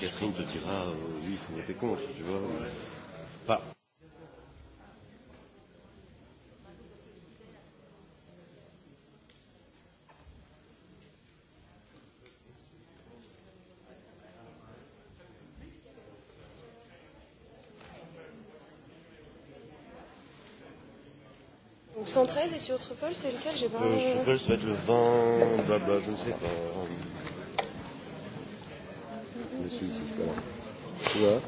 Catherine te dira, euh, oui, il faut voter contre, tu vois. Pas. Donc 113 et sur Truffle, c'est lequel J'ai pas. Euh, Truffle, ça va être le 20, blabla, je ne sais pas dessus. Voilà. Tu vois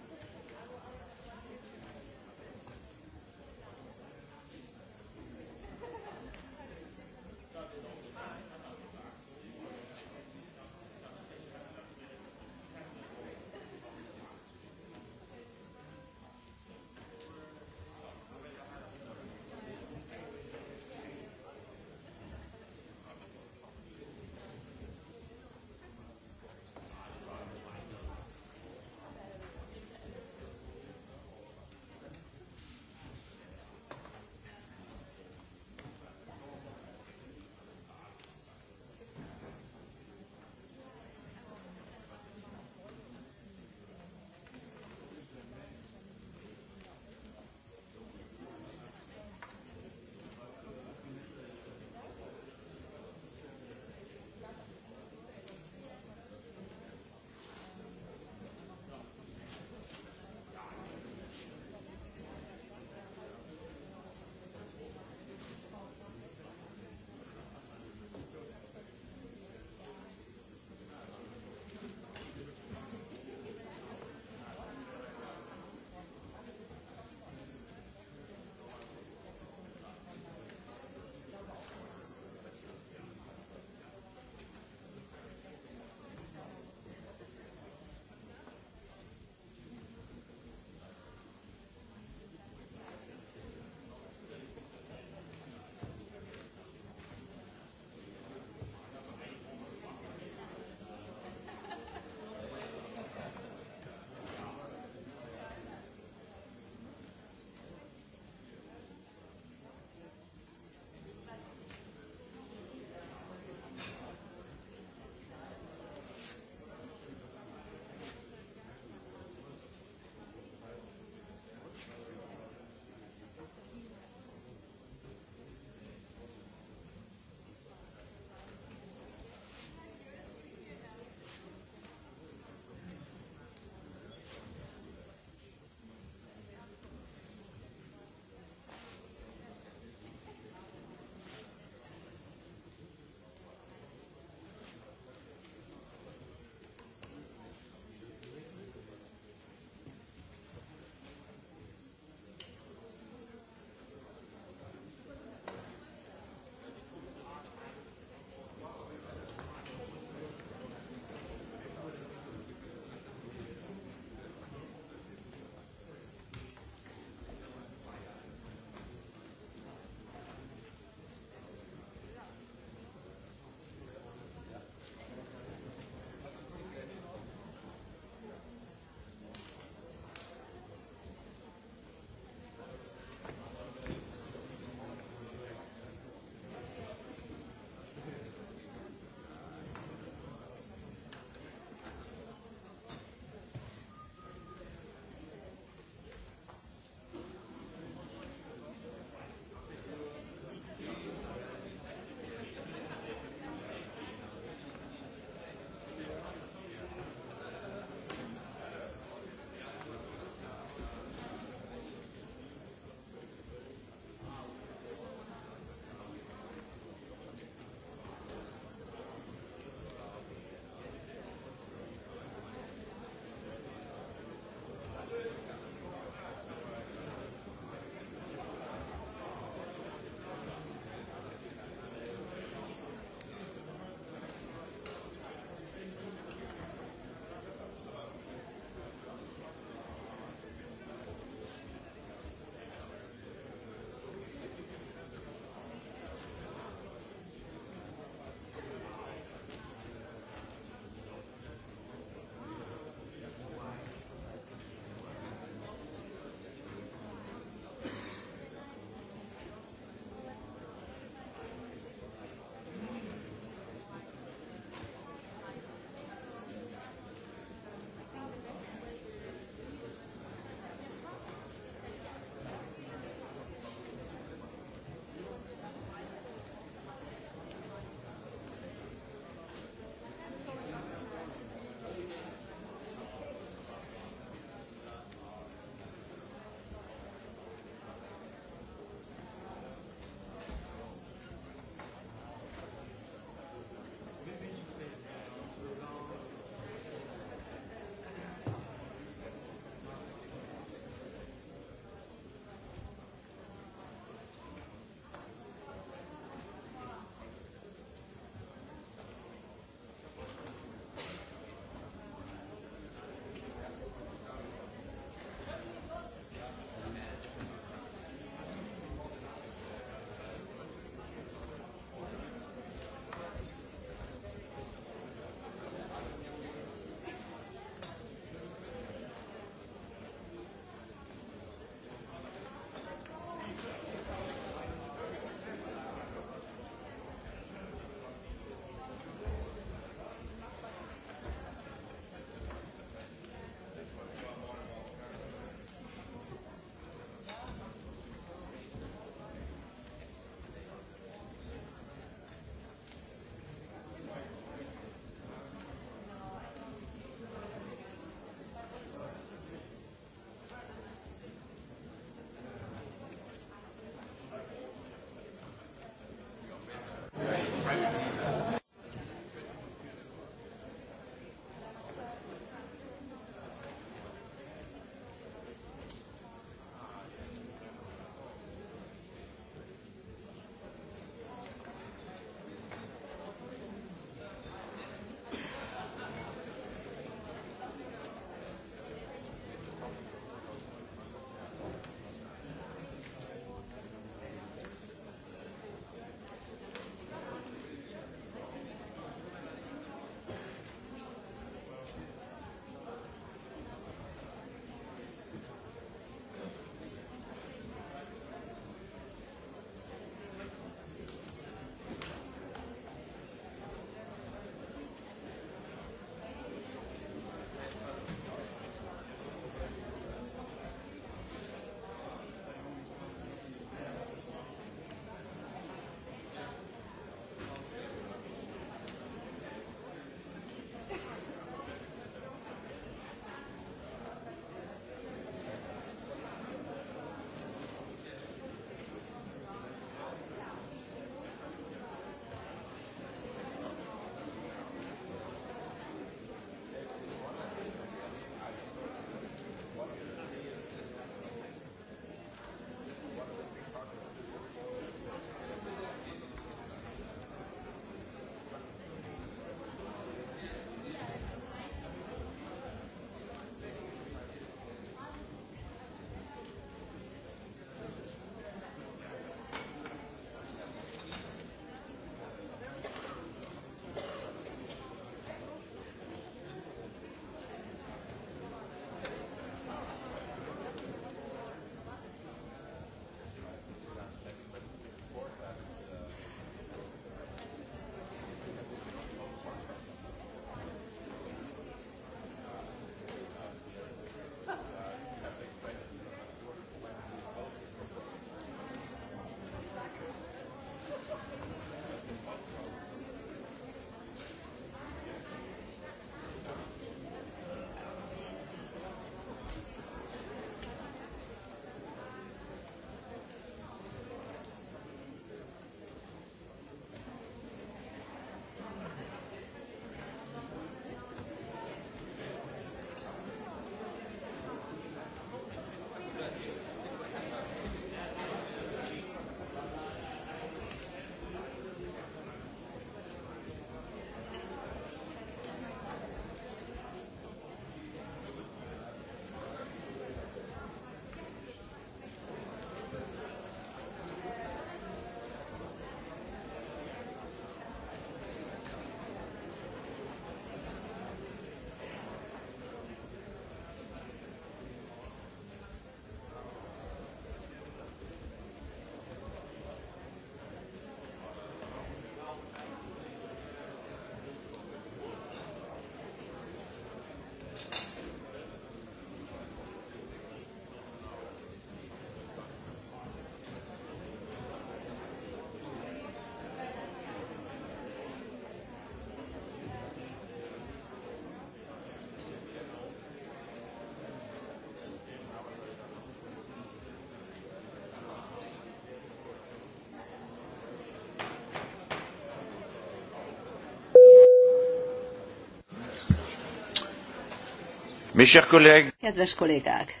Kedves kollégák!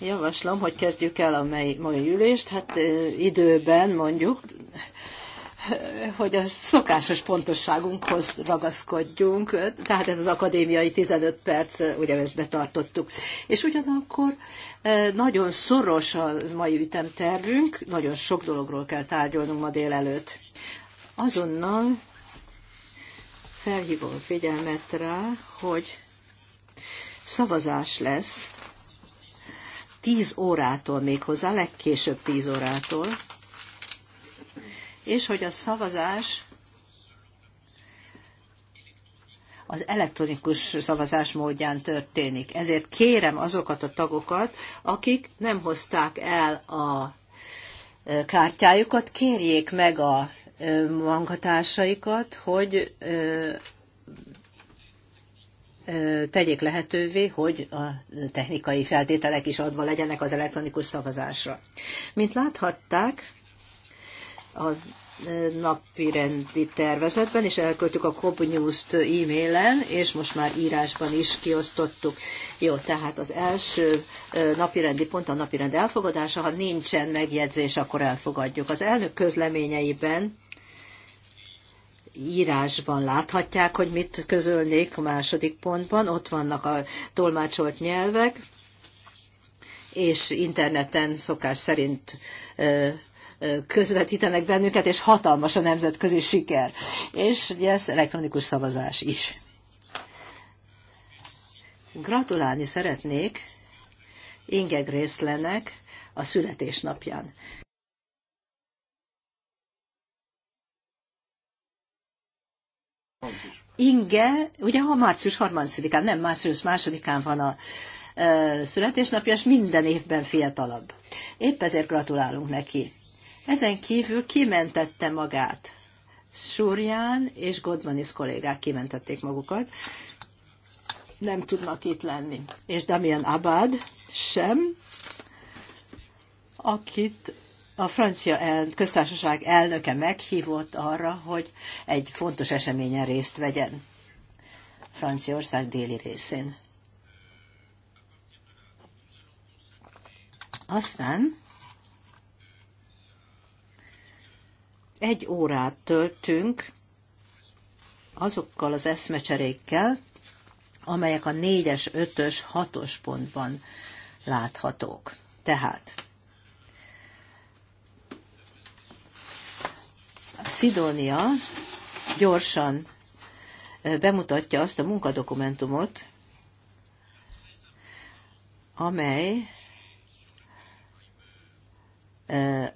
Javaslom, hogy kezdjük el a mai ülést, hát időben mondjuk, hogy a szokásos pontosságunkhoz ragaszkodjunk, tehát ez az akadémiai 15 perc, ugye ezt betartottuk. És ugyanakkor nagyon szoros a mai ütemtervünk, nagyon sok dologról kell tárgyalnunk ma délelőtt. Azonnal felhívom figyelmet rá, hogy szavazás lesz 10 órától méghozzá, legkésőbb 10 órától, és hogy a szavazás az elektronikus szavazás módján történik. Ezért kérem azokat a tagokat, akik nem hozták el a kártyájukat, kérjék meg a munkatársaikat, hogy tegyék lehetővé, hogy a technikai feltételek is adva legyenek az elektronikus szavazásra. Mint láthatták, a napi rendi tervezetben, és elküldtük a Cobb News-t e-mailen, és most már írásban is kiosztottuk. Jó, tehát az első napi rendi pont a napi rend elfogadása, ha nincsen megjegyzés, akkor elfogadjuk. Az elnök közleményeiben írásban láthatják, hogy mit közölnék a második pontban. Ott vannak a tolmácsolt nyelvek, és interneten szokás szerint közvetítenek bennünket, és hatalmas a nemzetközi siker. És ugye ez elektronikus szavazás is. Gratulálni szeretnék Inge Grészlenek a születésnapján. Inge, ugye ha március 30-án, nem március 2-án van a e, születésnapja, és minden évben fiatalabb. Épp ezért gratulálunk neki. Ezen kívül kimentette magát. Súrján és Godmanis kollégák kimentették magukat. Nem tudnak itt lenni. És Damian Abad sem, akit a francia el, köztársaság elnöke meghívott arra, hogy egy fontos eseményen részt vegyen Franciaország déli részén. Aztán egy órát töltünk azokkal az eszmecserékkel, amelyek a négyes, ötös, hatos pontban láthatók. Tehát Szidónia gyorsan bemutatja azt a munkadokumentumot, amely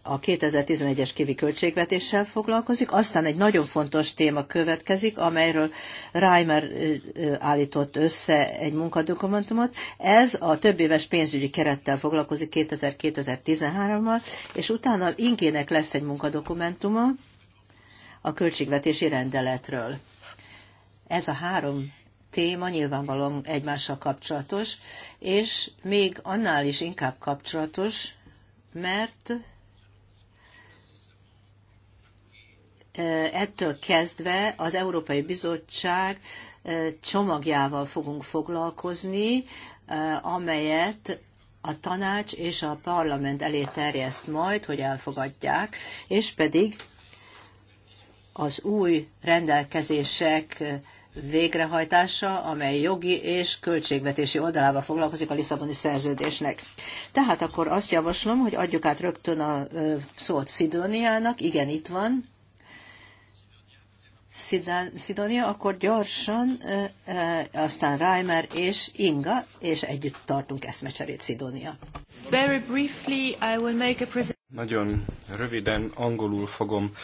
a 2011-es kivi költségvetéssel foglalkozik, aztán egy nagyon fontos téma következik, amelyről Reimer állított össze egy munkadokumentumot. Ez a több éves pénzügyi kerettel foglalkozik 2013 mal és utána Inkének lesz egy munkadokumentuma, a költségvetési rendeletről. Ez a három téma nyilvánvalóan egymással kapcsolatos, és még annál is inkább kapcsolatos, mert ettől kezdve az Európai Bizottság csomagjával fogunk foglalkozni, amelyet a tanács és a parlament elé terjeszt majd, hogy elfogadják, és pedig az új rendelkezések végrehajtása, amely jogi és költségvetési oldalába foglalkozik a Lisszaboni szerződésnek. Tehát akkor azt javaslom, hogy adjuk át rögtön a szót Szidóniának. Igen, itt van. Szidónia, akkor gyorsan, aztán Reimer és Inga, és együtt tartunk eszmecserét Szidónia. Very briefly, I will make a Nagyon röviden angolul fogom uh,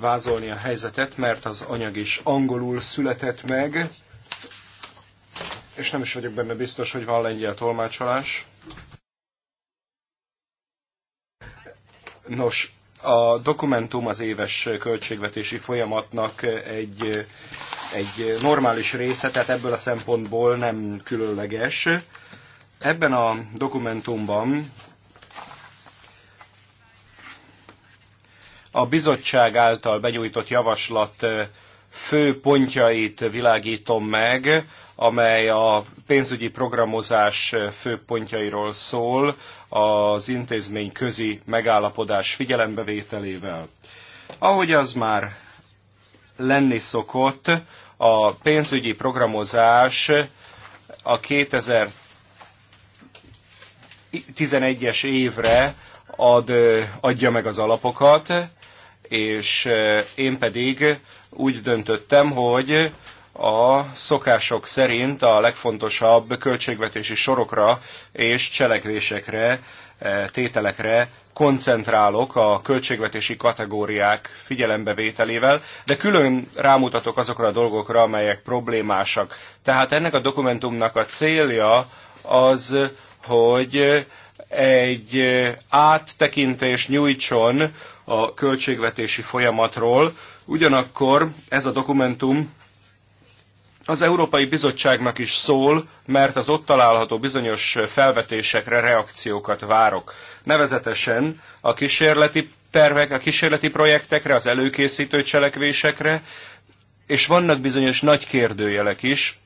vázolni a helyzetet, mert az anyag is angolul született meg, és nem is vagyok benne biztos, hogy van lengyel tolmácsolás. Nos, a dokumentum az éves költségvetési folyamatnak egy, egy normális része, tehát ebből a szempontból nem különleges. Ebben a dokumentumban a bizottság által benyújtott javaslat fő pontjait világítom meg, amely a pénzügyi programozás fő pontjairól szól az intézmény közi megállapodás figyelembevételével. Ahogy az már lenni szokott, a pénzügyi programozás a 2011-es évre ad, adja meg az alapokat, és én pedig úgy döntöttem, hogy a szokások szerint a legfontosabb költségvetési sorokra és cselekvésekre, tételekre koncentrálok a költségvetési kategóriák figyelembevételével, de külön rámutatok azokra a dolgokra, amelyek problémásak. Tehát ennek a dokumentumnak a célja az, hogy egy áttekintés nyújtson a költségvetési folyamatról. Ugyanakkor ez a dokumentum az Európai Bizottságnak is szól, mert az ott található bizonyos felvetésekre reakciókat várok. Nevezetesen a kísérleti tervek, a kísérleti projektekre, az előkészítő cselekvésekre, és vannak bizonyos nagy kérdőjelek is,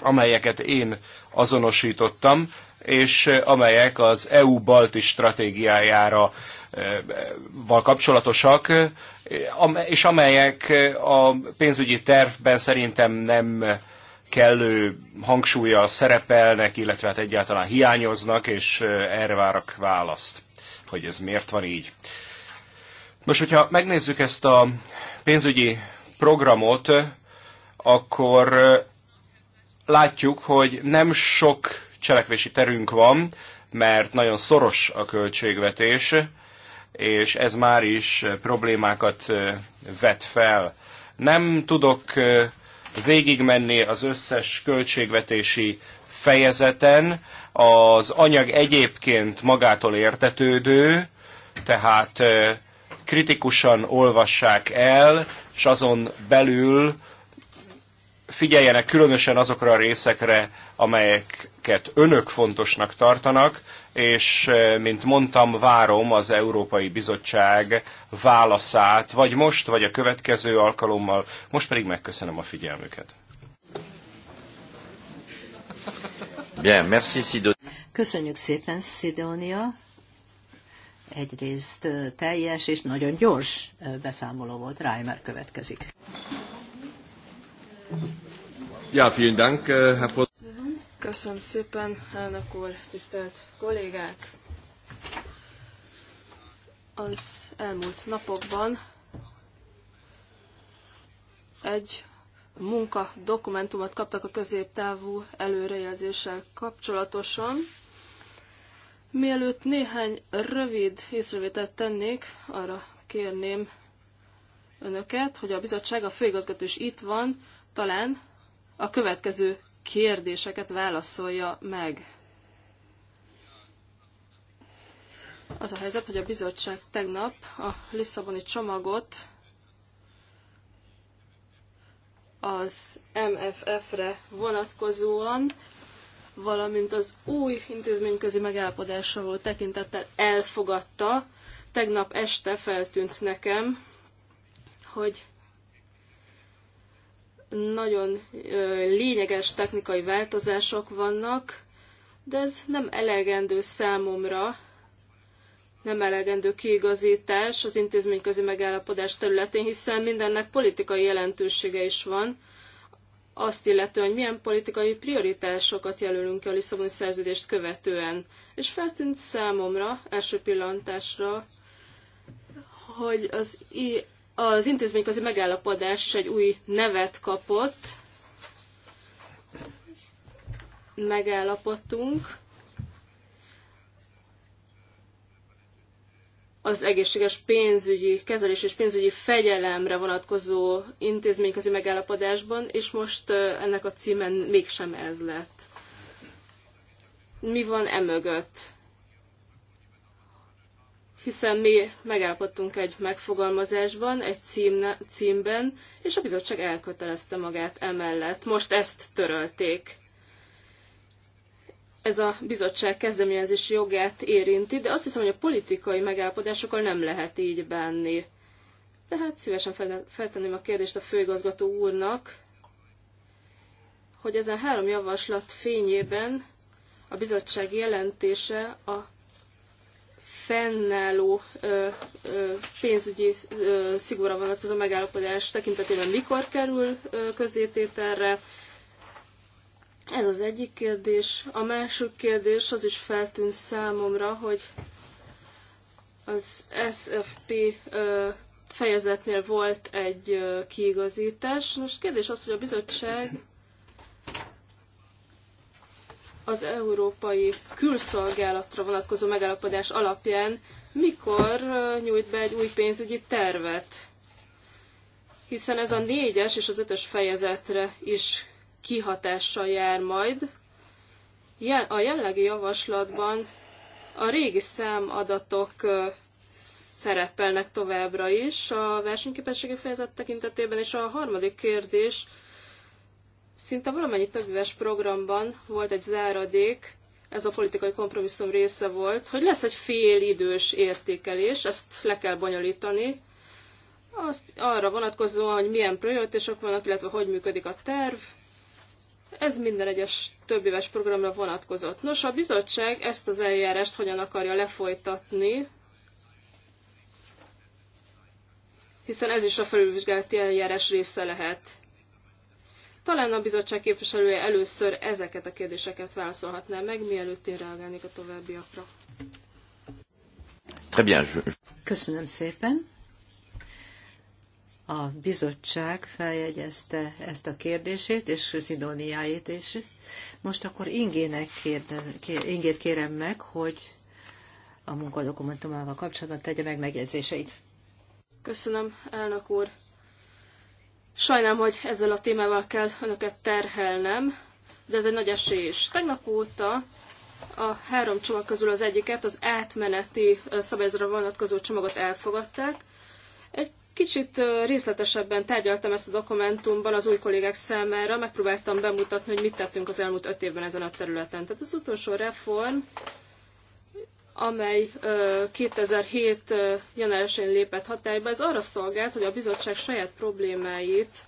amelyeket én azonosítottam, és amelyek az EU balti stratégiájára val kapcsolatosak, és amelyek a pénzügyi tervben szerintem nem kellő hangsúlya szerepelnek, illetve hát egyáltalán hiányoznak, és erre várak választ, hogy ez miért van így. Most, hogyha megnézzük ezt a pénzügyi programot, akkor látjuk, hogy nem sok cselekvési terünk van, mert nagyon szoros a költségvetés, és ez már is problémákat vet fel. Nem tudok végigmenni az összes költségvetési fejezeten, az anyag egyébként magától értetődő, tehát kritikusan olvassák el, és azon belül figyeljenek különösen azokra a részekre, amelyeket önök fontosnak tartanak, és eh, mint mondtam, várom az Európai Bizottság válaszát, vagy most, vagy a következő alkalommal. Most pedig megköszönöm a figyelmüket. Bien, merci, Köszönjük szépen, Sidonia. Egyrészt eh, teljes és nagyon gyors eh, beszámoló volt. Reimer következik. Ja, vielen Dank, Herr Köszönöm szépen, elnök úr, tisztelt kollégák! Az elmúlt napokban egy munka dokumentumot kaptak a középtávú előrejelzéssel kapcsolatosan. Mielőtt néhány rövid észrevételt tennék, arra kérném önöket, hogy a bizottság, a főigazgató is itt van, talán a következő kérdéseket válaszolja meg. Az a helyzet, hogy a bizottság tegnap a Lisszaboni csomagot az MFF-re vonatkozóan, valamint az új intézményközi megállapodásra volt tekintettel elfogadta. Tegnap este feltűnt nekem, hogy nagyon lényeges technikai változások vannak, de ez nem elegendő számomra, nem elegendő kiigazítás az intézményközi megállapodás területén, hiszen mindennek politikai jelentősége is van, azt illetően, hogy milyen politikai prioritásokat jelölünk ki a Lisszaboni szerződést követően. És feltűnt számomra első pillantásra, hogy az az intézményközi megállapodás is egy új nevet kapott. Megállapodtunk. az egészséges pénzügyi kezelés és pénzügyi fegyelemre vonatkozó intézményközi megállapodásban, és most ennek a címen mégsem ez lett. Mi van emögött? hiszen mi megállapodtunk egy megfogalmazásban, egy címne, címben, és a bizottság elkötelezte magát emellett. Most ezt törölték. Ez a bizottság kezdeményezési jogát érinti, de azt hiszem, hogy a politikai megállapodásokkal nem lehet így bánni. Tehát szívesen feltenném a kérdést a főigazgató úrnak, hogy ezen három javaslat fényében a bizottság jelentése a fennálló ö, ö, pénzügyi ö, az a megállapodás tekintetében mikor kerül ö, közétételre. Ez az egyik kérdés. A másik kérdés az is feltűnt számomra, hogy az SFP ö, fejezetnél volt egy ö, kiigazítás. Most kérdés az, hogy a bizottság az európai külszolgálatra vonatkozó megállapodás alapján mikor nyújt be egy új pénzügyi tervet? Hiszen ez a négyes és az ötös fejezetre is kihatással jár majd. A jelenlegi javaslatban a régi számadatok szerepelnek továbbra is a versenyképességi fejezet tekintetében, és a harmadik kérdés Szinte valamennyi többéves programban volt egy záradék, ez a politikai kompromisszum része volt, hogy lesz egy félidős értékelés, ezt le kell bonyolítani, azt arra vonatkozóan, hogy milyen prioritások vannak, illetve hogy működik a terv. Ez minden egyes több éves programra vonatkozott. Nos, a bizottság ezt az eljárást hogyan akarja lefolytatni, hiszen ez is a felülvizsgálati eljárás része lehet. Talán a bizottság képviselője először ezeket a kérdéseket válaszolhatná meg, mielőtt én reagálnék a továbbiakra. Köszönöm szépen. A bizottság feljegyezte ezt a kérdését, és Szidóniáit is. Most akkor Ingének kérdez, Ingét kérem meg, hogy a munkadokumentumával kapcsolatban tegye meg megjegyzéseit. Köszönöm, elnök úr. Sajnálom, hogy ezzel a témával kell önöket terhelnem, de ez egy nagy esély is. Tegnap óta a három csomag közül az egyiket, az átmeneti szabályzatra vonatkozó csomagot elfogadták. Egy kicsit részletesebben tárgyaltam ezt a dokumentumban az új kollégák számára, megpróbáltam bemutatni, hogy mit tettünk az elmúlt öt évben ezen a területen. Tehát az utolsó reform amely 2007. januárján lépett hatályba, ez arra szolgált, hogy a bizottság saját problémáit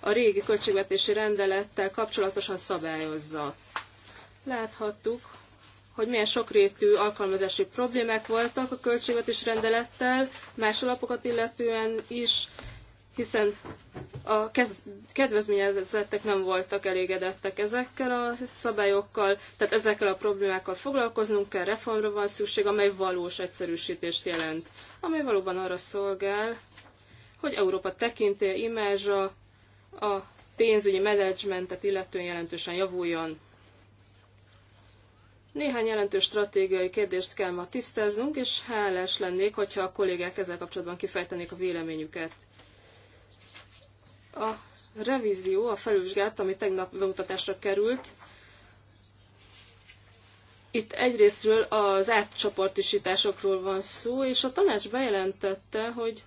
a régi költségvetési rendelettel kapcsolatosan szabályozza. Láthattuk, hogy milyen sokrétű alkalmazási problémák voltak a költségvetési rendelettel, más alapokat illetően is, hiszen a kedvezményezettek nem voltak elégedettek ezekkel a szabályokkal, tehát ezekkel a problémákkal foglalkoznunk kell, reformra van szükség, amely valós egyszerűsítést jelent, amely valóban arra szolgál, hogy Európa tekintélye, imázsa, a pénzügyi menedzsmentet illetően jelentősen javuljon. Néhány jelentős stratégiai kérdést kell ma tisztáznunk, és hálás lennék, hogyha a kollégák ezzel kapcsolatban kifejtenék a véleményüket. A revízió, a felvizsgálat, ami tegnap bemutatásra került, itt egyrésztről az átcsoportisításokról van szó, és a tanács bejelentette, hogy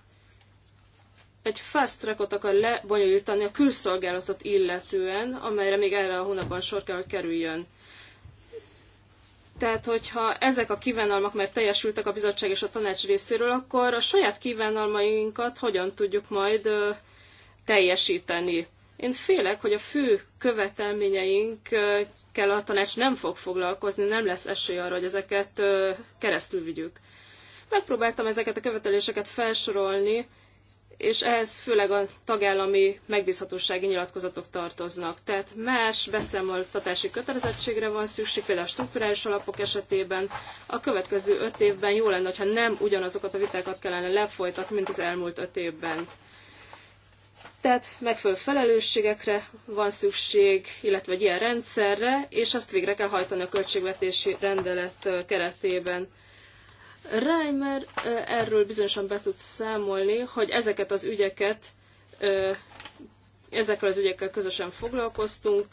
egy fast trackot akar lebonyolítani a külszolgálatot illetően, amelyre még erre a hónapban sor kell, hogy kerüljön. Tehát, hogyha ezek a kívánalmak már teljesültek a bizottság és a tanács részéről, akkor a saját kívánalmainkat hogyan tudjuk majd teljesíteni. Én félek, hogy a fő követelményeink kell a tanács nem fog foglalkozni, nem lesz esély arra, hogy ezeket keresztül vigyük. Megpróbáltam ezeket a követeléseket felsorolni, és ehhez főleg a tagállami megbízhatósági nyilatkozatok tartoznak. Tehát más beszámoltatási kötelezettségre van szükség, például a strukturális alapok esetében. A következő öt évben jó lenne, ha nem ugyanazokat a vitákat kellene lefolytatni, mint az elmúlt öt évben. Tehát megfelelő felelősségekre van szükség, illetve egy ilyen rendszerre, és azt végre kell hajtani a költségvetési rendelet keretében. Reimer erről bizonyosan be tud számolni, hogy ezeket az ügyeket, ezekkel az ügyekkel közösen foglalkoztunk.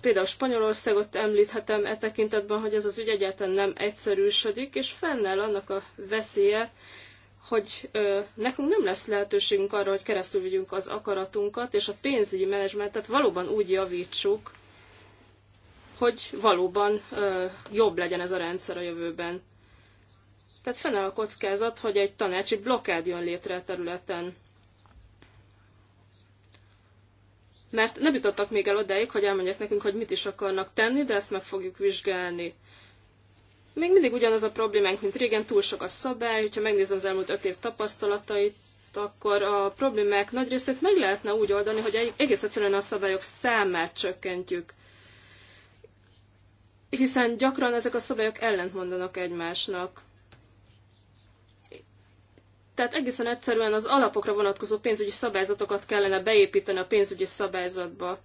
Például Spanyolországot említhetem e tekintetben, hogy ez az ügy egyáltalán nem egyszerűsödik, és fennáll annak a veszélye, hogy ö, nekünk nem lesz lehetőségünk arra, hogy keresztül vigyünk az akaratunkat, és a pénzügyi menedzsmentet valóban úgy javítsuk, hogy valóban ö, jobb legyen ez a rendszer a jövőben. Tehát fennáll a kockázat, hogy egy tanácsi blokkád jön létre a területen. Mert nem jutottak még el odáig, hogy elmondják nekünk, hogy mit is akarnak tenni, de ezt meg fogjuk vizsgálni. Még mindig ugyanaz a problémánk, mint régen, túl sok a szabály, hogyha megnézem az elmúlt öt év tapasztalatait, akkor a problémák nagy részét meg lehetne úgy oldani, hogy egész egyszerűen a szabályok számát csökkentjük. Hiszen gyakran ezek a szabályok ellentmondanak egymásnak. Tehát egészen egyszerűen az alapokra vonatkozó pénzügyi szabályzatokat kellene beépíteni a pénzügyi szabályzatba.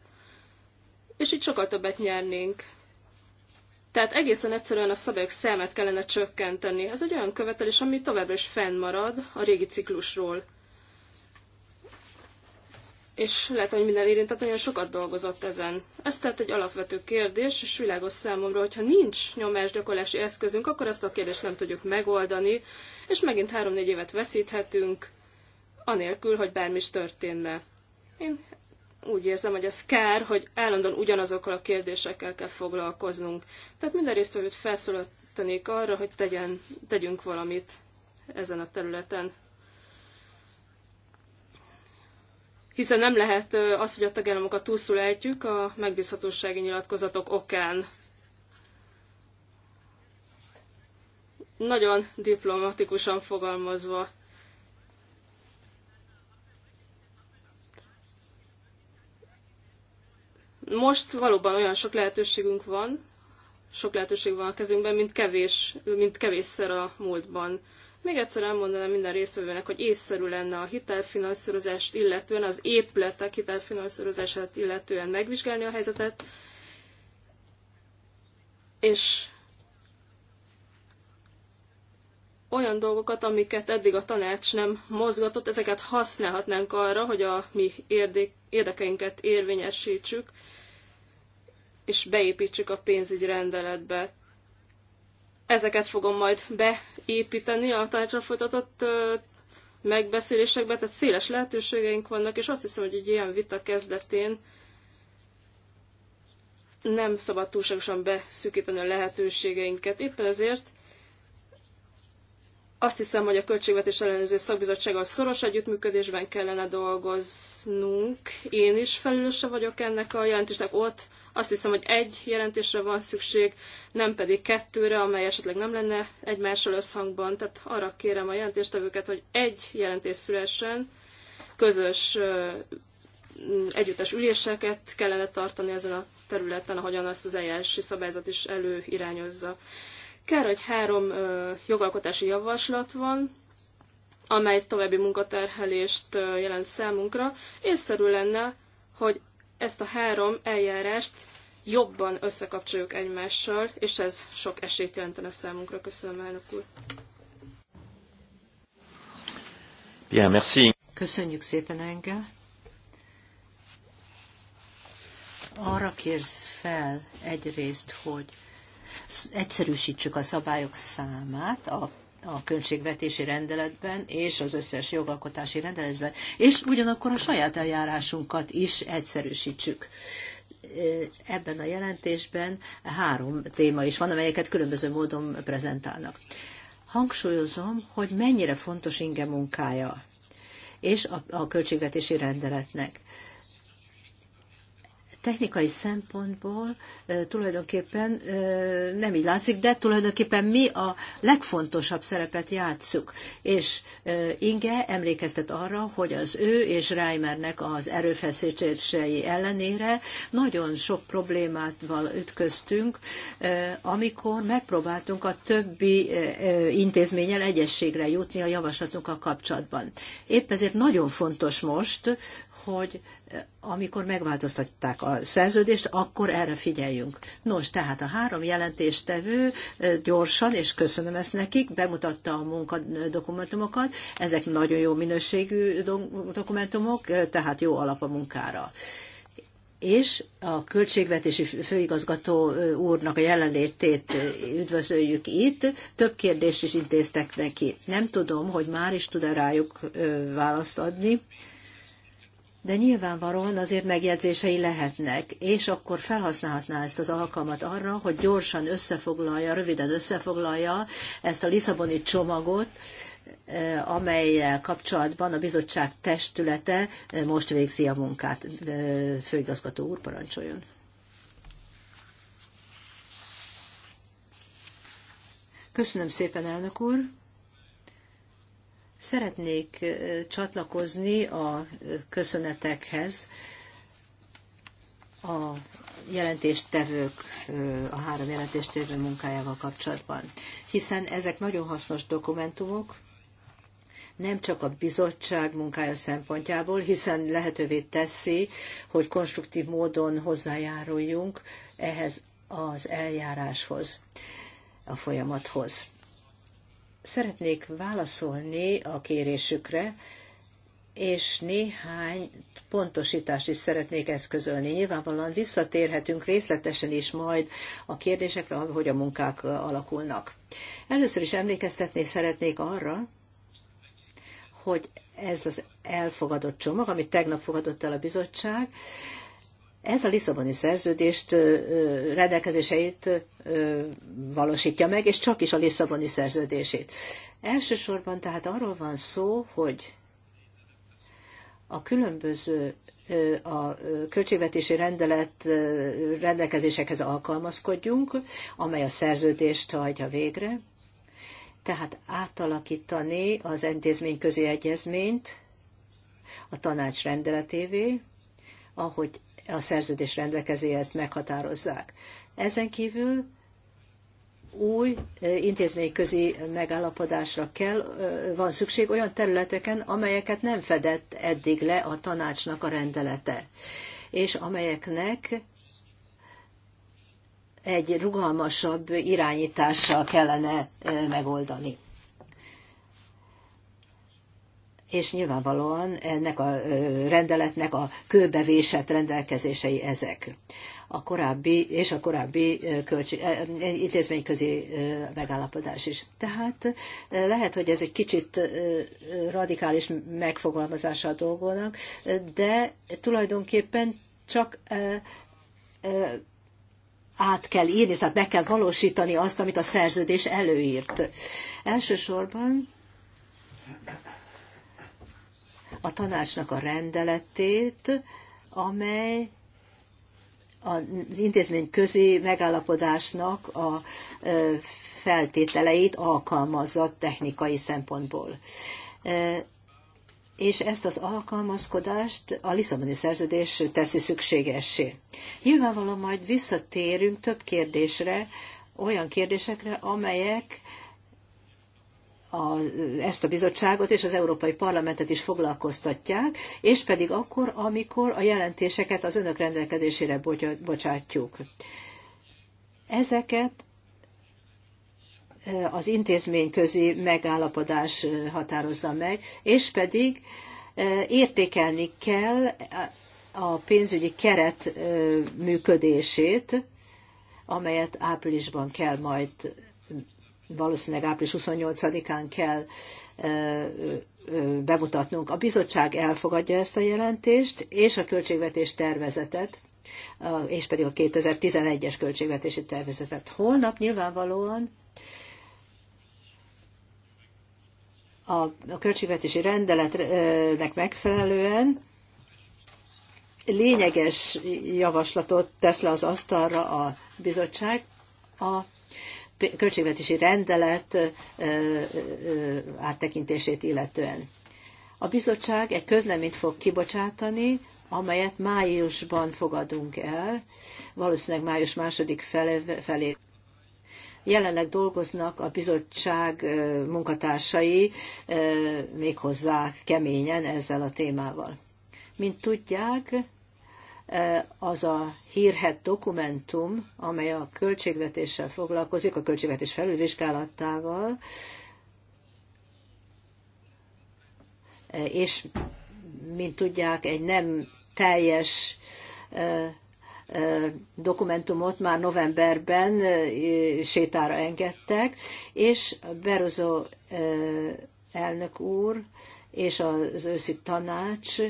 És így sokkal többet nyernénk. Tehát egészen egyszerűen a szabályok számát kellene csökkenteni. Ez egy olyan követelés, ami továbbra is fennmarad a régi ciklusról. És lehet, hogy minden érintett nagyon sokat dolgozott ezen. Ez tehát egy alapvető kérdés, és világos számomra, hogyha nincs nyomásgyakorlási eszközünk, akkor ezt a kérdést nem tudjuk megoldani, és megint három-négy évet veszíthetünk, anélkül, hogy bármi is történne. Én úgy érzem, hogy ez kár, hogy állandóan ugyanazokkal a kérdésekkel kell foglalkoznunk. Tehát minden résztvevőt felszólítanék arra, hogy tegyen, tegyünk valamit ezen a területen. Hiszen nem lehet az, hogy a tagállamokat túlszul ejtjük a megbízhatósági nyilatkozatok okán. Nagyon diplomatikusan fogalmazva Most valóban olyan sok lehetőségünk van, sok lehetőség van a kezünkben, mint, kevés, mint kevésszer a múltban. Még egyszer elmondanám minden résztvevőnek, hogy észszerű lenne a hitelfinanszírozást illetően, az épületek hitelfinanszírozását illetően megvizsgálni a helyzetet, és olyan dolgokat, amiket eddig a tanács nem mozgatott, ezeket használhatnánk arra, hogy a mi érdekeinket érvényesítsük, és beépítsük a pénzügyi rendeletbe. Ezeket fogom majd beépíteni a tanácsra folytatott megbeszélésekbe, tehát széles lehetőségeink vannak, és azt hiszem, hogy egy ilyen vita kezdetén nem szabad túlságosan beszűkíteni a lehetőségeinket. Éppen ezért azt hiszem, hogy a Költségvetés Ellenőrző Szakbizottsággal szoros együttműködésben kellene dolgoznunk. Én is felelőse vagyok ennek a jelentésnek, ott azt hiszem, hogy egy jelentésre van szükség, nem pedig kettőre, amely esetleg nem lenne egymással összhangban. Tehát arra kérem a jelentéstevőket, hogy egy jelentés szülessen, közös együttes üléseket kellene tartani ezen a területen, ahogyan azt az eljárási szabályzat is előirányozza. Kár, hogy három jogalkotási javaslat van, amely további munkaterhelést jelent számunkra. Észszerű lenne, hogy ezt a három eljárást jobban összekapcsoljuk egymással, és ez sok esélyt jelentene számunkra. Köszönöm, elnök úr. Bien, merci. Köszönjük szépen, engem. Arra kérsz fel egyrészt, hogy egyszerűsítsük a szabályok számát, a a költségvetési rendeletben és az összes jogalkotási rendeletben, és ugyanakkor a saját eljárásunkat is egyszerűsítsük. Ebben a jelentésben három téma is van, amelyeket különböző módon prezentálnak. Hangsúlyozom, hogy mennyire fontos inge munkája és a, a költségvetési rendeletnek technikai szempontból tulajdonképpen nem így látszik, de tulajdonképpen mi a legfontosabb szerepet játsszuk. És Inge emlékeztet arra, hogy az ő és Reimernek az erőfeszítései ellenére nagyon sok problémával ütköztünk, amikor megpróbáltunk a többi intézménnyel egyességre jutni a javaslatunkkal kapcsolatban. Épp ezért nagyon fontos most, hogy amikor megváltoztatták a szerződést, akkor erre figyeljünk. Nos, tehát a három jelentéstevő gyorsan, és köszönöm ezt nekik, bemutatta a munkadokumentumokat. Ezek nagyon jó minőségű dokumentumok, tehát jó alap a munkára és a költségvetési főigazgató úrnak a jelenlétét üdvözöljük itt. Több kérdést is intéztek neki. Nem tudom, hogy már is tud-e rájuk választ adni de nyilvánvalóan azért megjegyzései lehetnek, és akkor felhasználhatná ezt az alkalmat arra, hogy gyorsan összefoglalja, röviden összefoglalja ezt a Lisszaboni csomagot, eh, amelyel kapcsolatban a bizottság testülete eh, most végzi a munkát. Eh, főigazgató úr, parancsoljon! Köszönöm szépen, elnök úr! Szeretnék csatlakozni a köszönetekhez a jelentéstevők, a három jelentéstevő munkájával kapcsolatban, hiszen ezek nagyon hasznos dokumentumok, nem csak a bizottság munkája szempontjából, hiszen lehetővé teszi, hogy konstruktív módon hozzájáruljunk ehhez az eljáráshoz, a folyamathoz. Szeretnék válaszolni a kérésükre, és néhány pontosítást is szeretnék eszközölni. Nyilvánvalóan visszatérhetünk részletesen is majd a kérdésekre, hogy a munkák alakulnak. Először is emlékeztetni szeretnék arra, hogy ez az elfogadott csomag, amit tegnap fogadott el a bizottság, ez a Lisszaboni szerződést rendelkezéseit valósítja meg, és csak is a Lisszaboni szerződését. Elsősorban tehát arról van szó, hogy a különböző a költségvetési rendelet rendelkezésekhez alkalmazkodjunk, amely a szerződést hajtja végre, tehát átalakítani az intézményközi egyezményt a tanács rendeletévé, ahogy a szerződés rendelkezéje ezt meghatározzák. Ezen kívül új intézményközi megállapodásra kell, van szükség olyan területeken, amelyeket nem fedett eddig le a tanácsnak a rendelete, és amelyeknek egy rugalmasabb irányítással kellene megoldani és nyilvánvalóan ennek a rendeletnek a kőbevésett rendelkezései ezek. A korábbi és a korábbi költség, intézményközi megállapodás is. Tehát lehet, hogy ez egy kicsit radikális megfogalmazása a dolgónak, de tulajdonképpen csak át kell írni, tehát meg kell valósítani azt, amit a szerződés előírt. Elsősorban a tanácsnak a rendeletét, amely az intézmény közé megállapodásnak a feltételeit alkalmazott technikai szempontból. És ezt az alkalmazkodást a Lisszaboni szerződés teszi szükségessé. Nyilvánvalóan majd visszatérünk több kérdésre, olyan kérdésekre, amelyek a, ezt a bizottságot és az Európai Parlamentet is foglalkoztatják, és pedig akkor, amikor a jelentéseket az önök rendelkezésére bocsátjuk. Ezeket eh, az intézményközi megállapodás eh, határozza meg, és pedig eh, értékelni kell a pénzügyi keret működését, amelyet áprilisban kell majd valószínűleg április 28-án kell bemutatnunk. A bizottság elfogadja ezt a jelentést, és a költségvetés tervezetet, és pedig a 2011-es költségvetési tervezetet. Holnap nyilvánvalóan a költségvetési rendeletnek megfelelően lényeges javaslatot tesz le az asztalra a bizottság a költségvetési rendelet áttekintését illetően. A bizottság egy közleményt fog kibocsátani, amelyet májusban fogadunk el, valószínűleg május második felé. Jelenleg dolgoznak a bizottság munkatársai méghozzá keményen ezzel a témával. Mint tudják, Eh, az a hírhet dokumentum, amely a költségvetéssel foglalkozik, a költségvetés felülvizsgálatával, eh, és mint tudják, egy nem teljes eh, dokumentumot már novemberben sétára engedtek, és Berozó elnök úr és az őszi tanács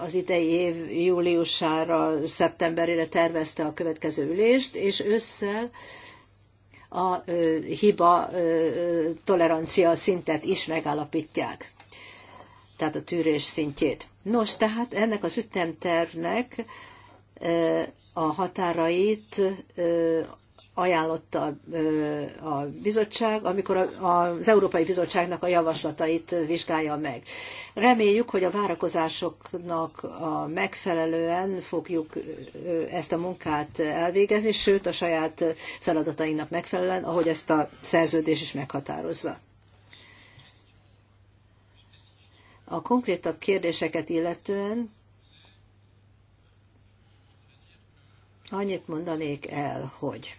az idei év júliusára, szeptemberére tervezte a következő ülést, és ősszel a hiba tolerancia szintet is megállapítják, tehát a tűrés szintjét. Nos, tehát ennek az ütemtervnek a határait ajánlotta a bizottság, amikor az Európai Bizottságnak a javaslatait vizsgálja meg. Reméljük, hogy a várakozásoknak a megfelelően fogjuk ezt a munkát elvégezni, sőt a saját feladatainknak megfelelően, ahogy ezt a szerződés is meghatározza. A konkrétabb kérdéseket illetően annyit mondanék el, hogy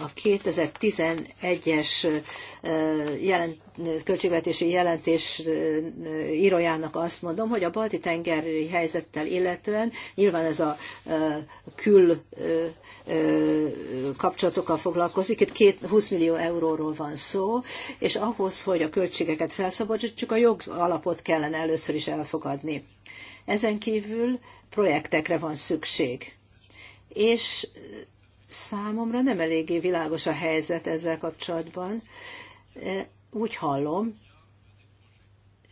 A 2011-es jelent, költségvetési jelentés írójának azt mondom, hogy a balti tengeri helyzettel illetően nyilván ez a kül kapcsolatokkal foglalkozik, itt két, 20 millió euróról van szó, és ahhoz, hogy a költségeket felszabadítsuk, a jogalapot kellene először is elfogadni. Ezen kívül projektekre van szükség és Számomra nem eléggé világos a helyzet ezzel kapcsolatban. E, úgy hallom,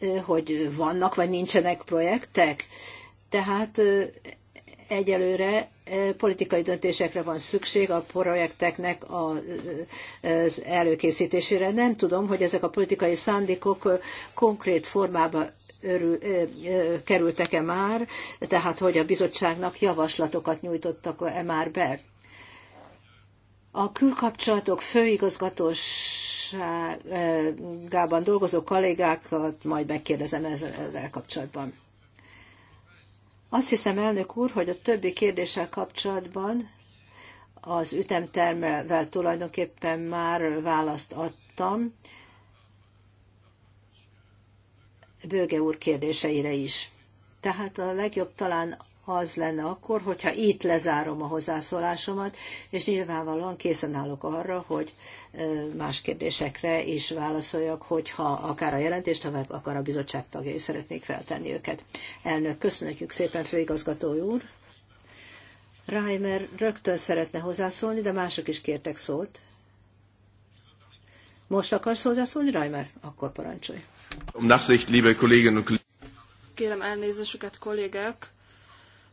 e, hogy vannak vagy nincsenek projektek, tehát e, egyelőre politikai döntésekre van szükség a projekteknek az előkészítésére. Nem tudom, hogy ezek a politikai szándékok konkrét formába örül, kerültek-e már, tehát hogy a bizottságnak javaslatokat nyújtottak-e már be. A külkapcsolatok főigazgatóságában dolgozó kollégákat majd megkérdezem ezzel kapcsolatban. Azt hiszem, elnök úr, hogy a többi kérdéssel kapcsolatban az ütemtermelvel tulajdonképpen már választ adtam. Bőge úr kérdéseire is. Tehát a legjobb talán az lenne akkor, hogyha itt lezárom a hozzászólásomat, és nyilvánvalóan készen állok arra, hogy más kérdésekre is válaszoljak, hogyha akár a jelentést, ha akár a bizottság tagjai szeretnék feltenni őket. Elnök, köszönjük szépen, főigazgató úr! Reimer rögtön szeretne hozzászólni, de mások is kértek szót. Most akarsz hozzászólni, Reimer? Akkor parancsolj. Um Kérem elnézésüket, kollégák!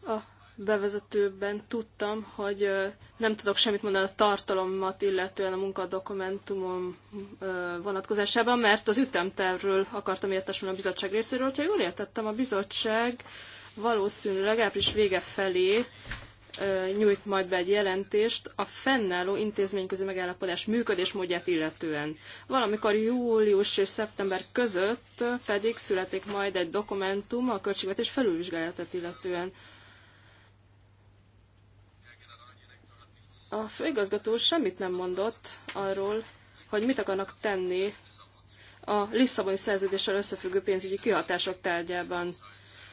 A bevezetőben tudtam, hogy nem tudok semmit mondani a tartalommat, illetően a munkadokumentumom vonatkozásában, mert az ütemtervről akartam értesülni a bizottság részéről. hogyha jól értettem, a bizottság valószínűleg április vége felé nyújt majd be egy jelentést a fennálló intézményközi megállapodás működésmódját illetően. Valamikor július és szeptember között pedig születik majd egy dokumentum a költségvetés felülvizsgálatát illetően. A főigazgató semmit nem mondott arról, hogy mit akarnak tenni a Lisszaboni szerződéssel összefüggő pénzügyi kihatások tárgyában.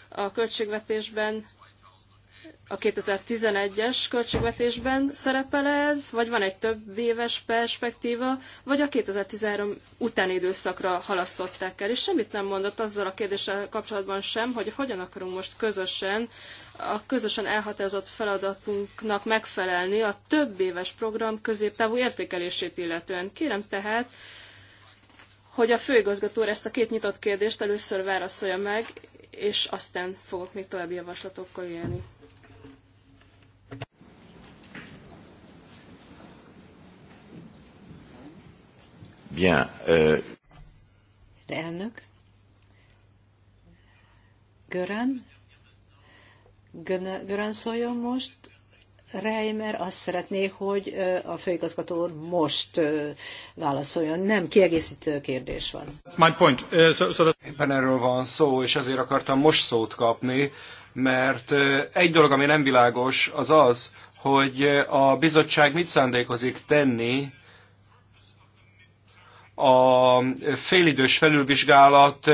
A költségvetésben a 2011-es költségvetésben szerepel ez, vagy van egy több éves perspektíva, vagy a 2013 utáni időszakra halasztották el. És semmit nem mondott azzal a kérdéssel kapcsolatban sem, hogy hogyan akarunk most közösen a közösen elhatározott feladatunknak megfelelni a több éves program középtávú értékelését illetően. Kérem tehát, hogy a főigazgató ezt a két nyitott kérdést először válaszolja meg, és aztán fogok még további javaslatokkal élni. Bien. Euh... Elnök. Gören. Gören szóljon most. Reimer azt szeretné, hogy a főigazgató most válaszoljon. Nem kiegészítő kérdés van. That's my point. Uh, so, so that... Éppen erről van szó, és ezért akartam most szót kapni, mert egy dolog, ami nem világos, az az, hogy a bizottság mit szándékozik tenni a félidős felülvizsgálat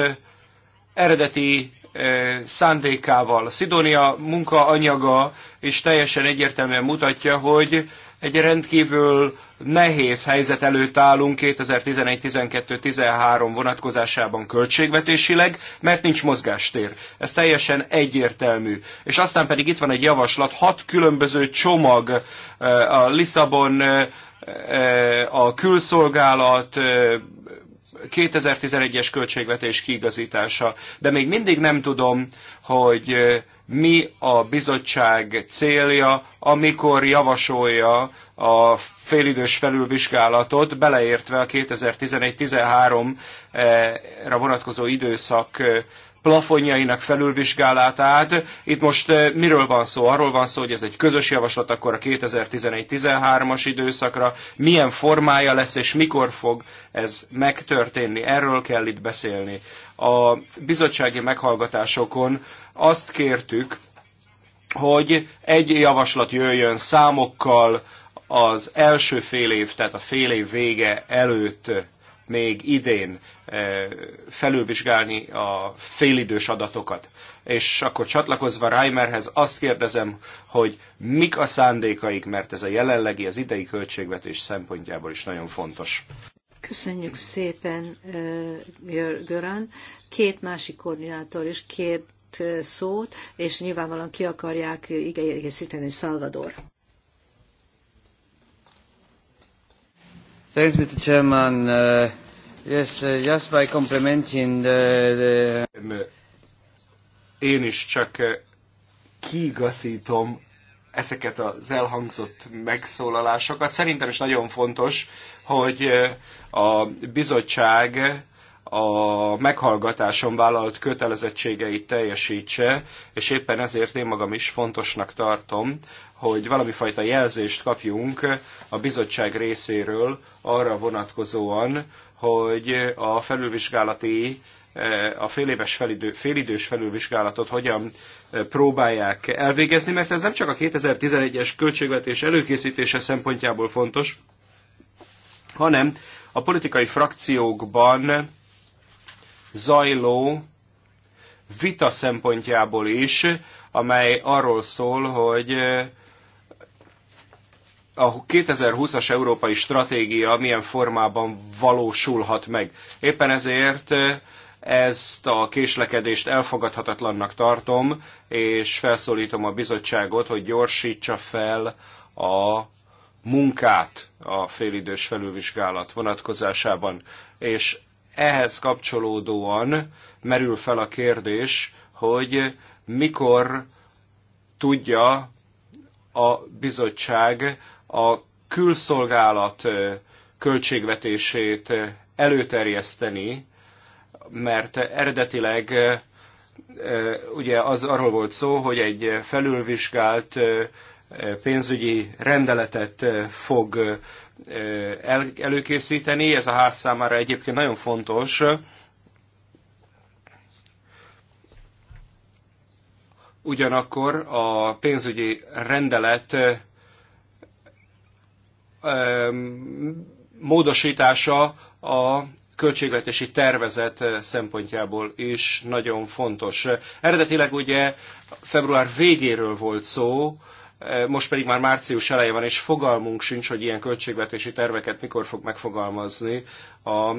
eredeti eh, szándékával. munka munkaanyaga is teljesen egyértelműen mutatja, hogy egy rendkívül nehéz helyzet előtt állunk 2011-12-13 vonatkozásában költségvetésileg, mert nincs mozgástér. Ez teljesen egyértelmű. És aztán pedig itt van egy javaslat, hat különböző csomag eh, a Lisszabon, eh, eh, a külszolgálat, 2011-es költségvetés kiigazítása, de még mindig nem tudom, hogy mi a bizottság célja, amikor javasolja a félidős felülvizsgálatot, beleértve a 2011-13-ra vonatkozó időszak plafonjainak felülvizsgálatát. Itt most eh, miről van szó? Arról van szó, hogy ez egy közös javaslat akkor a 2011-13-as időszakra. Milyen formája lesz és mikor fog ez megtörténni? Erről kell itt beszélni. A bizottsági meghallgatásokon azt kértük, hogy egy javaslat jöjjön számokkal az első fél év, tehát a fél év vége előtt még idén felülvizsgálni a félidős adatokat. És akkor csatlakozva Reimerhez azt kérdezem, hogy mik a szándékaik, mert ez a jelenlegi, az idei költségvetés szempontjából is nagyon fontos. Köszönjük szépen, Göran. Két másik koordinátor is kért szót, és nyilvánvalóan ki akarják igényesíteni Salvador. Thanks, Mr. Chairman. Uh... Yes, uh, just by complementing the, the... Én is csak uh, kiigazítom ezeket az elhangzott megszólalásokat. Szerintem is nagyon fontos, hogy uh, a bizottság a meghallgatáson vállalt kötelezettségeit teljesítse, és éppen ezért én magam is fontosnak tartom, hogy valami fajta jelzést kapjunk a bizottság részéről arra vonatkozóan, hogy a felülvizsgálati eh, a féléves felidő, félidős felülvizsgálatot hogyan eh, próbálják elvégezni, mert ez nem csak a 2011-es költségvetés előkészítése szempontjából fontos, hanem a politikai frakciókban zajló vita szempontjából is, amely arról szól, hogy eh, a 2020-as európai stratégia milyen formában valósulhat meg. Éppen ezért eh, ezt a késlekedést elfogadhatatlannak tartom, és felszólítom a bizottságot, hogy gyorsítsa fel a munkát a félidős felülvizsgálat vonatkozásában. És ehhez kapcsolódóan merül fel a kérdés, hogy mikor tudja a bizottság a külszolgálat költségvetését előterjeszteni, mert eredetileg ugye az arról volt szó, hogy egy felülvizsgált pénzügyi rendeletet fog el, előkészíteni. Ez a ház számára egyébként nagyon fontos. Ugyanakkor a pénzügyi rendelet módosítása a költségvetési tervezet szempontjából is nagyon fontos. Eredetileg ugye február végéről volt szó, most pedig már március eleje van, és fogalmunk sincs, hogy ilyen költségvetési terveket mikor fog megfogalmazni a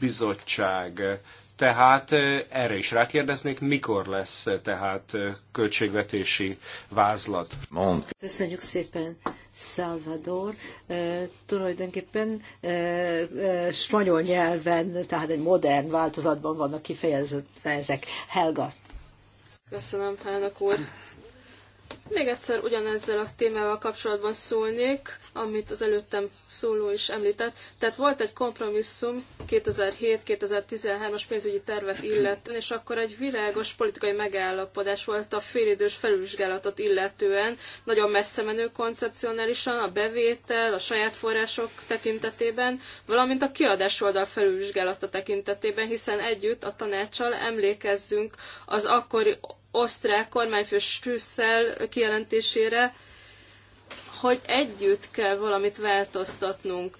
bizottság. Tehát erre is rákérdeznék, mikor lesz tehát költségvetési vázlat? Mond. Köszönjük szépen, Salvador. E, tulajdonképpen e, e, spanyol nyelven, tehát egy modern változatban vannak kifejezve ezek. Helga. Köszönöm, elnök úr. Még egyszer ugyanezzel a témával kapcsolatban szólnék, amit az előttem szóló is említett. Tehát volt egy kompromisszum 2007-2013-as pénzügyi tervet illetően, és akkor egy világos politikai megállapodás volt a félidős felülvizsgálatot illetően, nagyon messze menő koncepcionálisan a bevétel, a saját források tekintetében, valamint a kiadás oldal felülvizsgálata tekintetében, hiszen együtt a tanácssal emlékezzünk az akkori osztrák kormányfő Strüsszel kijelentésére, hogy együtt kell valamit változtatnunk.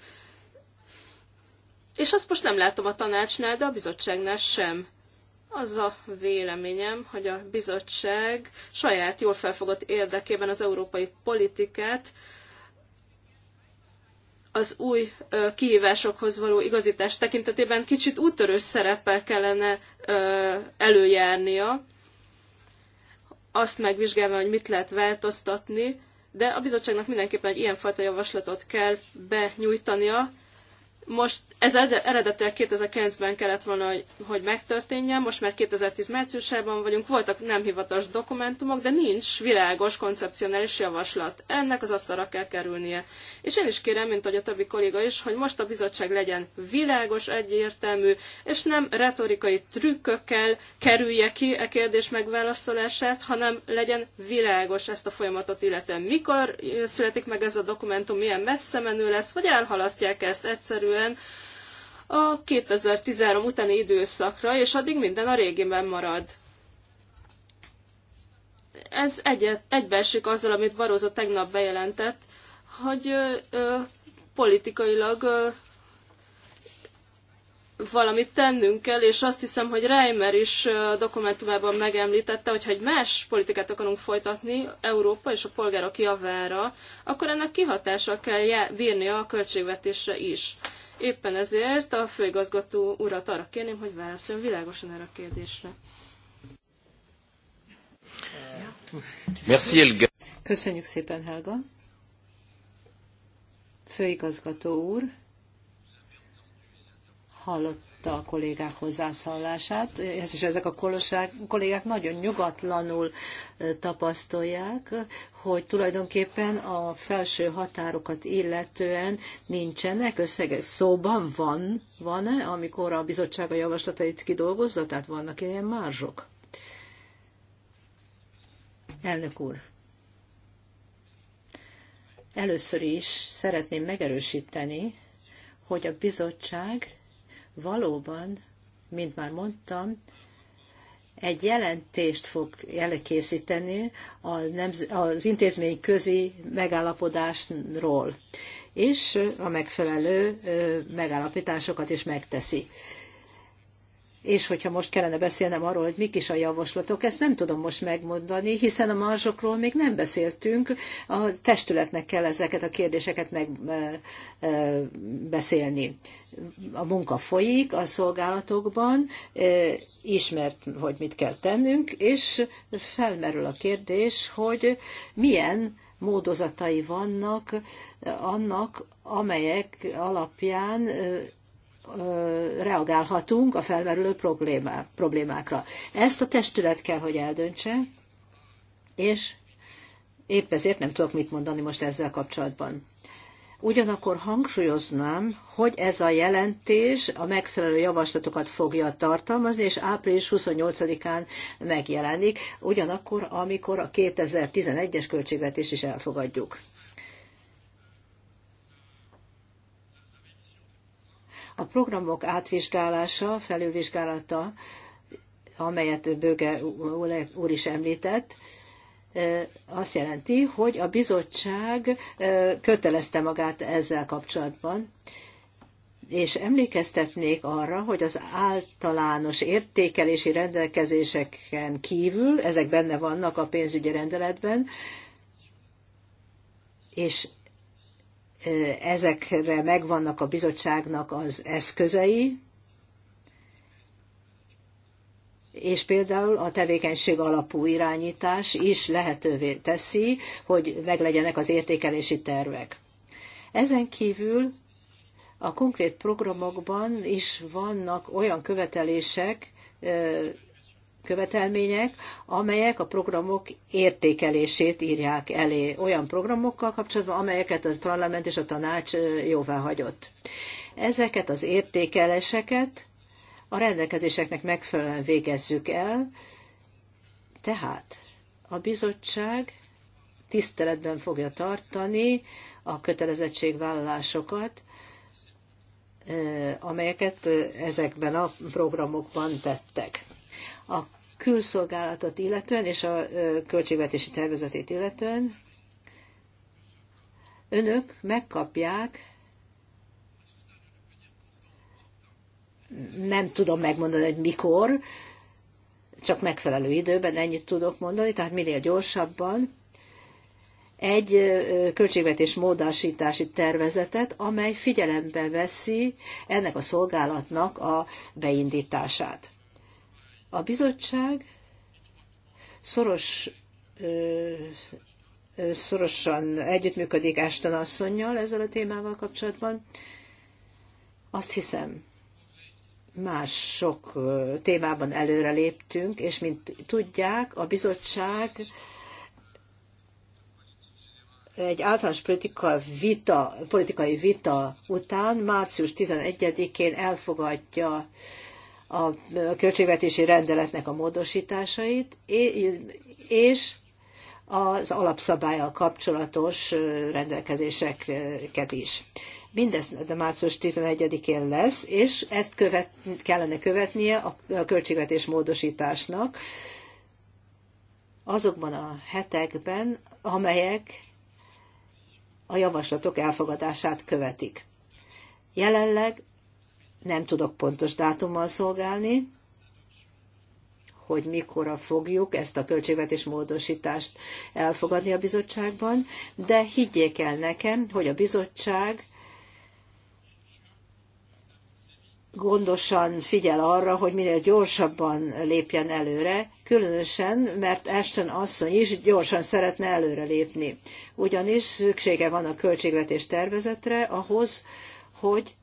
És azt most nem látom a tanácsnál, de a bizottságnál sem. Az a véleményem, hogy a bizottság saját jól felfogott érdekében az európai politikát az új ö, kihívásokhoz való igazítás tekintetében kicsit úttörő szereppel kellene előjárnia, azt megvizsgálva, hogy mit lehet változtatni, de a bizottságnak mindenképpen egy ilyenfajta javaslatot kell benyújtania, most ez eredetileg 2009-ben kellett volna, hogy megtörténjen, most már 2010 márciusában vagyunk, voltak nem hivatalos dokumentumok, de nincs világos koncepcionális javaslat. Ennek az asztalra kell kerülnie. És én is kérem, mint hogy a többi kolléga is, hogy most a bizottság legyen világos, egyértelmű, és nem retorikai trükkökkel kerülje ki a e kérdés megválaszolását, hanem legyen világos ezt a folyamatot, illetve mikor születik meg ez a dokumentum, milyen messze menő lesz, vagy elhalasztják ezt egyszerűen illetően a 2013 utáni időszakra, és addig minden a régiben marad. Ez egyet, egybeesik azzal, amit Barózó tegnap bejelentett, hogy ö, ö, politikailag ö, valamit tennünk kell, és azt hiszem, hogy Reimer is a dokumentumában megemlítette, hogy ha egy más politikát akarunk folytatni Európa és a polgárok javára, akkor ennek kihatása kell bírnia a költségvetésre is. Éppen ezért a főigazgató urat arra kérném, hogy válaszoljon világosan erre a kérdésre. Köszönjük szépen, Helga. Főigazgató úr, hallott hallgatta a kollégák hozzászólását, és ezek a kollégák nagyon nyugatlanul tapasztalják, hogy tulajdonképpen a felső határokat illetően nincsenek összegek. Szóban van, van-e, amikor a bizottság a javaslatait kidolgozza, tehát vannak ilyen mázsok? Elnök úr, először is szeretném megerősíteni, hogy a bizottság valóban, mint már mondtam, egy jelentést fog elkészíteni az intézmény közi megállapodásról, és a megfelelő megállapításokat is megteszi és hogyha most kellene beszélnem arról, hogy mik is a javaslatok, ezt nem tudom most megmondani, hiszen a marzsokról még nem beszéltünk, a testületnek kell ezeket a kérdéseket megbeszélni. A munka folyik a szolgálatokban, ismert, hogy mit kell tennünk, és felmerül a kérdés, hogy milyen módozatai vannak annak, amelyek alapján reagálhatunk a felmerülő problémákra. Ezt a testület kell, hogy eldöntse, és épp ezért nem tudok mit mondani most ezzel kapcsolatban. Ugyanakkor hangsúlyoznám, hogy ez a jelentés a megfelelő javaslatokat fogja tartalmazni, és április 28-án megjelenik, ugyanakkor, amikor a 2011-es költségvetés is elfogadjuk. A programok átvizsgálása, felülvizsgálata, amelyet bőge úr is említett, azt jelenti, hogy a bizottság kötelezte magát ezzel kapcsolatban, és emlékeztetnék arra, hogy az általános értékelési rendelkezéseken kívül, ezek benne vannak a pénzügyi rendeletben, és ezekre megvannak a bizottságnak az eszközei, és például a tevékenység alapú irányítás is lehetővé teszi, hogy meglegyenek az értékelési tervek. Ezen kívül a konkrét programokban is vannak olyan követelések, követelmények, amelyek a programok értékelését írják elé olyan programokkal kapcsolatban, amelyeket a parlament és a tanács jóvá hagyott. Ezeket az értékeléseket a rendelkezéseknek megfelelően végezzük el, tehát a bizottság tiszteletben fogja tartani a kötelezettségvállalásokat, amelyeket ezekben a programokban tettek. A külszolgálatot illetően és a költségvetési tervezetét illetően önök megkapják, nem tudom megmondani, hogy mikor, csak megfelelő időben, ennyit tudok mondani, tehát minél gyorsabban, egy költségvetés módosítási tervezetet, amely figyelembe veszi ennek a szolgálatnak a beindítását. A bizottság szoros szorosan együttműködik Ashton asszonynal ezzel a témával kapcsolatban. Azt hiszem, más sok témában előre léptünk, és mint tudják, a bizottság egy általános politika vita, politikai vita után március 11-én elfogadja a költségvetési rendeletnek a módosításait, és az alapszabályal kapcsolatos rendelkezéseket is. Mindez de március 11-én lesz, és ezt követ, kellene követnie a költségvetés módosításnak azokban a hetekben, amelyek a javaslatok elfogadását követik. Jelenleg nem tudok pontos dátummal szolgálni, hogy mikorra fogjuk ezt a költségvetés módosítást elfogadni a bizottságban, de higgyék el nekem, hogy a bizottság gondosan figyel arra, hogy minél gyorsabban lépjen előre, különösen, mert Ashton asszony is gyorsan szeretne előre lépni. Ugyanis szüksége van a költségvetés tervezetre ahhoz, hogy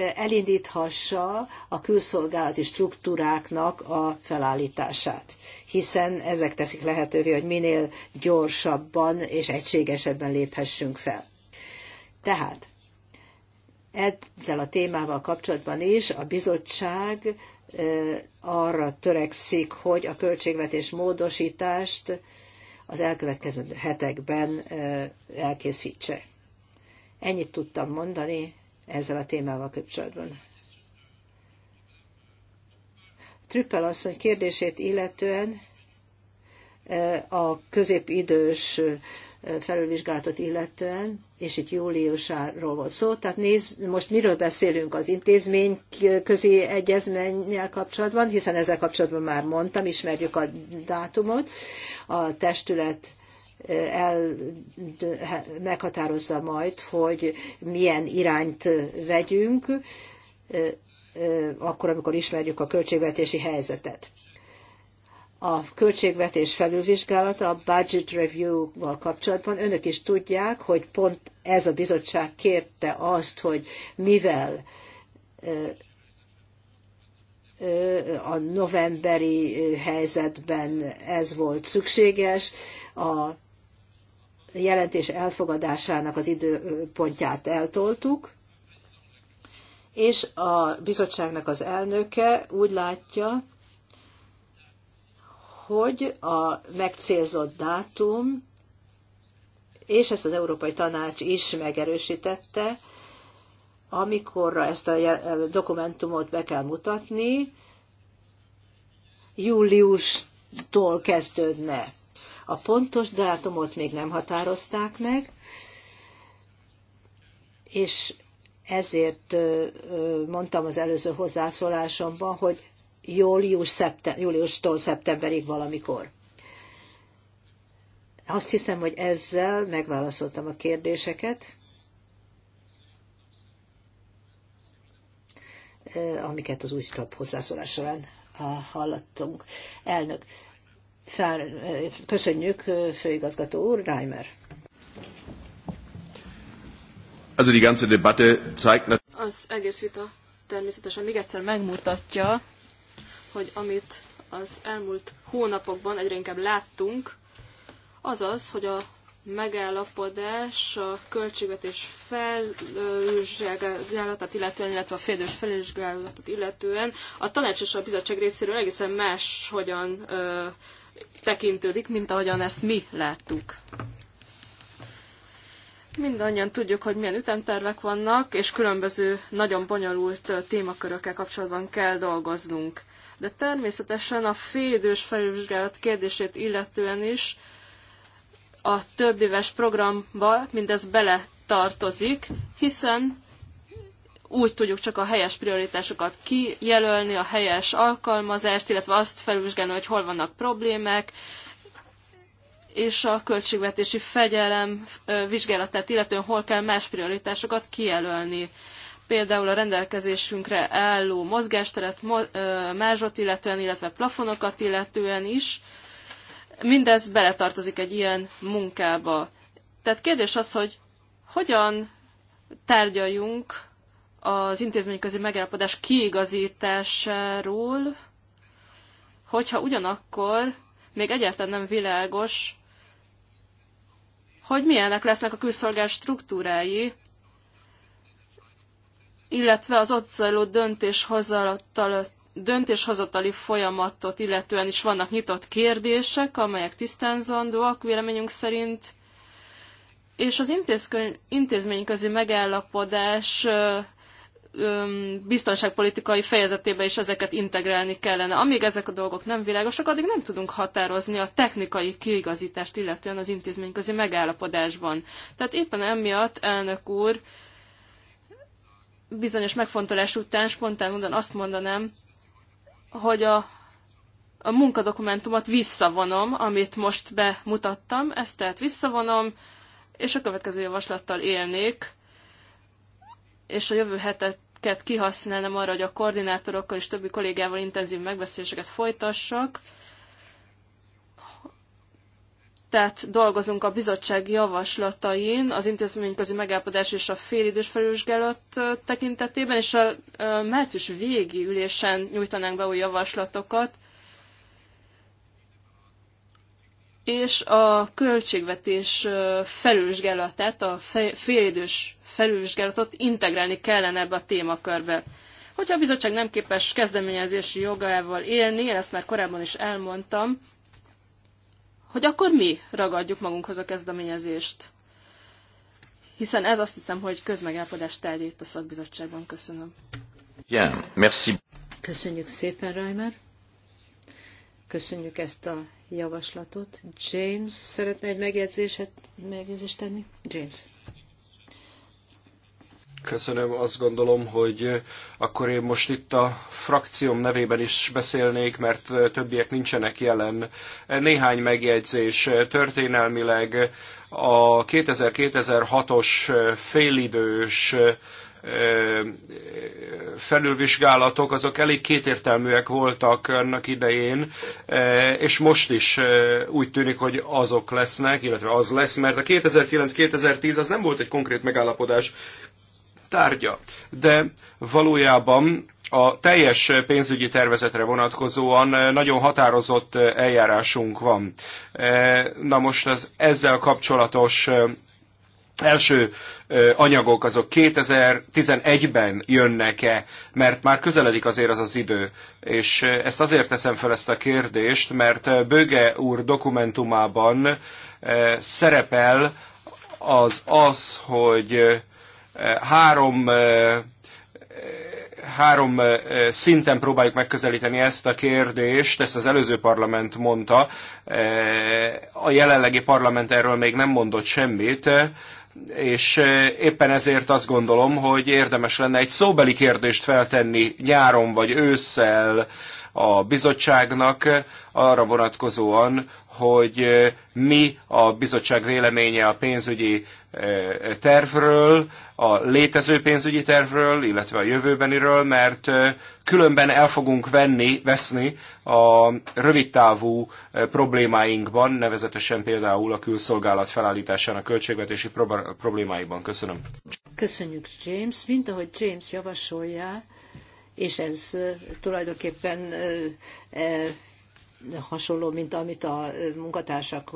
elindíthassa a külszolgálati struktúráknak a felállítását, hiszen ezek teszik lehetővé, hogy minél gyorsabban és egységesebben léphessünk fel. Tehát ezzel a témával kapcsolatban is a bizottság arra törekszik, hogy a költségvetés módosítást az elkövetkező hetekben elkészítse. Ennyit tudtam mondani ezzel a témával kapcsolatban. Trüppel asszony kérdését illetően eh, a középidős eh, felülvizsgálatot illetően, és itt júliusáról volt szó. Tehát néz, most miről beszélünk az intézmény közi egyezménnyel kapcsolatban, hiszen ezzel kapcsolatban már mondtam, ismerjük a dátumot. A testület el, meghatározza majd, hogy milyen irányt vegyünk, akkor, amikor ismerjük a költségvetési helyzetet. A költségvetés felülvizsgálata a budget review-val kapcsolatban önök is tudják, hogy pont ez a bizottság kérte azt, hogy mivel a novemberi helyzetben ez volt szükséges, a jelentés elfogadásának az időpontját eltoltuk, és a bizottságnak az elnöke úgy látja, hogy a megcélzott dátum, és ezt az Európai Tanács is megerősítette, amikor ezt a dokumentumot be kell mutatni, júliustól kezdődne. A pontos dátumot még nem határozták meg, és ezért mondtam az előző hozzászólásomban, hogy július szeptem, júliustól szeptemberig valamikor. Azt hiszem, hogy ezzel megválaszoltam a kérdéseket, amiket az új hozzászólás során ah, hallottunk. Elnök, Köszönjük, főigazgató úr, Reimer. Also die ganze Debatte zeigt Az egész vita természetesen még egyszer megmutatja, hogy amit az elmúlt hónapokban egyre inkább láttunk, az az, hogy a megállapodás a költségvetés felvizsgálatát illetően, illetve a félős felvizsgálatot illetően a tanács és a bizottság részéről egészen más hogyan ö, tekintődik, mint ahogyan ezt mi láttuk. Mindannyian tudjuk, hogy milyen ütemtervek vannak, és különböző nagyon bonyolult témakörökkel kapcsolatban kell dolgoznunk. De természetesen a félidős felvizsgálat kérdését illetően is a több éves programba mindez bele tartozik, hiszen úgy tudjuk csak a helyes prioritásokat kijelölni, a helyes alkalmazást, illetve azt felvizsgálni, hogy hol vannak problémák, és a költségvetési fegyelem vizsgálatát illetően hol kell más prioritásokat kijelölni. Például a rendelkezésünkre álló mozgásteret, mázsot illetően, illetve plafonokat illetően is. Mindez beletartozik egy ilyen munkába. Tehát kérdés az, hogy hogyan tárgyaljunk az intézményközi megállapodás kiigazításáról, hogyha ugyanakkor még egyáltalán nem világos, hogy milyenek lesznek a külszolgált struktúrái, illetve az ott zajló döntéshozatali folyamatot illetően is vannak nyitott kérdések, amelyek tisztázandóak véleményünk szerint, és az intézmény, intézményközi megállapodás biztonságpolitikai fejezetébe is ezeket integrálni kellene. Amíg ezek a dolgok nem világosak, addig nem tudunk határozni a technikai kiigazítást, illetően az intézményközi megállapodásban. Tehát éppen emiatt, elnök úr, bizonyos megfontolás után spontán mondan azt mondanám, hogy a, a munkadokumentumot visszavonom, amit most bemutattam, ezt tehát visszavonom, és a következő javaslattal élnék, és a jövő hetet ezeket kihasználnám arra, hogy a koordinátorokkal és többi kollégával intenzív megbeszéléseket folytassak. Tehát dolgozunk a bizottság javaslatain, az intézményközi megállapodás és a félidős felülvizsgálat tekintetében, és a március végi ülésen nyújtanánk be új javaslatokat, és a költségvetés felülvizsgálatát, a félidős felülvizsgálatot integrálni kellene ebbe a témakörbe. Hogyha a bizottság nem képes kezdeményezési jogával élni, én ezt már korábban is elmondtam, hogy akkor mi ragadjuk magunkhoz a kezdeményezést. Hiszen ez azt hiszem, hogy közmegállapodás terjét a szakbizottságban. Köszönöm. Yeah, merci. Köszönjük szépen, Reimer. Köszönjük ezt a javaslatot. James szeretne egy megjegyzéset, megjegyzést tenni? James. Köszönöm, azt gondolom, hogy akkor én most itt a frakcióm nevében is beszélnék, mert többiek nincsenek jelen. Néhány megjegyzés történelmileg a 2000-2006-os félidős felülvizsgálatok, azok elég kétértelműek voltak annak idején, és most is úgy tűnik, hogy azok lesznek, illetve az lesz, mert a 2009-2010 az nem volt egy konkrét megállapodás tárgya, de valójában a teljes pénzügyi tervezetre vonatkozóan nagyon határozott eljárásunk van. Na most az ezzel kapcsolatos első anyagok azok 2011-ben jönnek-e, mert már közeledik azért az az idő. És ezt azért teszem fel ezt a kérdést, mert Böge úr dokumentumában szerepel az az, hogy három három szinten próbáljuk megközelíteni ezt a kérdést, ezt az előző parlament mondta, a jelenlegi parlament erről még nem mondott semmit, és éppen ezért azt gondolom, hogy érdemes lenne egy szóbeli kérdést feltenni nyáron vagy ősszel a bizottságnak arra vonatkozóan, hogy mi a bizottság véleménye a pénzügyi tervről, a létező pénzügyi tervről, illetve a jövőbeniről, mert különben el fogunk venni, veszni a rövidtávú problémáinkban, nevezetesen például a külszolgálat felállításának költségvetési problémáiban. Köszönöm. Köszönjük, James. Mint ahogy James javasolja, és ez tulajdonképpen e, hasonló, mint amit a munkatársak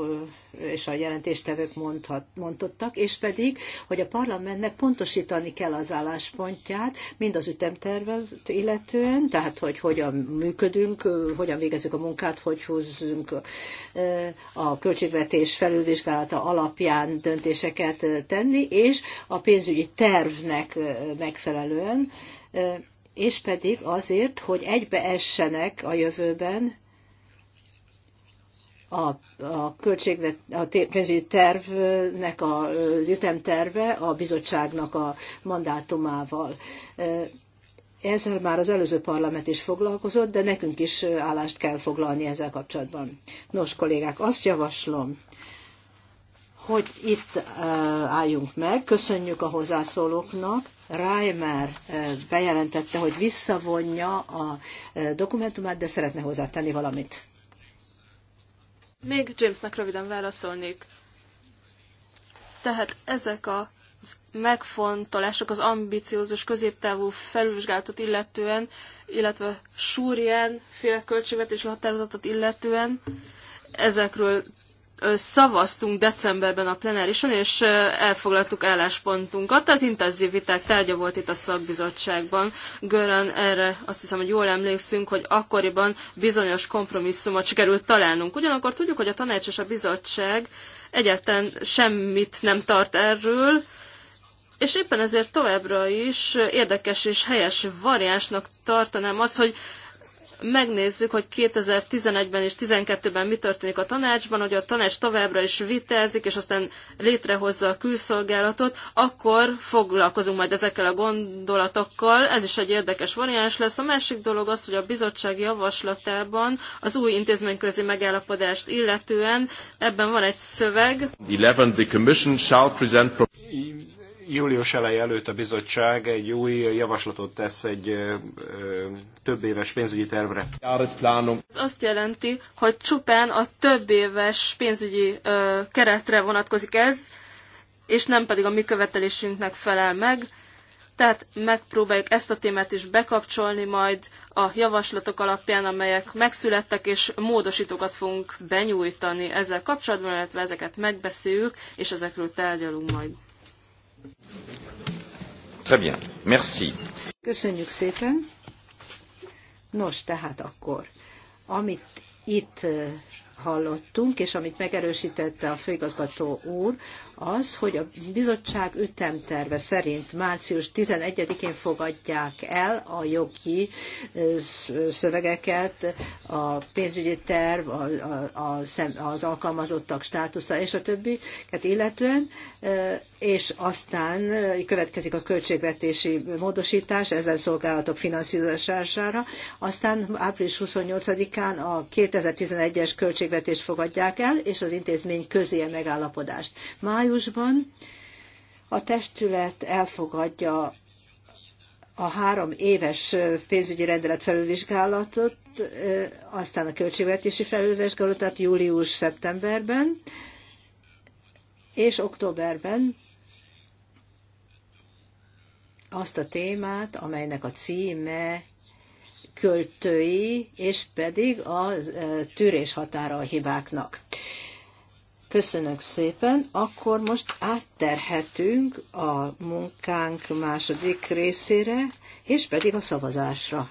és a jelentéstevők mondhat, mondottak, és pedig, hogy a parlamentnek pontosítani kell az álláspontját, mind az ütemtervet illetően, tehát hogy hogyan működünk, hogyan végezzük a munkát, hogy húzzunk a költségvetés felülvizsgálata alapján döntéseket tenni, és a pénzügyi tervnek megfelelően, és pedig azért, hogy egybeessenek a jövőben a, a költségvet, a pénzügyi tervnek a az ütemterve a bizottságnak a mandátumával. Ezzel már az előző parlament is foglalkozott, de nekünk is állást kell foglalni ezzel kapcsolatban. Nos, kollégák, azt javaslom, hogy itt álljunk meg. Köszönjük a hozzászólóknak. Reimer bejelentette, hogy visszavonja a dokumentumát, de szeretne hozzátenni valamit. Még Jamesnek röviden válaszolnék. Tehát ezek a megfontolások az ambiciózus középtávú felvizsgálatot illetően, illetve súrján fél költségvetési határozatot illetően, ezekről szavaztunk decemberben a plenárison, és elfoglaltuk álláspontunkat. Az intenzív viták tárgya volt itt a szakbizottságban. Görön erre azt hiszem, hogy jól emlékszünk, hogy akkoriban bizonyos kompromisszumot sikerült találnunk. Ugyanakkor tudjuk, hogy a tanács és a bizottság egyáltalán semmit nem tart erről, és éppen ezért továbbra is érdekes és helyes variánsnak tartanám azt, hogy megnézzük, hogy 2011-ben és 2012-ben mi történik a tanácsban, hogy a tanács továbbra is vitázik, és aztán létrehozza a külszolgálatot, akkor foglalkozunk majd ezekkel a gondolatokkal. Ez is egy érdekes variáns lesz. A másik dolog az, hogy a bizottság javaslatában az új intézményközi megállapodást illetően ebben van egy szöveg. 11. The Commission shall present július eleje előtt a bizottság egy új javaslatot tesz egy több éves pénzügyi tervre. Ez azt jelenti, hogy csupán a több éves pénzügyi keretre vonatkozik ez, és nem pedig a mi követelésünknek felel meg. Tehát megpróbáljuk ezt a témát is bekapcsolni majd a javaslatok alapján, amelyek megszülettek, és módosítókat fogunk benyújtani ezzel kapcsolatban, illetve ezeket megbeszéljük, és ezekről tárgyalunk majd. Très bien. Merci. Köszönjük szépen. Nos, tehát akkor, amit itt eh, hallottunk, és amit megerősítette a főigazgató úr, az, hogy a bizottság ütemterve szerint március 11-én fogadják el a jogi szövegeket, a pénzügyi terv, a, a, a, az alkalmazottak státusza és a többiket illetően, és aztán következik a költségvetési módosítás ezen szolgálatok finanszírozására, aztán április 28-án a 2011-es költségvetést fogadják el, és az intézmény közé megállapodást. Május májusban a testület elfogadja a három éves pénzügyi rendelet felülvizsgálatot, aztán a költségvetési felülvizsgálatot július-szeptemberben, és októberben azt a témát, amelynek a címe költői, és pedig a tűrés határa a hibáknak. Köszönök szépen. Akkor most átterhetünk a munkánk második részére, és pedig a szavazásra.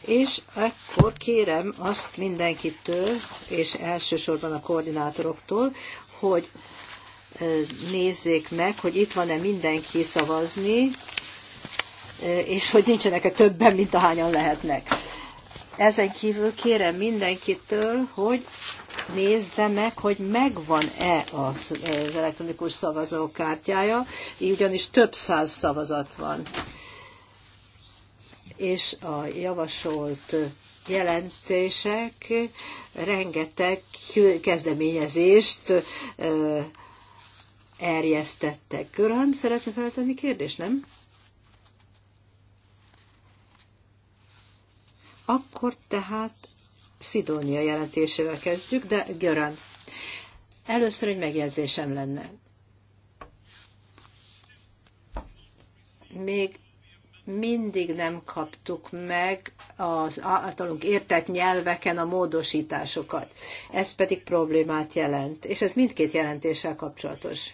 És akkor kérem azt mindenkitől, és elsősorban a koordinátoroktól, hogy nézzék meg, hogy itt van-e mindenki szavazni, és hogy nincsenek-e többen, mint ahányan lehetnek. Ezen kívül kérem mindenkitől, hogy nézze meg, hogy megvan-e az eh, elektronikus szavazókártyája, ugyanis több száz szavazat van. És a javasolt jelentések rengeteg kezdeményezést eh, erjesztettek. Köröm, szeretne feltenni kérdést, nem? Akkor tehát Szidónia jelentésével kezdjük, de Göran, először egy megjegyzésem lenne. Még mindig nem kaptuk meg az általunk értett nyelveken a módosításokat. Ez pedig problémát jelent, és ez mindkét jelentéssel kapcsolatos.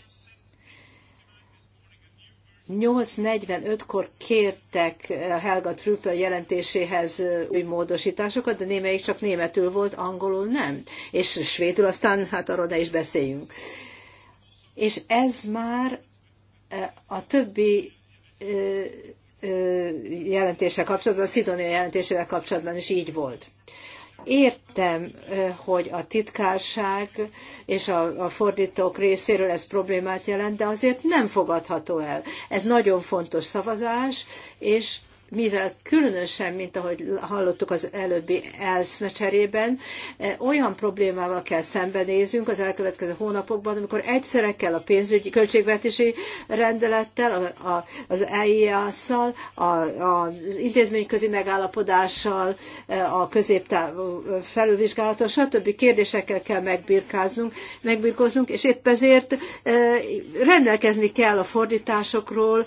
8.45-kor kértek eh, Helga Trüppel jelentéséhez eh, új módosításokat, de némelyik csak németül volt, angolul nem. És svédül aztán, hát arról ne is beszéljünk. És ez már eh, a többi jelentése kapcsolatban, a Szidonia jelentésével kapcsolatban is így volt. Értem, hogy a titkárság és a, fordítók részéről ez problémát jelent, de azért nem fogadható el. Ez nagyon fontos szavazás, és mivel különösen, mint ahogy hallottuk az előbbi elszmecserében, eh, olyan problémával kell szembenézünk az elkövetkező hónapokban, amikor egyszerre kell a pénzügyi költségvetési rendelettel, a, a, az EIA-szal, az intézményközi megállapodással, eh, a középtávú felülvizsgálattal, stb. kérdésekkel kell megbirkáznunk, megbirkóznunk, és épp ezért eh, rendelkezni kell a fordításokról,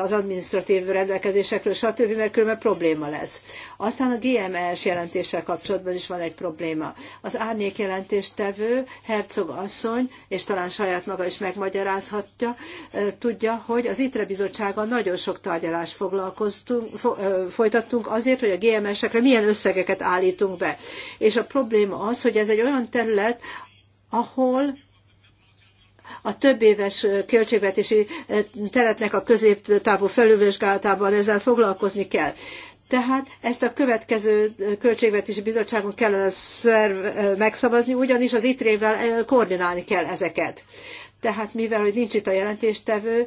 az adminisztratív rendelkezésekről, stb., mert különben probléma lesz. Aztán a GMS jelentéssel kapcsolatban is van egy probléma. Az árnyék jelentéstevő, Herzog asszony, és talán saját maga is megmagyarázhatja, tudja, hogy az ITRE bizottsággal nagyon sok tárgyalást foglalkoztunk, folytattunk azért, hogy a GMS-ekre milyen összegeket állítunk be. És a probléma az, hogy ez egy olyan terület, ahol a több éves költségvetési teretnek a középtávú felülvizsgálatában ezzel foglalkozni kell. Tehát ezt a következő költségvetési bizottságon kellene megszavazni, ugyanis az ITRÉ-vel koordinálni kell ezeket. Tehát mivel, hogy nincs itt a jelentéstevő,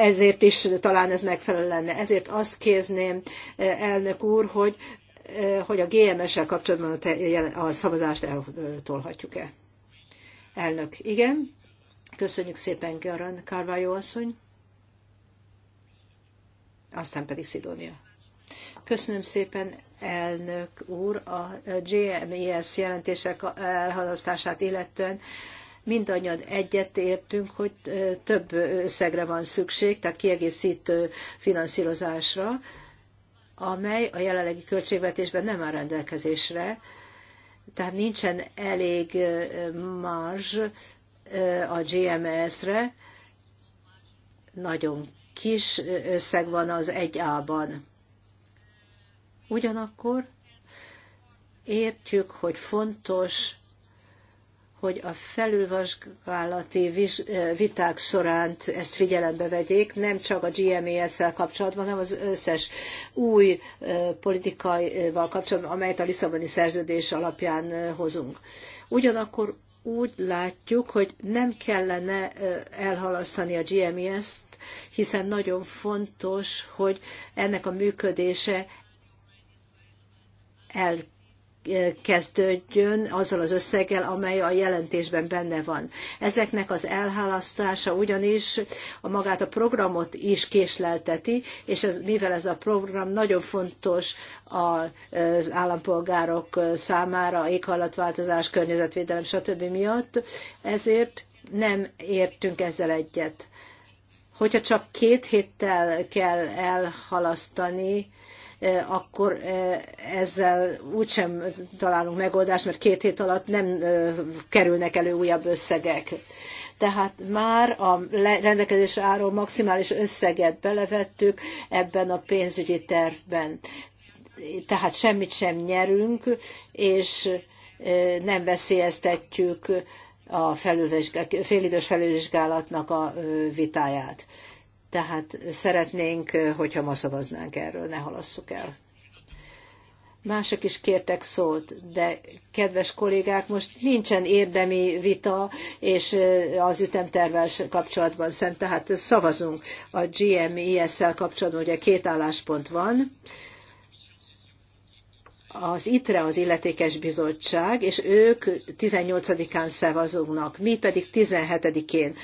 ezért is talán ez megfelelő lenne. Ezért azt kézném, elnök úr, hogy, hogy a GMS-sel kapcsolatban a, a szavazást eltolhatjuk-e. Elnök, igen. Köszönjük szépen, Garan Carvalho asszony. Aztán pedig Szidónia. Köszönöm szépen, elnök úr, a GMES jelentések elhalasztását illetően mindannyian egyetértünk, hogy több összegre van szükség, tehát kiegészítő finanszírozásra, amely a jelenlegi költségvetésben nem áll rendelkezésre, tehát nincsen elég marzs a GMS-re, nagyon kis összeg van az 1A-ban. Ugyanakkor értjük, hogy fontos hogy a felülvizsgálati eh, viták során ezt figyelembe vegyék, nem csak a GMES-szel kapcsolatban, hanem az összes új eh, politikaival kapcsolatban, amelyet a Lisszaboni szerződés alapján eh, hozunk. Ugyanakkor úgy látjuk, hogy nem kellene elhalasztani a GMES-t, hiszen nagyon fontos, hogy ennek a működése el kezdődjön azzal az összeggel, amely a jelentésben benne van. Ezeknek az elhalasztása ugyanis a magát a programot is késlelteti, és ez, mivel ez a program nagyon fontos az állampolgárok számára, éghajlatváltozás, környezetvédelem, stb. miatt, ezért nem értünk ezzel egyet. Hogyha csak két héttel kell elhalasztani, E, akkor e, ezzel úgysem találunk megoldást, mert két hét alatt nem e, kerülnek elő újabb összegek. Tehát már a rendelkezés áról maximális összeget belevettük ebben a pénzügyi tervben. Tehát semmit sem nyerünk, és nem veszélyeztetjük a félidős felülvizsgálatnak a vitáját. Tehát szeretnénk, hogyha ma szavaznánk erről, ne halasszuk el. Mások is kértek szót, de kedves kollégák, most nincsen érdemi vita, és az ütemtervel kapcsolatban szent, tehát szavazunk a GMIS-szel kapcsolatban, ugye két álláspont van, az ITRE az illetékes bizottság, és ők 18-án szavazognak, mi pedig 17-én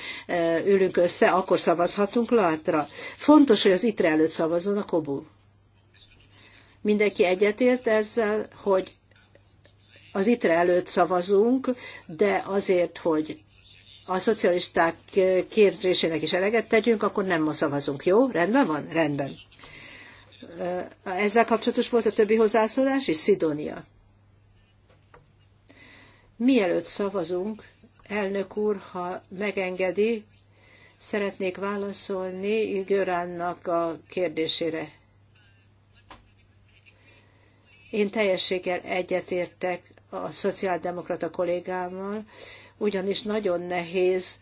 ülünk össze, akkor szavazhatunk látra. Fontos, hogy az ITRE előtt szavazzon a kobu. Mindenki egyetért ezzel, hogy az ITRE előtt szavazunk, de azért, hogy a szocialisták kérdésének is eleget tegyünk, akkor nem ma szavazunk. Jó? Rendben van? Rendben ezzel kapcsolatos volt a többi hozzászólás is? Szidonia. Mielőtt szavazunk, elnök úr, ha megengedi, szeretnék válaszolni Göránnak a kérdésére. Én teljességgel egyetértek a szociáldemokrata kollégámmal, ugyanis nagyon nehéz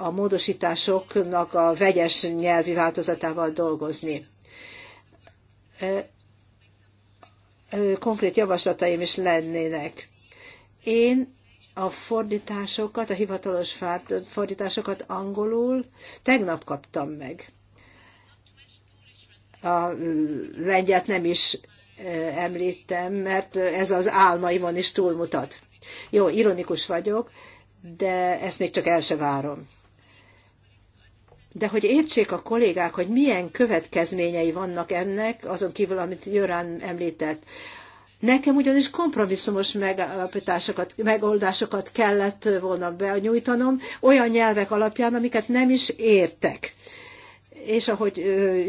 a módosításoknak a vegyes nyelvi változatával dolgozni. E, e, konkrét javaslataim is lennének. Én a fordításokat, a hivatalos fordításokat angolul tegnap kaptam meg. A lengyelt nem is e, említem, mert ez az álmaimon is túlmutat. Jó, ironikus vagyok, de ezt még csak el se várom de hogy értsék a kollégák, hogy milyen következményei vannak ennek, azon kívül, amit Jörán említett. Nekem ugyanis kompromisszumos megoldásokat kellett volna benyújtanom olyan nyelvek alapján, amiket nem is értek. És ahogy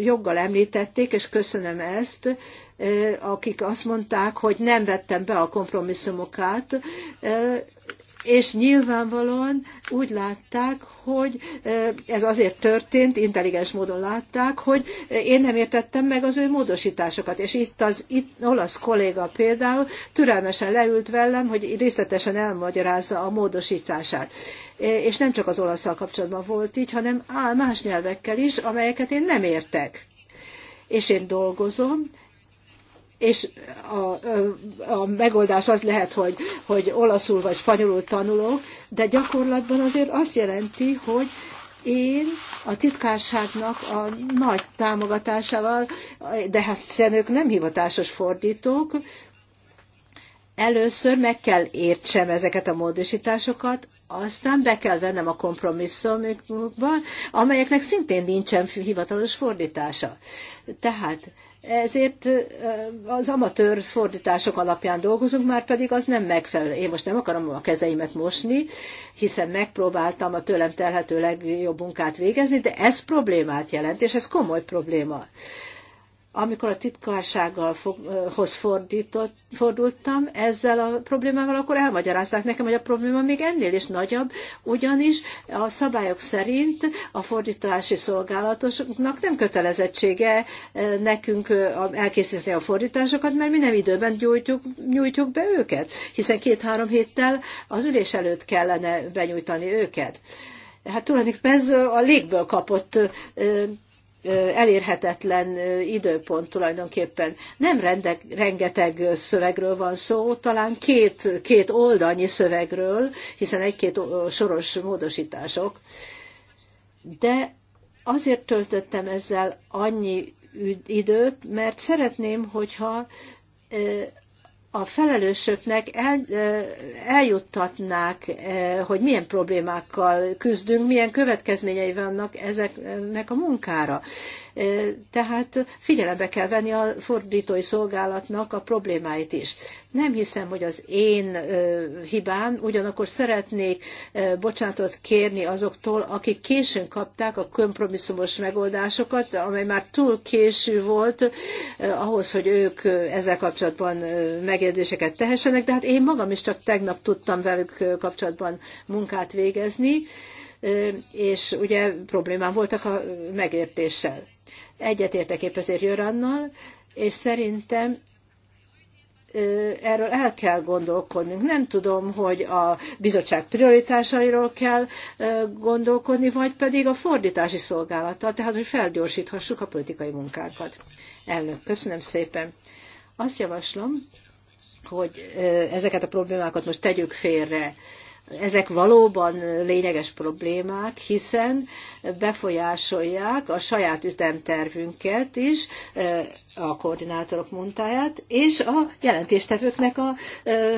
joggal említették, és köszönöm ezt, akik azt mondták, hogy nem vettem be a kompromisszumokat, és nyilvánvalóan úgy látták, hogy ez azért történt, intelligens módon látták, hogy én nem értettem meg az ő módosításokat. És itt az itt olasz kolléga például türelmesen leült velem, hogy részletesen elmagyarázza a módosítását. És nem csak az olaszsal kapcsolatban volt így, hanem más nyelvekkel is, amelyeket én nem értek. És én dolgozom, és a, a megoldás az lehet, hogy, hogy olaszul vagy spanyolul tanulok, de gyakorlatban azért azt jelenti, hogy én a titkárságnak a nagy támogatásával, de hát hiszen ők nem hivatásos fordítók, először meg kell értsem ezeket a módosításokat, aztán be kell vennem a kompromisszumokba, amelyeknek szintén nincsen hivatalos fordítása. Tehát ezért az amatőr fordítások alapján dolgozunk, már pedig az nem megfelelő. Én most nem akarom a kezeimet mosni, hiszen megpróbáltam a tőlem telhető legjobb munkát végezni, de ez problémát jelent, és ez komoly probléma amikor a titkársághoz hoz fordított, fordultam ezzel a problémával, akkor elmagyarázták nekem, hogy a probléma még ennél is nagyobb, ugyanis a szabályok szerint a fordítási szolgálatosnak nem kötelezettsége nekünk elkészíteni a fordításokat, mert mi nem időben gyújtjuk, nyújtjuk be őket, hiszen két-három héttel az ülés előtt kellene benyújtani őket. Hát tulajdonképpen ez a légből kapott elérhetetlen időpont tulajdonképpen. Nem rendeg, rengeteg szövegről van szó, talán két, két oldalnyi szövegről, hiszen egy-két soros módosítások. De azért töltöttem ezzel annyi időt, mert szeretném, hogyha a felelősöknek el, eljuttatnák, hogy milyen problémákkal küzdünk, milyen következményei vannak ezeknek a munkára. Tehát figyelembe kell venni a fordítói szolgálatnak a problémáit is. Nem hiszem, hogy az én hibám, ugyanakkor szeretnék bocsánatot kérni azoktól, akik későn kapták a kompromisszumos megoldásokat, amely már túl késő volt ahhoz, hogy ők ezzel kapcsolatban megjegyzéseket tehessenek, de hát én magam is csak tegnap tudtam velük kapcsolatban munkát végezni, és ugye problémám voltak a megértéssel. Egyetértek épp ezért Jörannal, és szerintem erről el kell gondolkodnunk. Nem tudom, hogy a bizottság prioritásairól kell gondolkodni, vagy pedig a fordítási szolgálattal, tehát hogy felgyorsíthassuk a politikai munkánkat. Elnök, köszönöm szépen. Azt javaslom, hogy ezeket a problémákat most tegyük félre ezek valóban lényeges problémák, hiszen befolyásolják a saját ütemtervünket is, a koordinátorok munkáját, és a jelentéstevőknek a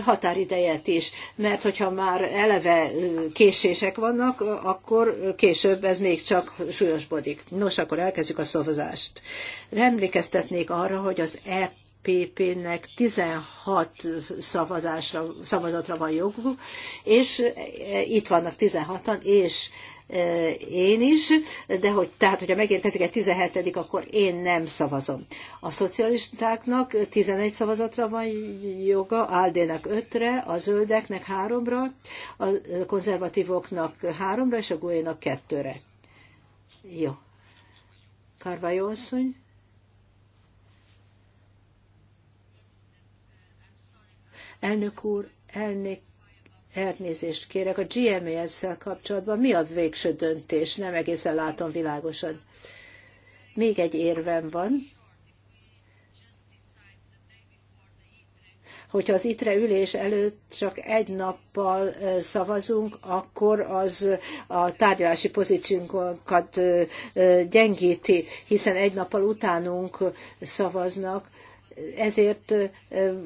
határidejet is. Mert hogyha már eleve késések vannak, akkor később ez még csak súlyosbodik. Nos, akkor elkezdjük a szavazást. Emlékeztetnék arra, hogy az EP pp nek 16 szavazásra, szavazatra van joguk, és e, itt vannak 16-an, és e, én is, de hogy, tehát, hogyha megérkezik egy 17 akkor én nem szavazom. A szocialistáknak 11 szavazatra van joga, Áldének 5-re, a zöldeknek 3-ra, a konzervatívoknak 3-ra, és a Guénak 2-re. Jó. Karvajó asszony? Elnök úr, elnék, elnézést kérek, a GMS-szel kapcsolatban mi a végső döntés? Nem egészen látom világosan. Még egy érvem van. Hogyha az ITRE ülés előtt csak egy nappal szavazunk, akkor az a tárgyalási pozíciónkat gyengíti, hiszen egy nappal utánunk szavaznak, ezért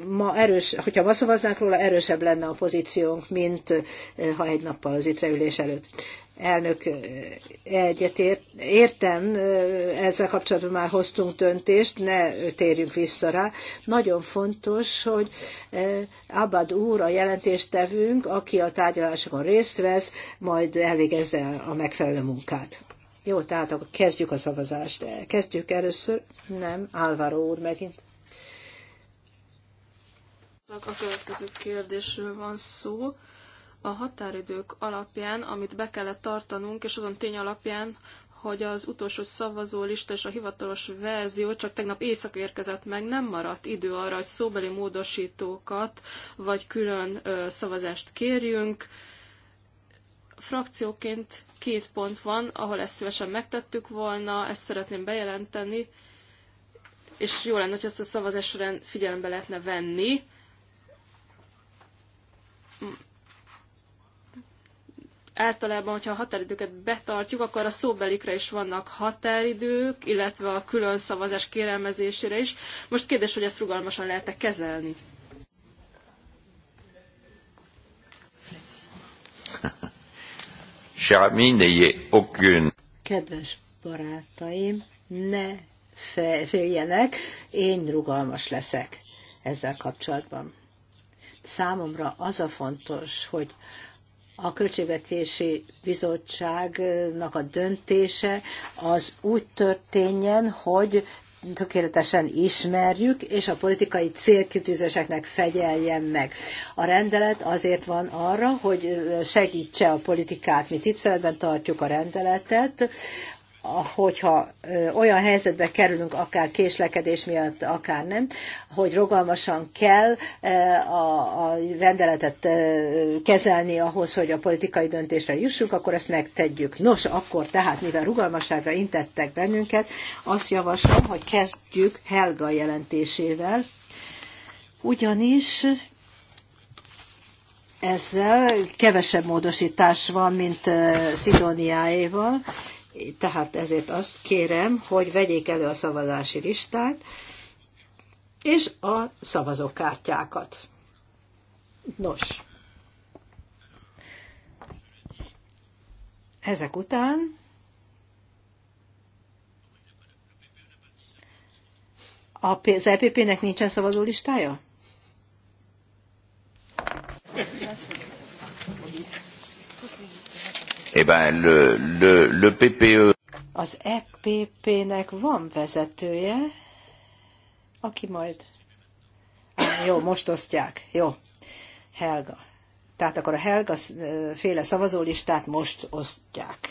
ma erős, hogyha ma szavaznánk róla, erősebb lenne a pozíciónk, mint ha egy nappal az itt előtt. Elnök egyetért. Értem, ezzel kapcsolatban már hoztunk döntést, ne térjünk vissza rá. Nagyon fontos, hogy Abad úr, a jelentéstevünk, aki a tárgyalásokon részt vesz, majd elvégezze a megfelelő munkát. Jó, tehát akkor kezdjük a szavazást. Kezdjük először. Nem, Álvaro úr megint gyakorlatilag a következő kérdésről van szó. A határidők alapján, amit be kellett tartanunk, és azon tény alapján, hogy az utolsó szavazólista és a hivatalos verzió csak tegnap éjszaka érkezett meg, nem maradt idő arra, hogy szóbeli módosítókat vagy külön ö, szavazást kérjünk. Frakcióként két pont van, ahol ezt szívesen megtettük volna, ezt szeretném bejelenteni, és jó lenne, hogy ezt a szavazás során figyelembe lehetne venni általában, hogyha a határidőket betartjuk, akkor a szóbelikre is vannak határidők, illetve a külön szavazás kérelmezésére is. Most kérdés, hogy ezt rugalmasan lehet-e kezelni? Kedves barátaim, ne féljenek, én rugalmas leszek ezzel kapcsolatban számomra az a fontos, hogy a Költségvetési Bizottságnak a döntése az úgy történjen, hogy tökéletesen ismerjük, és a politikai célkitűzéseknek fegyeljen meg. A rendelet azért van arra, hogy segítse a politikát. Mi tiszteletben tartjuk a rendeletet, hogyha olyan helyzetbe kerülünk, akár késlekedés miatt, akár nem, hogy rogalmasan kell a, rendeletet kezelni ahhoz, hogy a politikai döntésre jussunk, akkor ezt megtegyük. Nos, akkor tehát, mivel rugalmasságra intettek bennünket, azt javaslom, hogy kezdjük Helga jelentésével, ugyanis ezzel kevesebb módosítás van, mint Szidóniáéval, tehát ezért azt kérem, hogy vegyék elő a szavazási listát, és a szavazókártyákat. Nos. Ezek után az EPP-nek nincsen szavazólistája? eh ben, le, le, le PPE... Az EPP-nek van vezetője, aki majd... Ah, jó, most osztják. Jó. Helga. Tehát akkor a Helga féle szavazólistát most osztják.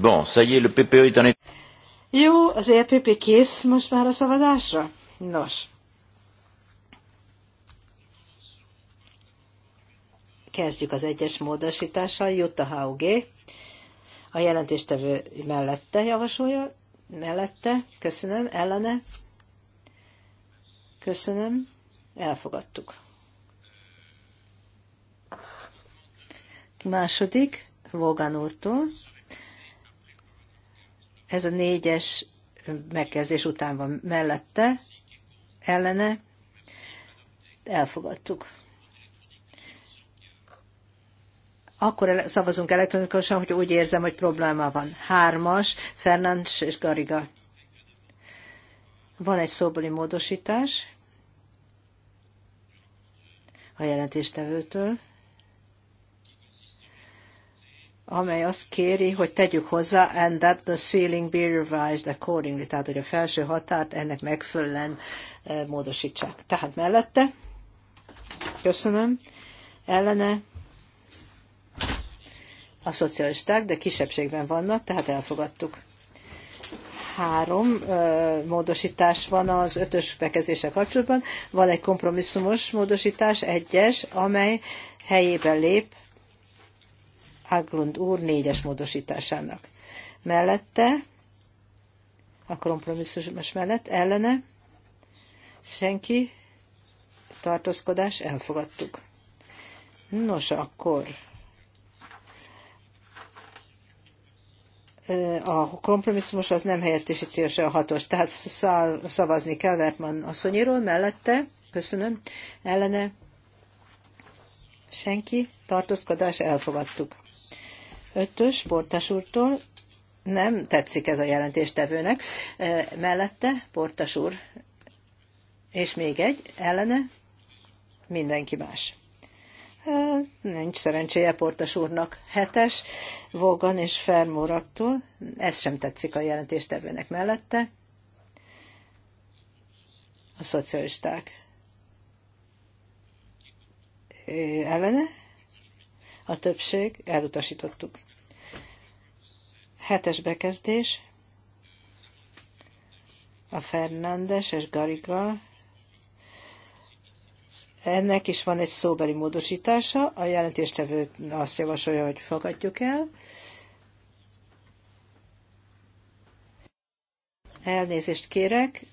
Bon, ça y est, le PPE est en... Jó, az EPP kész most már a szavazásra? Nos, kezdjük az egyes módosítással. Jutta Haugé, a jelentéstevő mellette javasolja, mellette, köszönöm, ellene, köszönöm, elfogadtuk. Második, Vogan úrtól. Ez a négyes megkezdés után van mellette, ellene elfogadtuk. Akkor szavazunk elektronikusan, hogy úgy érzem, hogy probléma van. Hármas, Fernandes és Gariga. Van egy szóbeli módosítás a jelentéstevőtől amely azt kéri, hogy tegyük hozzá, and that the ceiling be revised accordingly, tehát hogy a felső határt ennek megfelelően eh, módosítsák. Tehát mellette, köszönöm, ellene a szocialisták, de kisebbségben vannak, tehát elfogadtuk. Három ö, eh, módosítás van az ötös bekezdése kapcsolatban. Van egy kompromisszumos módosítás, egyes, amely helyébe lép Aglund úr négyes módosításának. Mellette, a kompromisszumos mellett, ellene, senki, tartózkodás, elfogadtuk. Nos, akkor a kompromisszumos az nem helyettesítése a hatos, tehát szavazni kell Vertman asszonyéről mellette, köszönöm, ellene senki, tartózkodás, elfogadtuk ötös Portas úrtól, nem tetszik ez a jelentéstevőnek, mellette Portas úr, és még egy, ellene mindenki más. Nincs szerencséje Portas úrnak. Hetes, Vogan és Fermóraktól. Ez sem tetszik a jelentéstevőnek mellette. A szocialisták. Ellene? a többség, elutasítottuk. Hetes bekezdés, a Fernandes és Gariga. Ennek is van egy szóbeli módosítása, a jelentéstevő azt javasolja, hogy fogadjuk el. Elnézést kérek,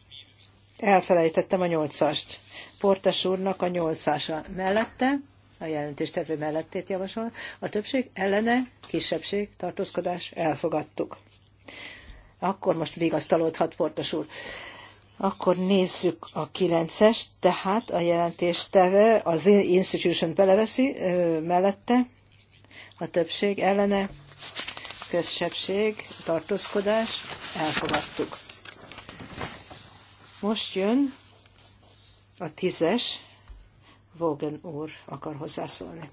elfelejtettem a nyolcast. Portas úrnak a nyolcása mellette a jelentéstevő mellettét javasol, a többség ellene, kisebbség, tartózkodás, elfogadtuk. Akkor most vigasztalódhat Portos úr. Akkor nézzük a kilences, tehát a jelentésteve az institution beleveszi mellette, a többség ellene, közsebbség, tartózkodás, elfogadtuk. Most jön a tízes, Vogan úr akar hozzászólni.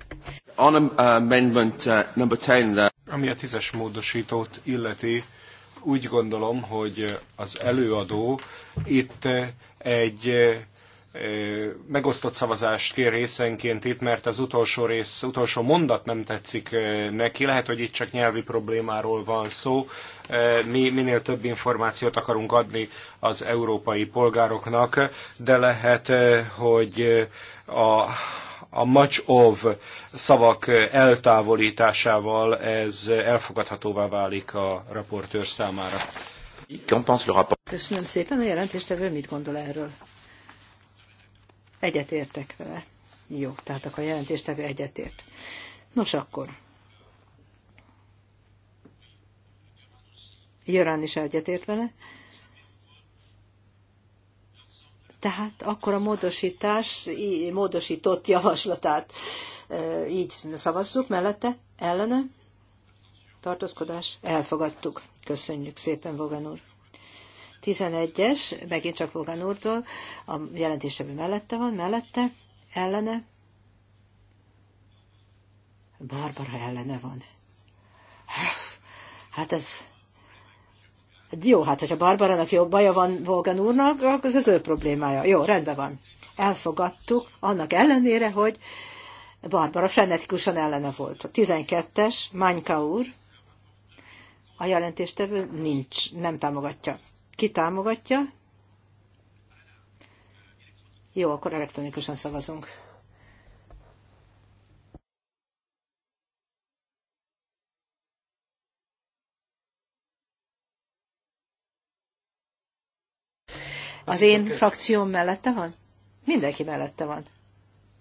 On uh, amendment uh, number 10, uh, ami a tízes módosítót illeti, úgy gondolom, hogy az előadó itt egy megosztott szavazást kér részenként itt, mert az utolsó rész, utolsó mondat nem tetszik neki. Lehet, hogy itt csak nyelvi problémáról van szó. Mi minél több információt akarunk adni az európai polgároknak, de lehet, hogy a a much of szavak eltávolításával ez elfogadhatóvá válik a raportőr számára. Köszönöm szépen, a jelentéstevő mit gondol erről? Egyetértek vele. Jó, tehát akkor a jelentéstevő egyetért. Nos akkor. Jörán is egyetért vele. Tehát akkor a módosítás, módosított javaslatát így szavazzuk mellette, ellene. Tartózkodás, elfogadtuk. Köszönjük szépen, Vogan úr. 11-es, megint csak Vogan úrtól, a jelentésevő mellette van, mellette, ellene. Barbara ellene van. Hát ez... Jó, hát hogyha Barbarának jobb baja van Volgan úrnak, akkor ez az ő problémája. Jó, rendben van. Elfogadtuk, annak ellenére, hogy Barbara frenetikusan ellene volt. A 12-es, Mányka úr, a jelentéstevő nincs, nem támogatja. Ki támogatja? Jó, akkor elektronikusan szavazunk. Az én frakcióm mellette van? Mindenki mellette van.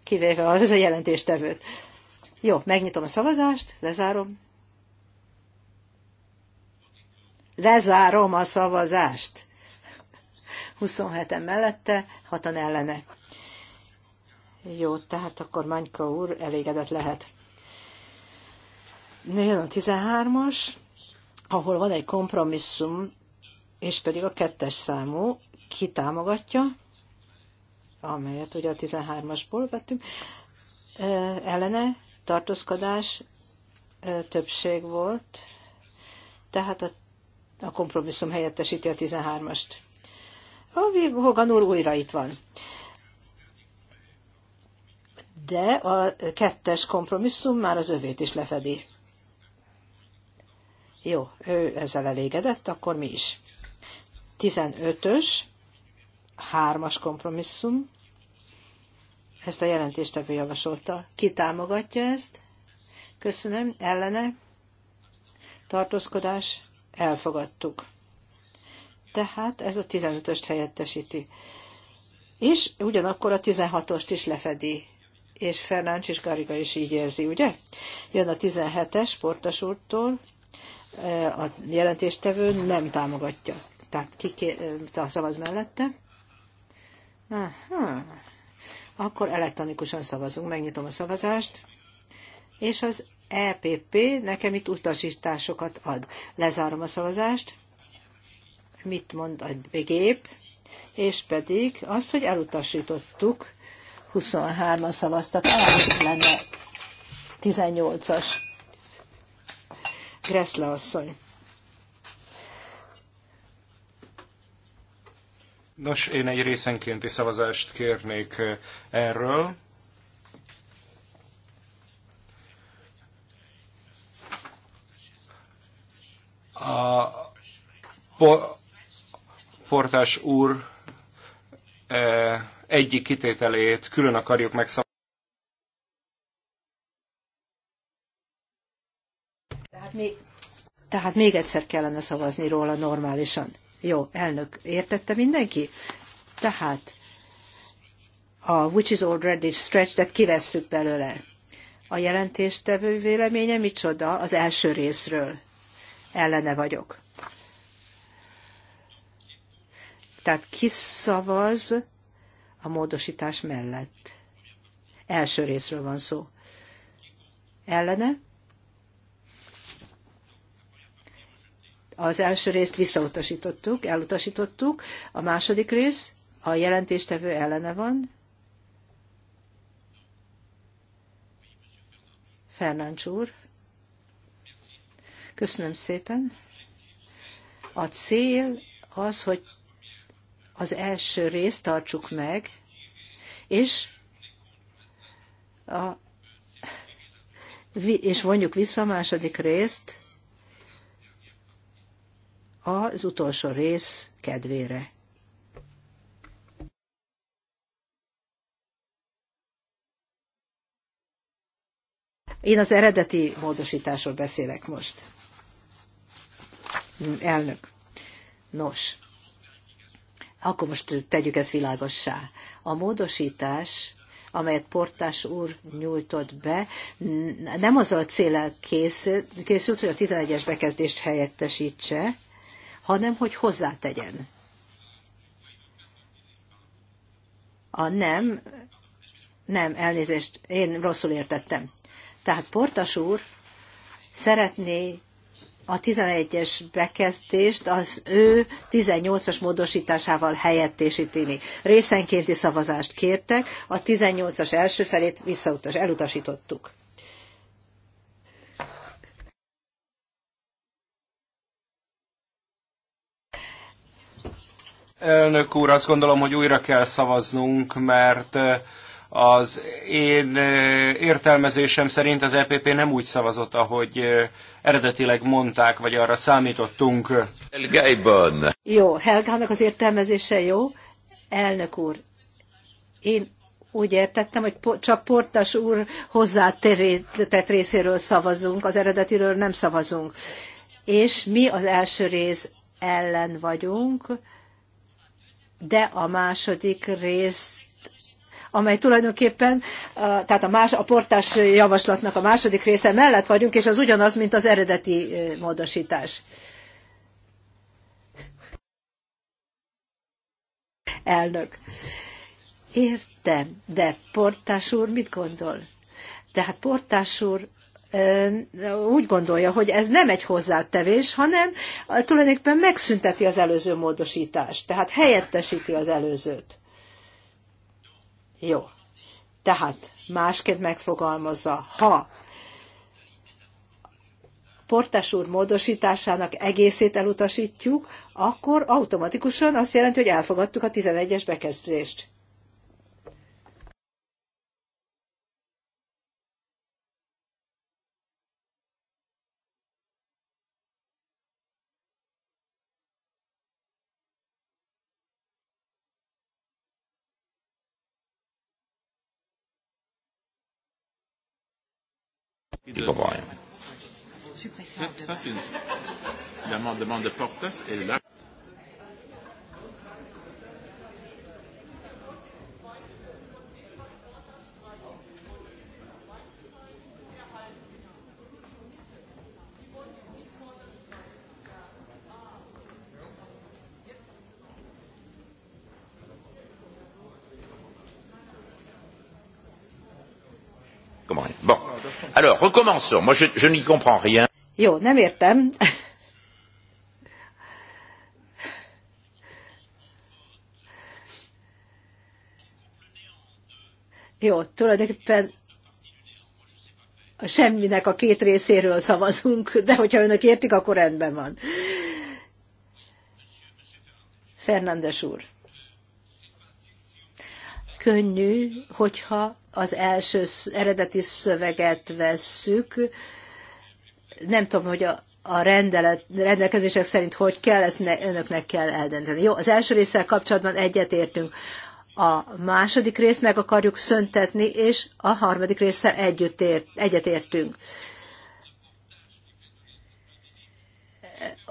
Kivéve az a jelentéstevőt. Jó, megnyitom a szavazást, lezárom. Lezárom a szavazást. 27-en mellette, 6-an ellene. Jó, tehát akkor Manyka úr elégedett lehet. Jön a 13-as, ahol van egy kompromisszum, és pedig a kettes számú kitámogatja, amelyet ugye a 13-asból vettünk, ellene tartózkodás többség volt, tehát a a kompromisszum helyettesíti a 13-ast. A Hogan úr újra itt van. De a kettes kompromisszum már az övét is lefedi. Jó, ő ezzel elégedett, akkor mi is. 15-ös, hármas kompromisszum, ezt a jelentéstevő javasolta. Ki támogatja ezt? Köszönöm. Ellene? Tartózkodás? elfogadtuk. Tehát ez a 15-öst helyettesíti. És ugyanakkor a 16-ost is lefedi, és Fernáncs és Gariga is így érzi, ugye? Jön a 17-es sportos úrtól, e, a jelentéstevő nem támogatja. Tehát ki e, a szavaz mellette? Aha. Akkor elektronikusan szavazunk, megnyitom a szavazást, és az EPP nekem itt utasításokat ad. Lezárom a szavazást. Mit mond a gép? És pedig azt, hogy elutasítottuk, 23-an szavaztak, elmondjuk lenne 18-as. Greszle asszony. Nos, én egy részenkénti szavazást kérnék eh, erről. A Portás úr e, egyik kitételét külön akarjuk megszabadítani. Tehát még, tehát még egyszer kellene szavazni róla normálisan. Jó, elnök, értette mindenki? Tehát a which is already stretched-et kivesszük belőle. A jelentéstevő véleménye micsoda az első részről? ellene vagyok. Tehát kiszavaz a módosítás mellett. Első részről van szó. Ellene? Az első részt visszautasítottuk, elutasítottuk. A második rész, a jelentéstevő ellene van. Fernáncs úr. Köszönöm szépen. A cél az, hogy az első részt tartsuk meg, és a, és vonjuk vissza a második részt az utolsó rész kedvére. Én az eredeti módosításról beszélek most. Elnök. Nos, akkor most tegyük ezt világossá. A módosítás amelyet Portás úr nyújtott be, nem azzal a célel készült, hogy a 11-es bekezdést helyettesítse, hanem hogy hozzátegyen. A nem, nem, elnézést, én rosszul értettem. Tehát Portas úr szeretné a 11-es bekezdést az ő 18-as módosításával helyettesíteni. Részenkénti szavazást kértek, a 18-as első felét visszautas, elutasítottuk. Elnök úr, azt gondolom, hogy újra kell szavaznunk, mert az én értelmezésem szerint az EPP nem úgy szavazott, ahogy eredetileg mondták, vagy arra számítottunk. Helgeiben. Jó, Helgának az értelmezése jó. Elnök úr, én úgy értettem, hogy csak Portas úr tett részéről szavazunk, az eredetiről nem szavazunk. És mi az első rész ellen vagyunk, de a második rész amely tulajdonképpen, tehát a, más, a portás javaslatnak a második része mellett vagyunk, és az ugyanaz, mint az eredeti módosítás. Elnök. Értem, de portás úr mit gondol? Tehát portás úr úgy gondolja, hogy ez nem egy hozzátevés, hanem tulajdonképpen megszünteti az előző módosítást, tehát helyettesíti az előzőt. Jó. Tehát másként megfogalmazza, ha Portás úr módosításának egészét elutasítjuk, akkor automatikusan azt jelenti, hogy elfogadtuk a 11-es bekezdést. Éva baj. Alors, recommençons. Moi, je, je n'y comprends rien. Jó, nem értem. Jó, tulajdonképpen a semminek a két részéről szavazunk, de hogyha önök értik, akkor rendben van. Fernandes úr könnyű, hogyha az első eredeti szöveget vesszük. Nem tudom, hogy a, a rendelet, rendelkezések szerint hogy kell, ezt ne, önöknek kell eldönteni. Jó, az első résszel kapcsolatban egyetértünk. A második részt meg akarjuk szöntetni, és a harmadik résszel együtt ért, egyetértünk.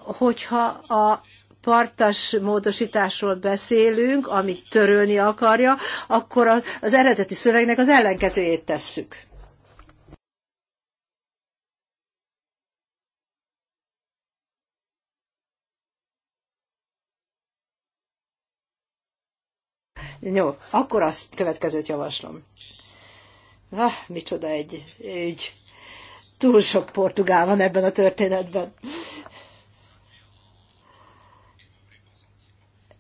Hogyha a partas módosításról beszélünk, amit törölni akarja, akkor az eredeti szövegnek az ellenkezőjét tesszük. Jó, akkor azt következőt javaslom. Vá, micsoda egy ügy. Túl sok portugál van ebben a történetben.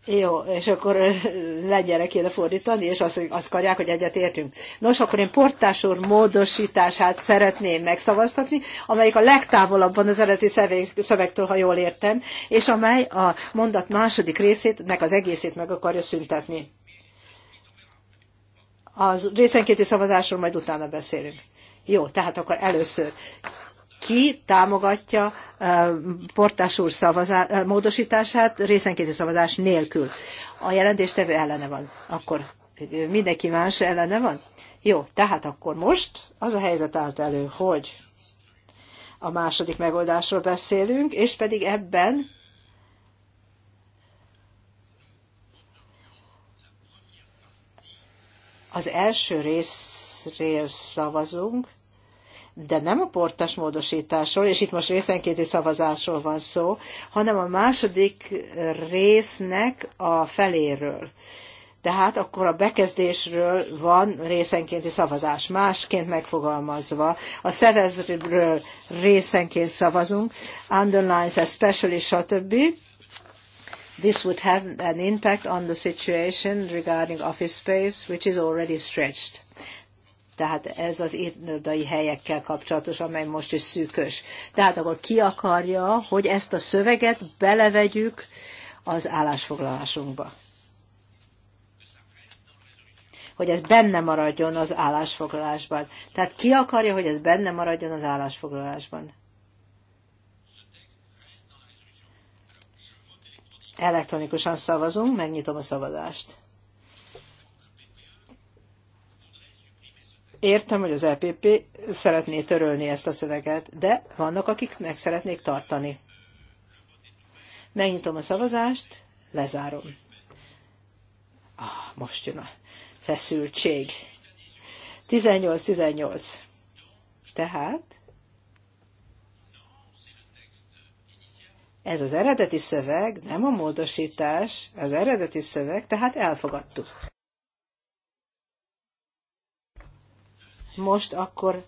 Jó, és akkor lengyelre kéne fordítani, és azt, azt akarják, hogy egyet értünk. Nos, akkor én portás módosítását szeretném megszavaztatni, amelyik a legtávolabb van az eredeti szövegtől, ha jól értem, és amely a mondat második részét, meg az egészét meg akarja szüntetni. Az részenkéti szavazásról majd utána beszélünk. Jó, tehát akkor először ki támogatja Portás úr szavazá, módosítását részenkéti szavazás nélkül. A jelentéstevő ellene van. Akkor mindenki más ellene van? Jó, tehát akkor most az a helyzet állt elő, hogy a második megoldásról beszélünk, és pedig ebben az első részről szavazunk, de nem a portás módosításról, és itt most részenkéti szavazásról van szó, hanem a második résznek a feléről. Tehát akkor a bekezdésről van részenkénti szavazás, másként megfogalmazva. A szerezről részenként szavazunk, underlines, especially, stb. This would have an impact on the situation regarding office space, which is already stretched. Tehát ez az irodai helyekkel kapcsolatos, amely most is szűkös. Tehát akkor ki akarja, hogy ezt a szöveget belevegyük az állásfoglalásunkba? Hogy ez benne maradjon az állásfoglalásban. Tehát ki akarja, hogy ez benne maradjon az állásfoglalásban? Elektronikusan szavazunk, megnyitom a szavazást. Értem, hogy az EPP szeretné törölni ezt a szöveget, de vannak, akik meg szeretnék tartani. Megnyitom a szavazást, lezárom. Ah, most jön a feszültség. 18-18. Tehát ez az eredeti szöveg, nem a módosítás, az eredeti szöveg, tehát elfogadtuk. most akkor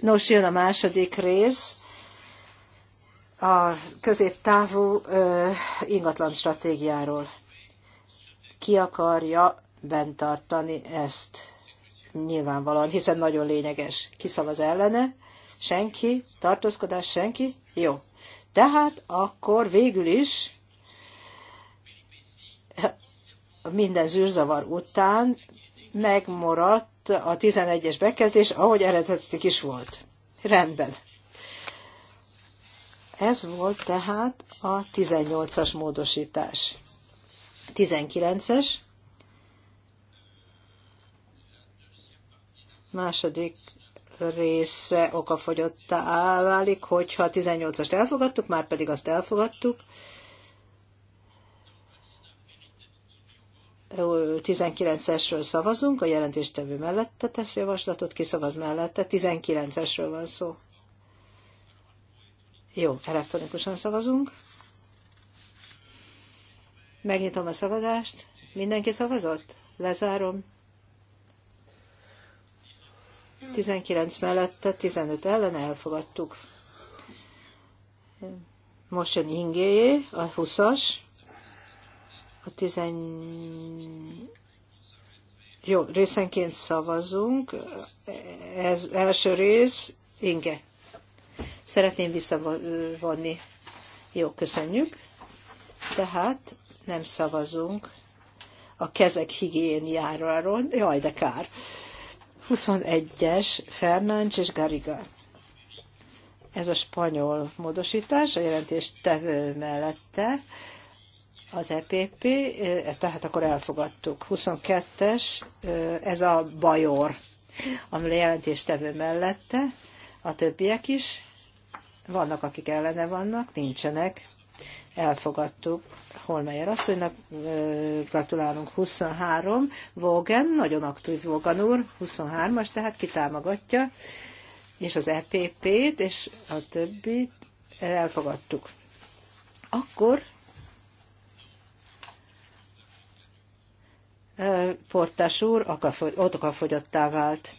Nos, jön a második rész, a középtávú ingatlan stratégiáról. Ki akarja bent tartani ezt? Nyilvánvalóan, hiszen nagyon lényeges. Ki szavaz ellene? Senki? Tartózkodás senki? Jó. Tehát akkor végül is minden zűrzavar után megmaradt a 11-es bekezdés, ahogy eredetileg is volt. Rendben. Ez volt tehát a 18-as módosítás. 19-es. Második része okafogyottá válik, hogyha 18-ast elfogadtuk, már pedig azt elfogadtuk, 19-esről szavazunk, a jelentéstevő mellette tesz javaslatot, szavaz mellette, 19-esről van szó. Jó, elektronikusan szavazunk. Megnyitom a szavazást. Mindenki szavazott? Lezárom. 19 mellette, 15 ellen elfogadtuk. Most jön ingéjé, a 20-as. A tizen... Jó, részenként szavazunk. Ez első rész, Inge. Szeretném visszavonni. Jó, köszönjük. Tehát nem szavazunk a kezek higiéniáról. Jaj, de kár. 21-es Fernández és Gariga. Ez a spanyol módosítás, a jelentés tevő mellette, az EPP, eh, tehát akkor elfogadtuk. 22-es, eh, ez a Bajor, a jelentéstevő mellette, a többiek is, vannak, akik ellene vannak, nincsenek, elfogadtuk. Holmeyer asszonynak eh, gratulálunk 23, Vogan, nagyon aktív Vogan úr, 23-as, tehát kitámogatja, és az EPP-t, és a többit elfogadtuk. Akkor portás úr okafogyottá vált.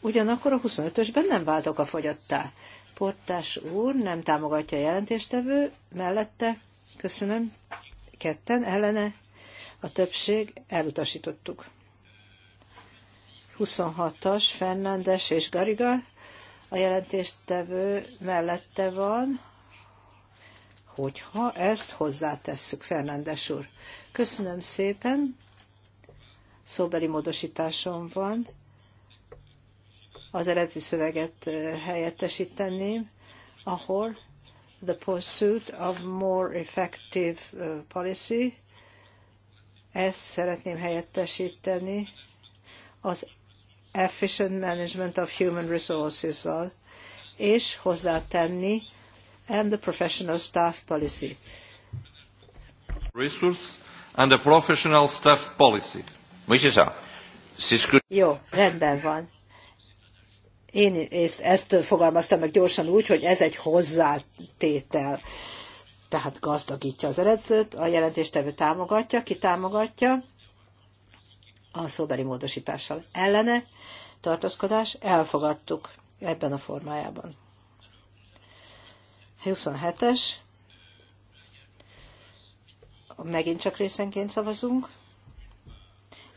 Ugyanakkor a 25-ösben nem vált okafogyottá. Portás úr nem támogatja a jelentéstevő, mellette, köszönöm, ketten, ellene, a többség elutasítottuk. 26-as Fernandes és Gariga a jelentéstevő mellette van, hogyha ezt hozzátesszük, Fernandes úr. Köszönöm szépen, szóbeli módosításom van. Az eredeti szöveget helyettesíteném, ahol the pursuit of more effective policy. Ezt szeretném helyettesíteni az efficient management of human resources al és hozzátenni and the professional staff policy. Resource and the professional staff policy. Oui, c'est ça. C'est ce que... Jó, rendben van. Én ezt, ezt fogalmaztam meg gyorsan úgy, hogy ez egy hozzátétel. Tehát gazdagítja az eredzőt, a jelentéstevő támogatja, ki támogatja a szóbeli módosítással ellene tartózkodás, elfogadtuk ebben a formájában. 27-es, megint csak részenként szavazunk.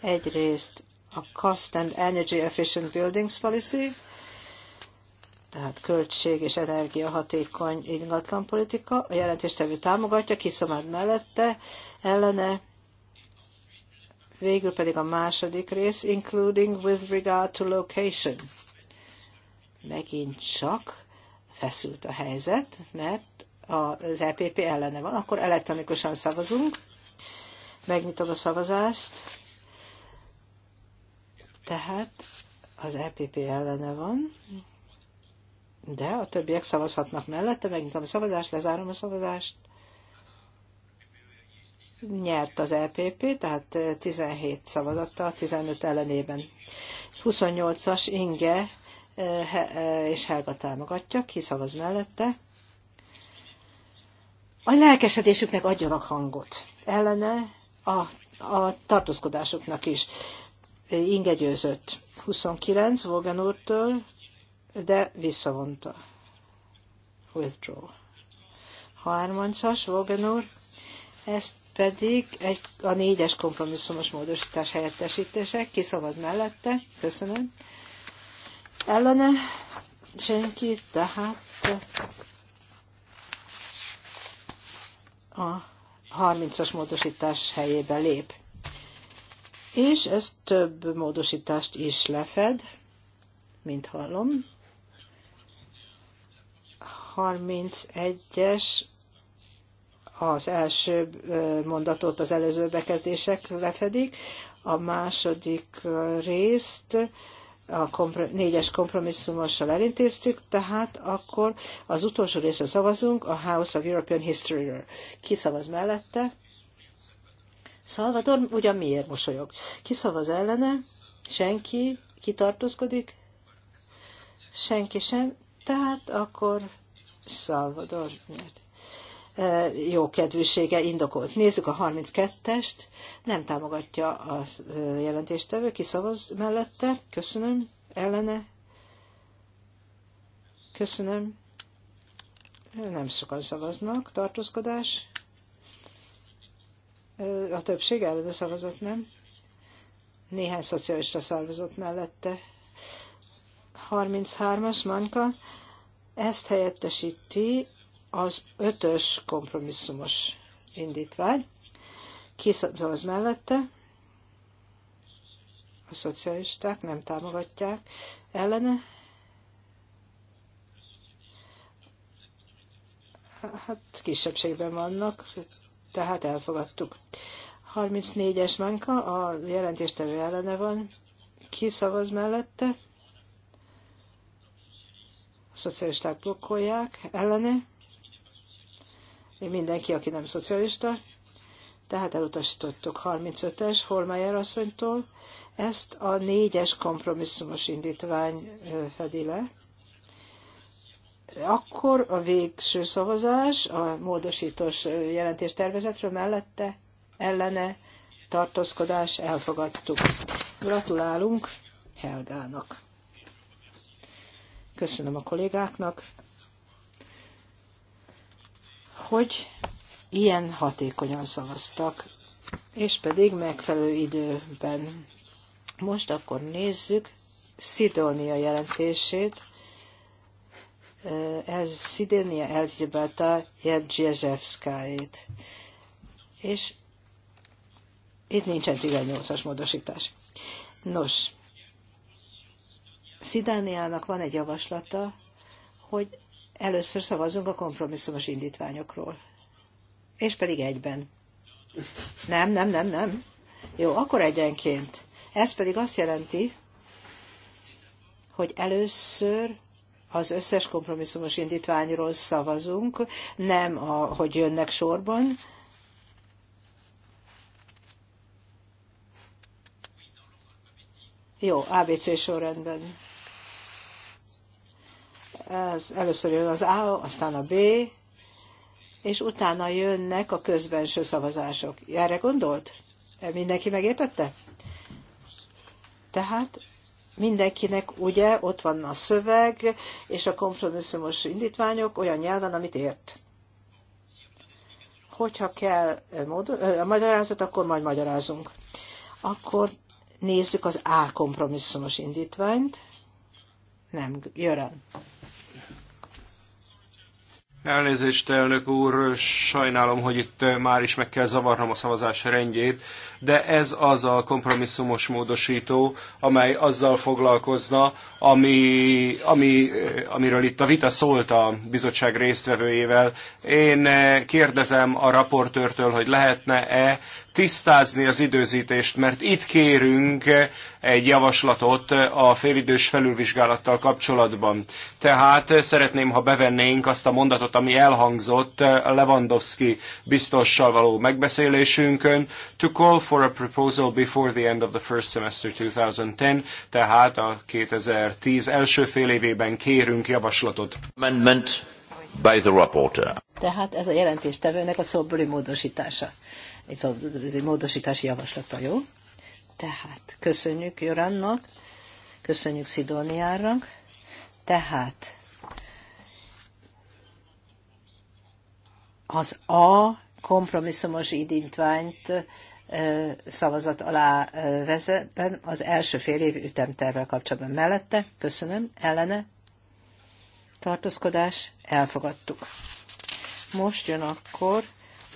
Egyrészt a Cost and Energy Efficient Buildings Policy, tehát költség és energiahatékony ingatlanpolitika. A jelentéstevő támogatja, kiszomád mellette, ellene. Végül pedig a második rész, including with regard to location. Megint csak feszült a helyzet, mert az EPP ellene van, akkor elektronikusan szavazunk. Megnyitom a szavazást. Tehát az EPP ellene van, de a többiek szavazhatnak mellette, megnyitom a szavazást, lezárom a szavazást. Nyert az EPP, tehát 17 eh, szavazattal, 15 ellenében. 28-as Inge eh, eh, és Helga támogatja, ki szavaz mellette. A lelkesedésüknek adjanak hangot. Ellene a, a tartózkodásoknak is ingegyőzött. 29 Vogan úrtól, de visszavonta. Withdraw. 30-as Vogan úr, ezt pedig egy, a négyes kompromisszumos módosítás helyettesítése. Kiszavaz mellette. Köszönöm. Ellene senki, tehát a 30-as módosítás helyébe lép és ez több módosítást is lefed, mint hallom. 31-es az első mondatot az előző bekezdések lefedik, a második részt a komprom- négyes kompromisszumossal elintéztük, tehát akkor az utolsó részre szavazunk, a House of European History-ről. Ki szavaz mellette? Salvador ugyan miért mosolyog? Ki szavaz ellene? Senki? tartózkodik? Senki sem. Tehát akkor Salvador nyert. E, jó kedvűsége indokolt. Nézzük a 32-est. Nem támogatja a e, jelentéstevő. Ki szavaz mellette? Köszönöm. Ellene? Köszönöm. Nem sokan szavaznak. Tartózkodás? A többség ellene szavazott, nem? Néhány szocialista szavazott mellette. 33-as manka ezt helyettesíti az ötös kompromisszumos indítvány. az mellette, a szocialisták nem támogatják ellene. Hát kisebbségben vannak, tehát elfogadtuk. 34-es manka, a jelentéstevő ellene van, ki szavaz mellette, a szocialisták blokkolják ellene, mindenki, aki nem szocialista, tehát elutasítottuk 35-es Holmeyer asszonytól, ezt a négyes kompromisszumos indítvány fedi le. Akkor a végső szavazás a módosítós jelentéstervezetről mellette ellene tartózkodás elfogadtuk. Gratulálunk Helgának. Köszönöm a kollégáknak, hogy ilyen hatékonyan szavaztak, és pedig megfelelő időben. Most akkor nézzük Szidónia jelentését Szidénia Elzgyebata Jedzsiezsevszkájét. És itt nincsen 18-as módosítás. Nos, Szidániának van egy javaslata, hogy először szavazunk a kompromisszumos indítványokról. És pedig egyben. Nem, nem, nem, nem. Jó, akkor egyenként. Ez pedig azt jelenti, hogy először az összes kompromisszumos indítványról szavazunk, nem a, hogy jönnek sorban. Jó, ABC sorrendben. Ez először jön az A, aztán a B, és utána jönnek a közbenső szavazások. Erre gondolt? Mindenki megértette? Tehát mindenkinek ugye ott van a szöveg és a kompromisszumos indítványok olyan nyelven, amit ért. Hogyha kell eh, eh, a magyarázat, akkor majd magyarázunk. Akkor nézzük az A kompromisszumos indítványt. Nem, Jören. Elnézést, elnök úr, sajnálom, hogy itt eh, már is meg kell zavarnom a szavazás rendjét de ez az a kompromisszumos módosító, amely azzal foglalkozna, ami, ami, amiről itt a vita szólt a bizottság résztvevőjével. Én eh, kérdezem a raportőrtől, hogy lehetne-e tisztázni az időzítést, mert itt kérünk eh, egy javaslatot eh, a félidős felülvizsgálattal kapcsolatban. Tehát szeretném, ha bevennénk azt a mondatot, ami elhangzott Lewandowski biztossal való megbeszélésünkön, to call for for a proposal before the end of the first semester 2010, tehát a 2010 első fél évében kérünk javaslatot. Amendment by the rapporteur. Tehát ez a jelentéstevőnek a szóbeli módosítása. Ez egy módosítási javaslata, jó? Tehát köszönjük Jorannak, köszönjük Szidóniának. Tehát az A kompromisszumos idintványt uh, szavazat alá vezetem az első fél év ütemtervvel kapcsolatban mellette. Köszönöm. Ellene tartózkodás elfogadtuk. Most jön akkor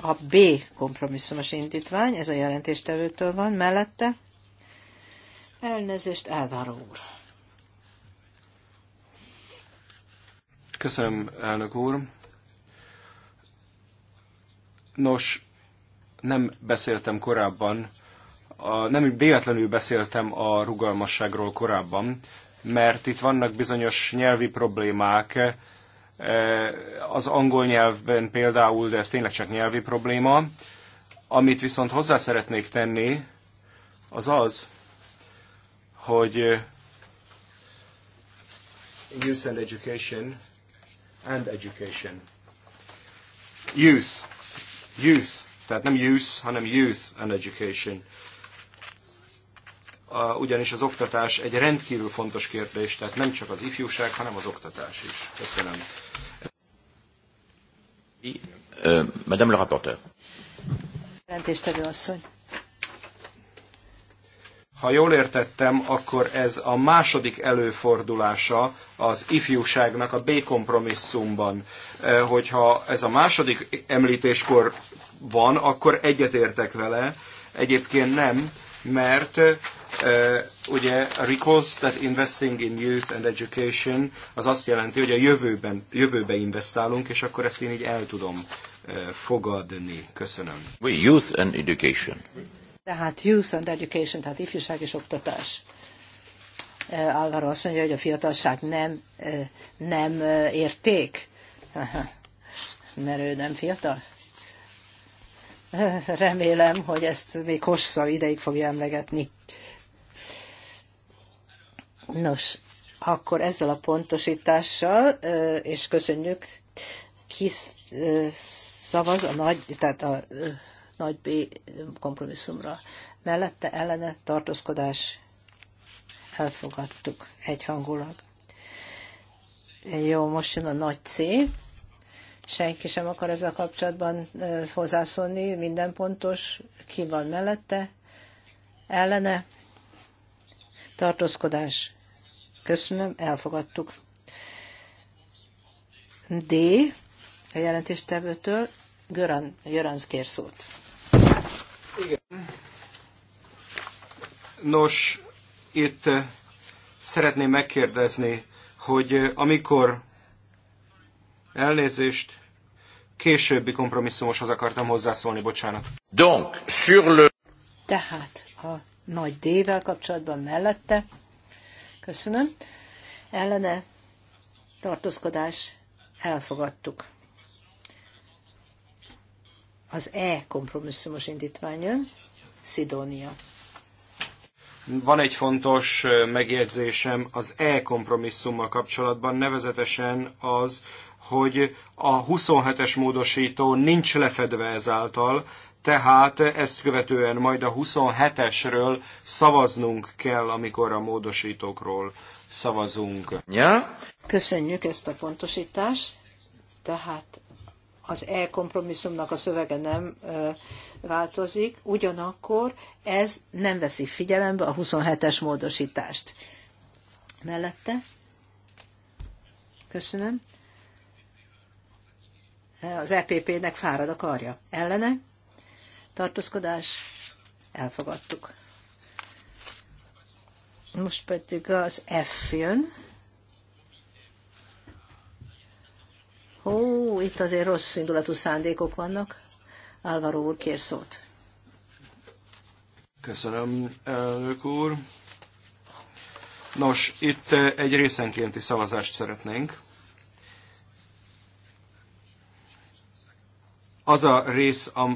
a B kompromisszumos indítvány, ez a jelentéstevőtől van mellette. Elnézést, elváró úr. Köszönöm, elnök úr. Nos, nem beszéltem korábban, a, nem véletlenül beszéltem a rugalmasságról korábban, mert itt vannak bizonyos nyelvi problémák, e, az angol nyelvben például, de ez tényleg csak nyelvi probléma. Amit viszont hozzá szeretnék tenni, az az, hogy e, Youth and Education and Education. Youth. Youth tehát nem youth, hanem youth and education. Ugyanis az oktatás egy rendkívül fontos kérdés, tehát nem csak az ifjúság, hanem az oktatás is. Köszönöm. Euh, madame le rapporteur. Jelentéstevő asszony. Ha jól értettem, akkor ez a második előfordulása az ifjúságnak a B kompromisszumban. Hogyha ez a második említéskor van, akkor egyetértek vele, egyébként nem, mert uh, ugye a recalls that investing in youth and education az azt jelenti, hogy a jövőben, jövőbe investálunk, és akkor ezt én így el tudom uh, fogadni. Köszönöm. We youth and education. Tehát youth and education, tehát ifjúság és oktatás. Álvaro azt mondja, hogy a fiatalság nem, nem érték, mert ő nem fiatal. Remélem, hogy ezt még hosszabb ideig fogja emlegetni. Nos, akkor ezzel a pontosítással, és köszönjük, ki szavaz a nagy, tehát a nagy B kompromisszumra. Mellette ellene tartózkodás elfogadtuk egyhangulag. Jó, most jön a nagy C senki sem akar ezzel kapcsolatban hozzászólni, minden pontos, ki van mellette, ellene, tartózkodás. Köszönöm, elfogadtuk. D. A jelentéstevőtől Göran, Göranz kér szót. Igen. Nos, itt szeretném megkérdezni, hogy amikor Elnézést. Későbbi kompromisszumoshoz akartam hozzászólni, bocsánat. Donc, sur le... Tehát a nagy D-vel kapcsolatban mellette. Köszönöm. Ellene tartózkodás elfogadtuk. Az E kompromisszumos indítvány jön, Szidónia. Van egy fontos megjegyzésem az E kompromisszummal kapcsolatban, nevezetesen az, hogy a 27-es módosító nincs lefedve ezáltal, tehát ezt követően majd a 27-esről szavaznunk kell, amikor a módosítókról szavazunk. Ja? Köszönjük ezt a pontosítást. Tehát az e-kompromisszumnak a szövege nem ö, változik, ugyanakkor ez nem veszi figyelembe a 27-es módosítást. Mellette? Köszönöm az EPP-nek fárad a karja. Ellene tartózkodás elfogadtuk. Most pedig az F jön. Ó, itt azért rossz indulatú szándékok vannak. Álvaro úr kér szót. Köszönöm, elnök úr. Nos, itt eh, egy részenkénti szavazást szeretnénk. az a rész, a,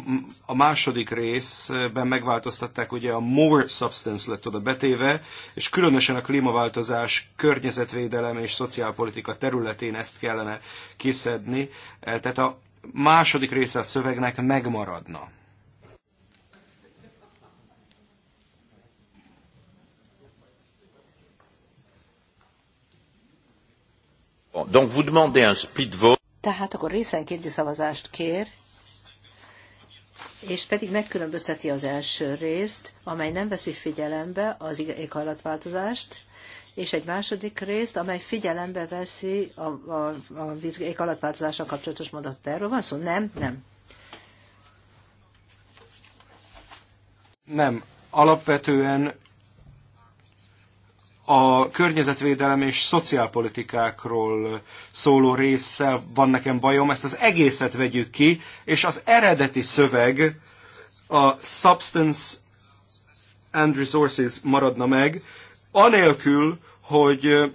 a második részben megváltoztatták, ugye a more substance lett oda betéve, és különösen a klímaváltozás, környezetvédelem és szociálpolitika területén ezt kellene kiszedni. E, tehát a második része a szövegnek megmaradna. Donc vous demandez un split vote. Tehát akkor részenkénti szavazást kér, és pedig megkülönbözteti az első részt, amely nem veszi figyelembe az éghajlatváltozást, és egy második részt, amely figyelembe veszi a, a, a éghajlatváltozással kapcsolatos mondat. Erről van szó? Nem? Nem. Nem. Alapvetően a környezetvédelem és szociálpolitikákról szóló résszel van nekem bajom, ezt az egészet vegyük ki, és az eredeti szöveg a Substance and Resources maradna meg, anélkül, hogy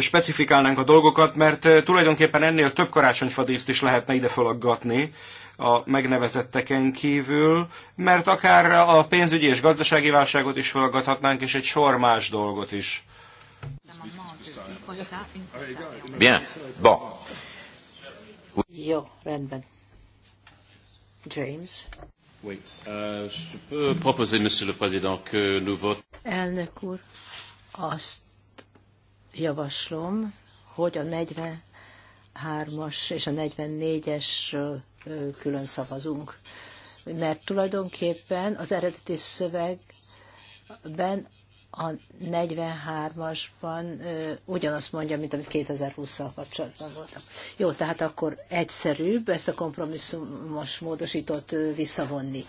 specifikálnánk a dolgokat, mert tulajdonképpen ennél több karácsonyfadészt is lehetne ide felaggatni, a megnevezetteken kívül, mert akár a pénzügyi és gazdasági válságot is felgathatnánk, és egy sor más dolgot is. Bien. Bon. Jó, rendben. James. Oui. Uh, je peux proposer, Monsieur le Président, que nous vote... Elnök úr, azt javaslom, hogy a 43-as és a 44 es külön szavazunk. Mert tulajdonképpen az eredeti szövegben a 43-asban ugyanazt mondja, mint amit 2020-szal kapcsolatban voltam. Jó, tehát akkor egyszerűbb ezt a kompromisszumos módosítót visszavonni.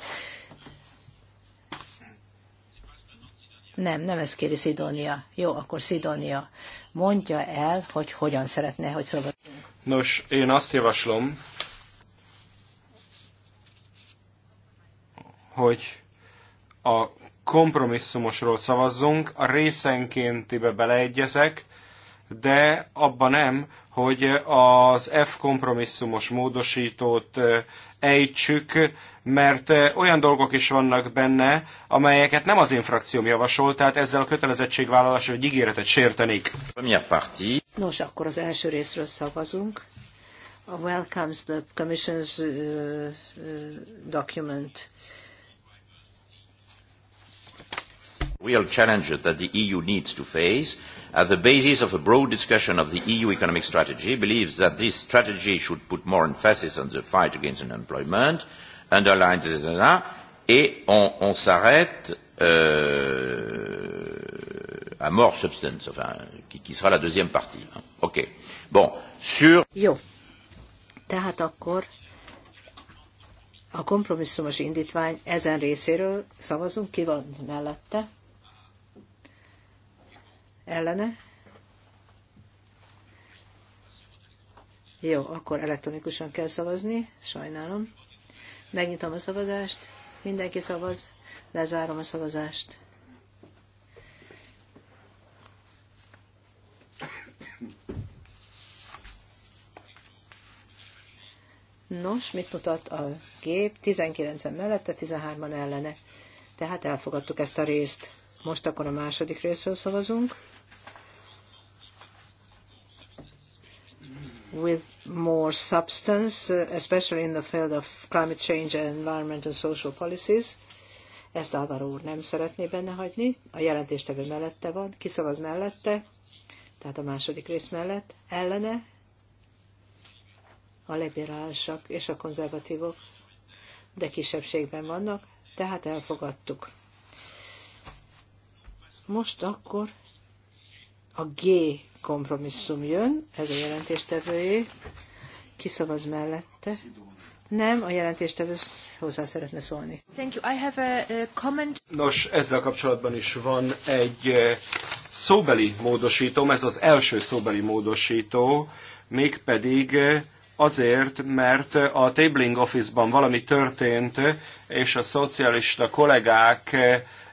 Nem, nem ezt kéri Szidónia. Jó, akkor Szidónia mondja el, hogy hogyan szeretné, hogy szavazzunk. Nos, én azt javaslom, hogy a kompromisszumosról szavazzunk, a részenkéntibe beleegyezek, de abban nem, hogy az F kompromisszumos módosítót ejtsük, mert olyan dolgok is vannak benne, amelyeket nem az én frakcióm javasolt, tehát ezzel a kötelezettségvállalás vagy ígéretet sértenék. Nos, akkor az első részről szavazunk. A Welcomes the Commission's uh, uh, document uh, real challenges that the EU needs to face, at the basis of a broad discussion of the EU economic strategy, believes that this strategy should put more emphasis on the fight against unemployment, underline, etc. Et on, on s'arrête euh, à more substance, enfin, qui, qui sera la deuxième partie. Hein. OK. Bon, sur... Yo. Tehát akkor a kompromisszumos indítvány ezen részéről szavazunk, ki van mellette? ellene. Jó, akkor elektronikusan kell szavazni, sajnálom. Megnyitom a szavazást, mindenki szavaz, lezárom a szavazást. Nos, mit mutat a gép? 19-en mellette, 13-an ellene. Tehát elfogadtuk ezt a részt. Most akkor a második részről szavazunk. with more substance, uh, especially in the field of climate change and environment and social policies. Ezt Álvaro úr nem szeretné benne hagyni. A jelentéstevő mellette van, kiszavaz mellette, tehát a második rész mellett, ellene a liberálisak és a konzervatívok, de kisebbségben vannak, tehát elfogadtuk. Most akkor a G kompromisszum jön, ez a Ki Kiszavaz mellette. Nem, a jelentéstevő hozzá szeretne szólni. Thank you. I have a comment. Nos, ezzel kapcsolatban is van egy szóbeli módosítom, ez az első szóbeli módosító, mégpedig azért, mert a tabling office-ban valami történt, és a szocialista kollégák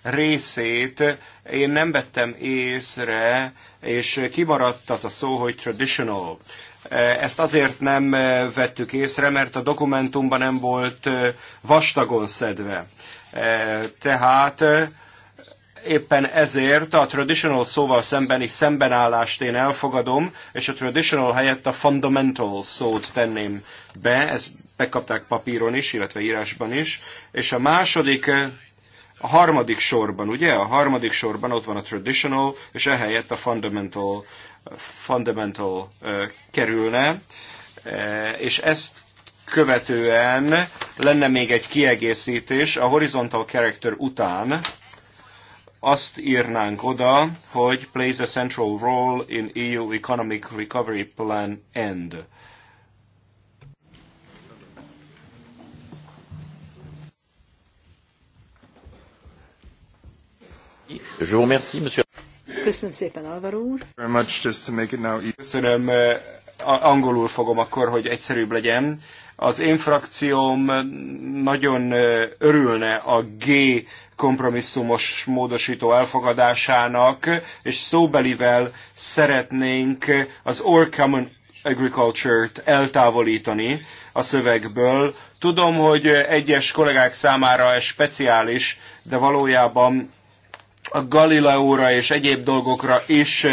részét én nem vettem észre, és kimaradt az a szó, hogy traditional. Ezt azért nem vettük észre, mert a dokumentumban nem volt vastagon szedve. Tehát éppen ezért a traditional szóval szembeni szembenállást én elfogadom, és a traditional helyett a fundamental szót tenném be, ezt bekapták papíron is, illetve írásban is. És a második a harmadik sorban, ugye? A harmadik sorban ott van a traditional, és ehelyett a fundamental, fundamental uh, kerülne, uh, és ezt követően lenne még egy kiegészítés a horizontal character után, azt írnánk oda, hogy plays a central role in EU economic recovery plan end. Je vous remercie, monsieur. Köszönöm szépen, Alvaro úr. Very much, just to make it now. Köszönöm, eh, angolul fogom akkor, hogy egyszerűbb legyen. Az én frakcióm eh, nagyon eh, örülne a G kompromisszumos módosító elfogadásának, és szóbelivel szeretnénk az All Common Agriculture-t eltávolítani a szövegből. Tudom, hogy egyes kollégák számára ez speciális, de valójában a Galileóra és egyéb dolgokra is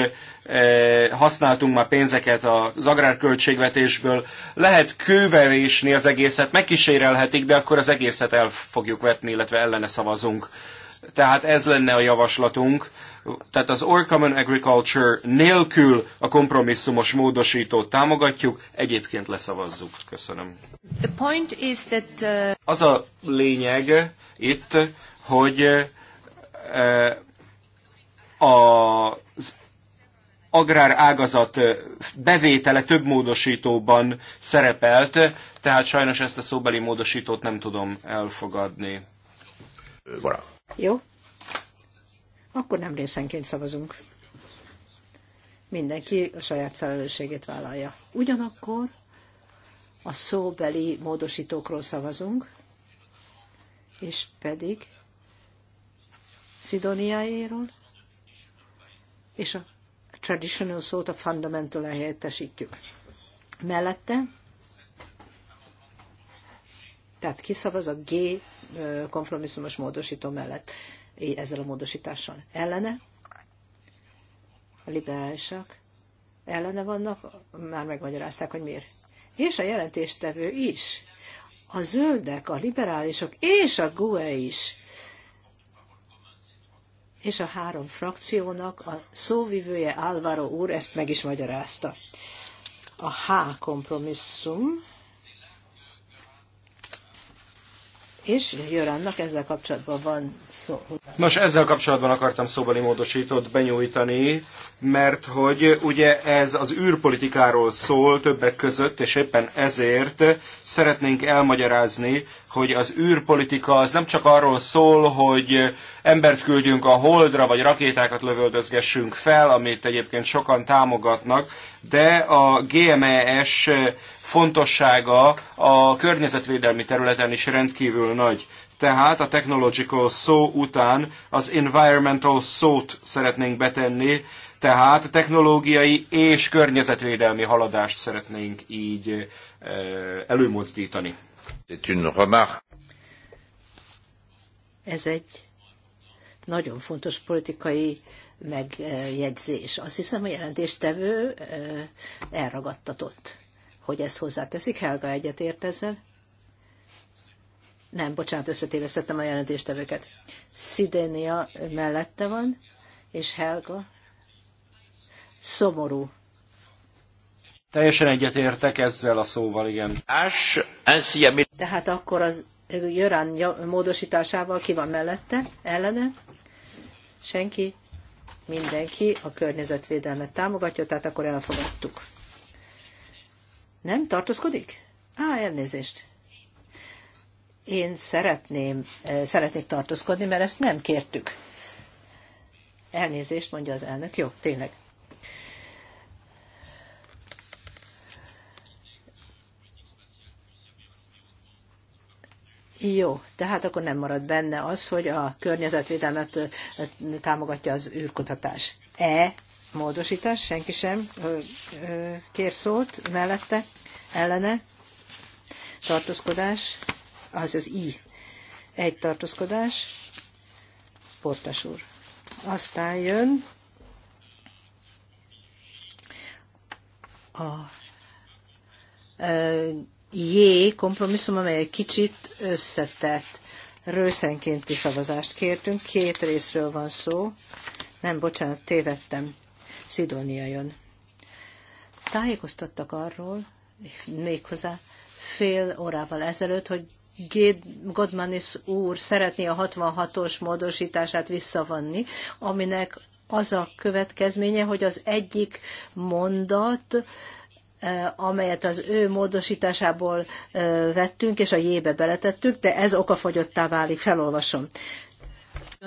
eh, használtunk már pénzeket az agrárköltségvetésből. Lehet kőverésni az egészet, megkísérelhetik, de akkor az egészet el fogjuk vetni, illetve ellene szavazunk. Tehát ez lenne a javaslatunk. Tehát az All Common Agriculture nélkül a kompromisszumos módosítót támogatjuk, egyébként leszavazzuk. Köszönöm. The point is that, uh... Az a lényeg itt, hogy uh, az agrár ágazat bevétele több módosítóban szerepelt, tehát sajnos ezt a szóbeli módosítót nem tudom elfogadni. Vara. Jó. Akkor nem részenként szavazunk. Mindenki a saját felelősségét vállalja. Ugyanakkor a szóbeli módosítókról szavazunk, és pedig Szidoniáéról, és a traditional szót a fundamental helyettesítjük. Mellette, tehát kiszavaz a G kompromisszumos módosító mellett ezzel a módosítással. Ellene, a liberálisak ellene vannak, már megmagyarázták, hogy miért. És a jelentéstevő is. A zöldek, a liberálisok és a GUE is és a három frakciónak a szóvivője Álvaro úr ezt meg is magyarázta. A H kompromisszum és Jörannak ezzel kapcsolatban van szó. Nos, ezzel kapcsolatban akartam szóbeli módosítót benyújtani, mert hogy ugye ez az űrpolitikáról szól többek között, és éppen ezért szeretnénk elmagyarázni, hogy az űrpolitika az nem csak arról szól, hogy embert küldjünk a holdra, vagy rakétákat lövöldözgessünk fel, amit egyébként sokan támogatnak, de a GMES fontossága a környezetvédelmi területen is rendkívül nagy. Tehát a technological szó után az environmental szót szeretnénk betenni, tehát technológiai és környezetvédelmi haladást szeretnénk így eh, előmozdítani. Ez egy nagyon fontos politikai megjegyzés. Azt hiszem, a jelentéstevő eh, elragadtatott hogy ezt hozzáteszik. Helga egyetért ezzel? Nem, bocsánat, összetévesztettem a jelentéstevőket. Szidénia mellette van, és Helga szomorú. Teljesen egyetértek ezzel a szóval, igen. Tehát akkor az Jörán módosításával ki van mellette, ellene? Senki? Mindenki a környezetvédelmet támogatja, tehát akkor elfogadtuk. Nem tartózkodik? Á, elnézést. Én szeretném, szeretnék tartózkodni, mert ezt nem kértük. Elnézést, mondja az elnök. Jó, tényleg. Jó, tehát akkor nem marad benne az, hogy a környezetvédelmet támogatja az űrkutatás. E módosítás, senki sem kér szót, mellette, ellene, tartózkodás, az az I. Egy tartózkodás, portas úr. Aztán jön a J kompromisszum, amely egy kicsit összetett. Rőszenkénti szavazást kértünk, két részről van szó. Nem, bocsánat, tévedtem. Szidónia jön. Tájékoztattak arról, méghozzá fél órával ezelőtt, hogy Godmanis úr szeretné a 66-os módosítását visszavonni, aminek az a következménye, hogy az egyik mondat, eh, amelyet az ő módosításából eh, vettünk, és a jébe beletettük, de ez okafogyottá válik, felolvasom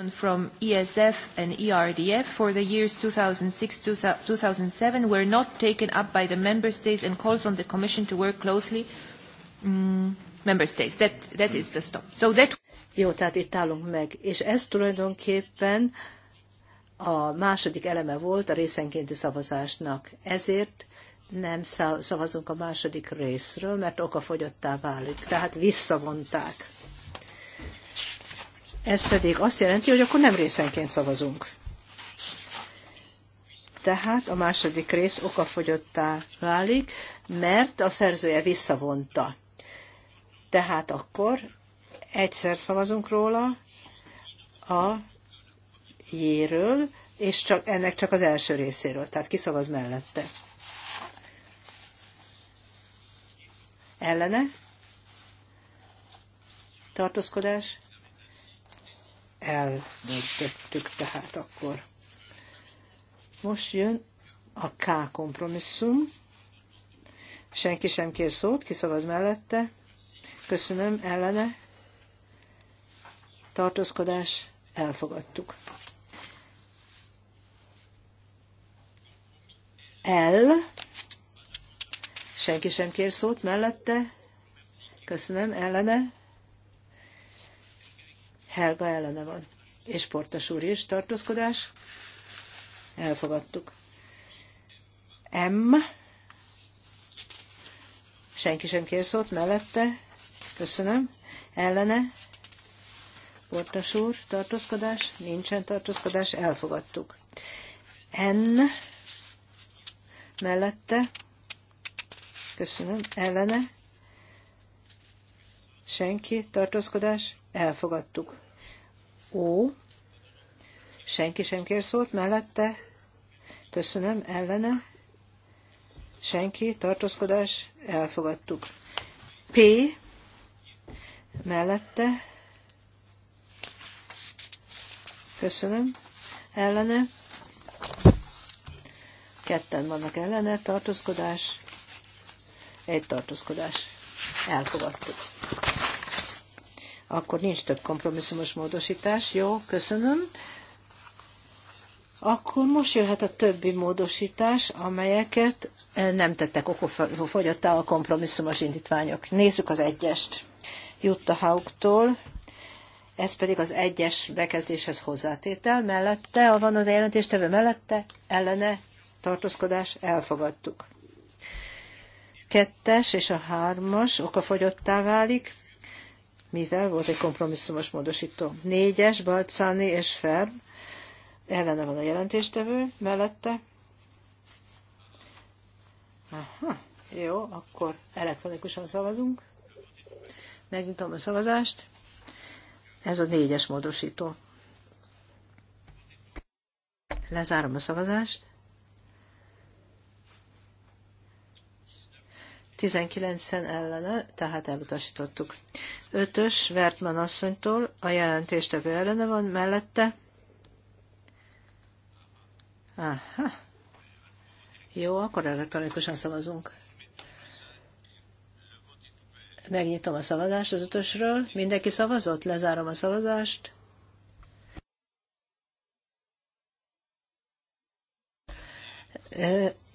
from ESF and ERDF for the years 2006-2007 were not taken up by the member states and calls on the Commission to work closely um, member states. that is the stop. So that... Jó, tehát itt állunk meg. És ez tulajdonképpen a második eleme volt a részenkénti szavazásnak. Ezért nem szavazunk a második részről, mert okafogyottá válik. Tehát visszavonták. Ez pedig azt jelenti, hogy akkor nem részenként szavazunk. Tehát a második rész okafogyottá válik, mert a szerzője visszavonta. Tehát akkor egyszer szavazunk róla a jéről, és csak, ennek csak az első részéről, tehát ki szavaz mellette. Ellene? Tartózkodás? elvégtettük tehát akkor. Most jön a K kompromisszum. Senki sem kér szót, kiszavaz mellette. Köszönöm, ellene. Tartózkodás, elfogadtuk. L. Senki sem kér szót mellette. Köszönöm, ellene. Helga ellene van. És Portas úr is tartózkodás. Elfogadtuk. M. Senki sem kér szót mellette. Köszönöm. Ellene. Portas úr, tartózkodás. Nincsen tartózkodás. Elfogadtuk. N. Mellette. Köszönöm. Ellene. Senki. Tartózkodás elfogadtuk. Ó, senki sem kér szót mellette, köszönöm, ellene, senki, tartózkodás, elfogadtuk. P, mellette, köszönöm, ellene, ketten vannak ellene, tartózkodás, egy tartózkodás, elfogadtuk. Akkor nincs több kompromisszumos módosítás. Jó, köszönöm. Akkor most jöhet a többi módosítás, amelyeket eh, nem tettek okofogyottá a kompromisszumos indítványok. Nézzük az egyest. Jutta Haugtól, ez pedig az egyes bekezdéshez hozzátétel, mellette, a van az jelentéstevő mellette, ellene, tartózkodás, elfogadtuk. Kettes és a hármas okafogyottá válik, mivel volt egy kompromisszumos módosító. Négyes, Balcani és Ferb, ellene van a jelentéstevő, mellette. Aha, jó, akkor elektronikusan szavazunk. Megnyitom a szavazást. Ez a négyes módosító. Lezárom a szavazást. 19-en ellene, tehát elutasítottuk. 5-ös Vertman asszonytól a jelentéstevő ellene van, mellette. Aha. Jó, akkor elektronikusan szavazunk. Megnyitom a szavazást az ötösről. Mindenki szavazott? Lezárom a szavazást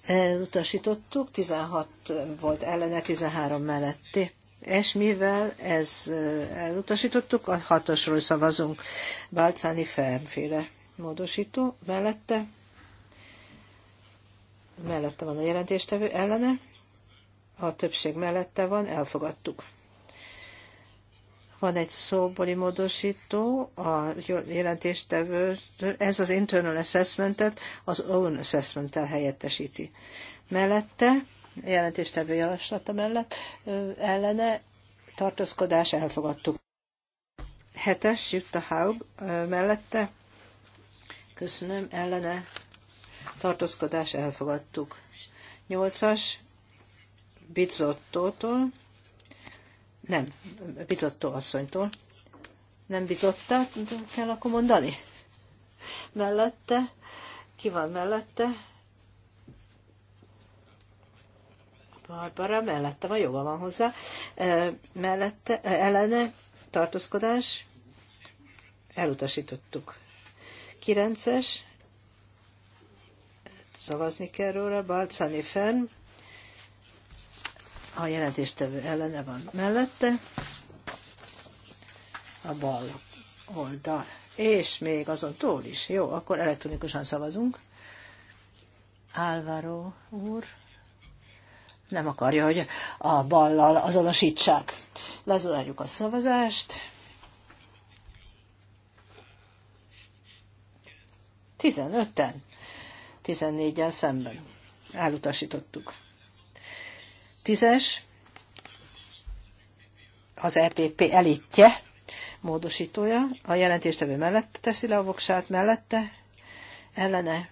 elutasítottuk, 16 volt ellene, 13 melletti. És mivel ez elutasítottuk, a hatosról szavazunk. Balcáni Fernféle módosító mellette. Mellette van a jelentéstevő ellene. A többség mellette van, elfogadtuk. Van egy szóbori módosító a jelentéstevő, ez az internal assessmentet az own assessmenttel helyettesíti. Mellette, jelentéstevő javaslata mellett ellene tartózkodás elfogadtuk. Hetes, Jutta Haug mellette, köszönöm, ellene tartózkodás elfogadtuk. Nyolcas, Bizottótól nem, bizottó asszonytól. Nem bizottát kell akkor mondani? Mellette? Ki van mellette? Barbara, mellette van, joga van hozzá. Mellette, ellene, tartózkodás, elutasítottuk. Kirences, szavazni kell róla, Balcani fenn, a jelentéstevő ellene van mellette, a bal oldal, és még azon túl is. Jó, akkor elektronikusan szavazunk. Álvaro úr nem akarja, hogy a ballal azonosítsák. Lezárjuk a szavazást. 15-en, 14-en szemben elutasítottuk. Tízes, az RDP elitje, módosítója, a jelentéstevő mellett teszi le a voksát, mellette, ellene,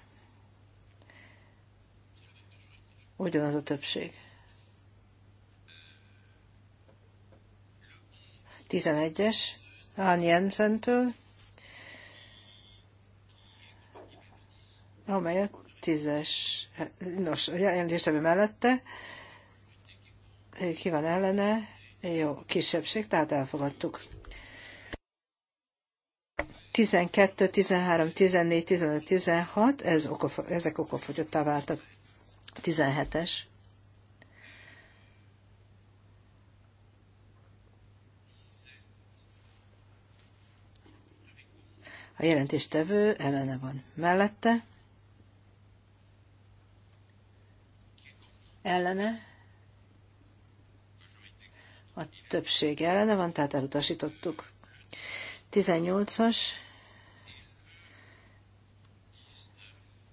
ugyanaz a többség. 11-es, Ann Jensen-től, amely a 10-es, nos, a jelentéstevő mellette, ki van ellene? Jó, kisebbség, tehát elfogadtuk. 12, 13, 14, 15, 16, ez okof, ezek okofogyottá váltak. 17-es. A jelentéstevő ellene van mellette. Ellene a többség ellene van, tehát elutasítottuk. 18-as,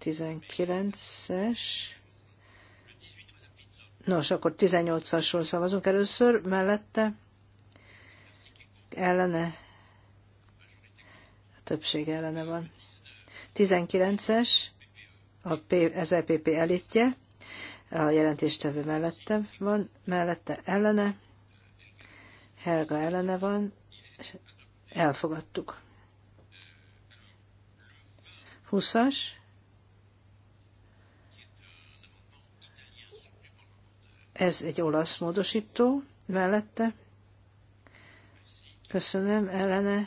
19-es, Nos, akkor 18-asról szavazunk először, mellette ellene, a többség ellene van. 19-es, a P, az EPP elitje, a jelentéstevő mellette van, mellette ellene, Helga ellene van, elfogadtuk. 20-as, ez egy olasz módosító mellette. Köszönöm, ellene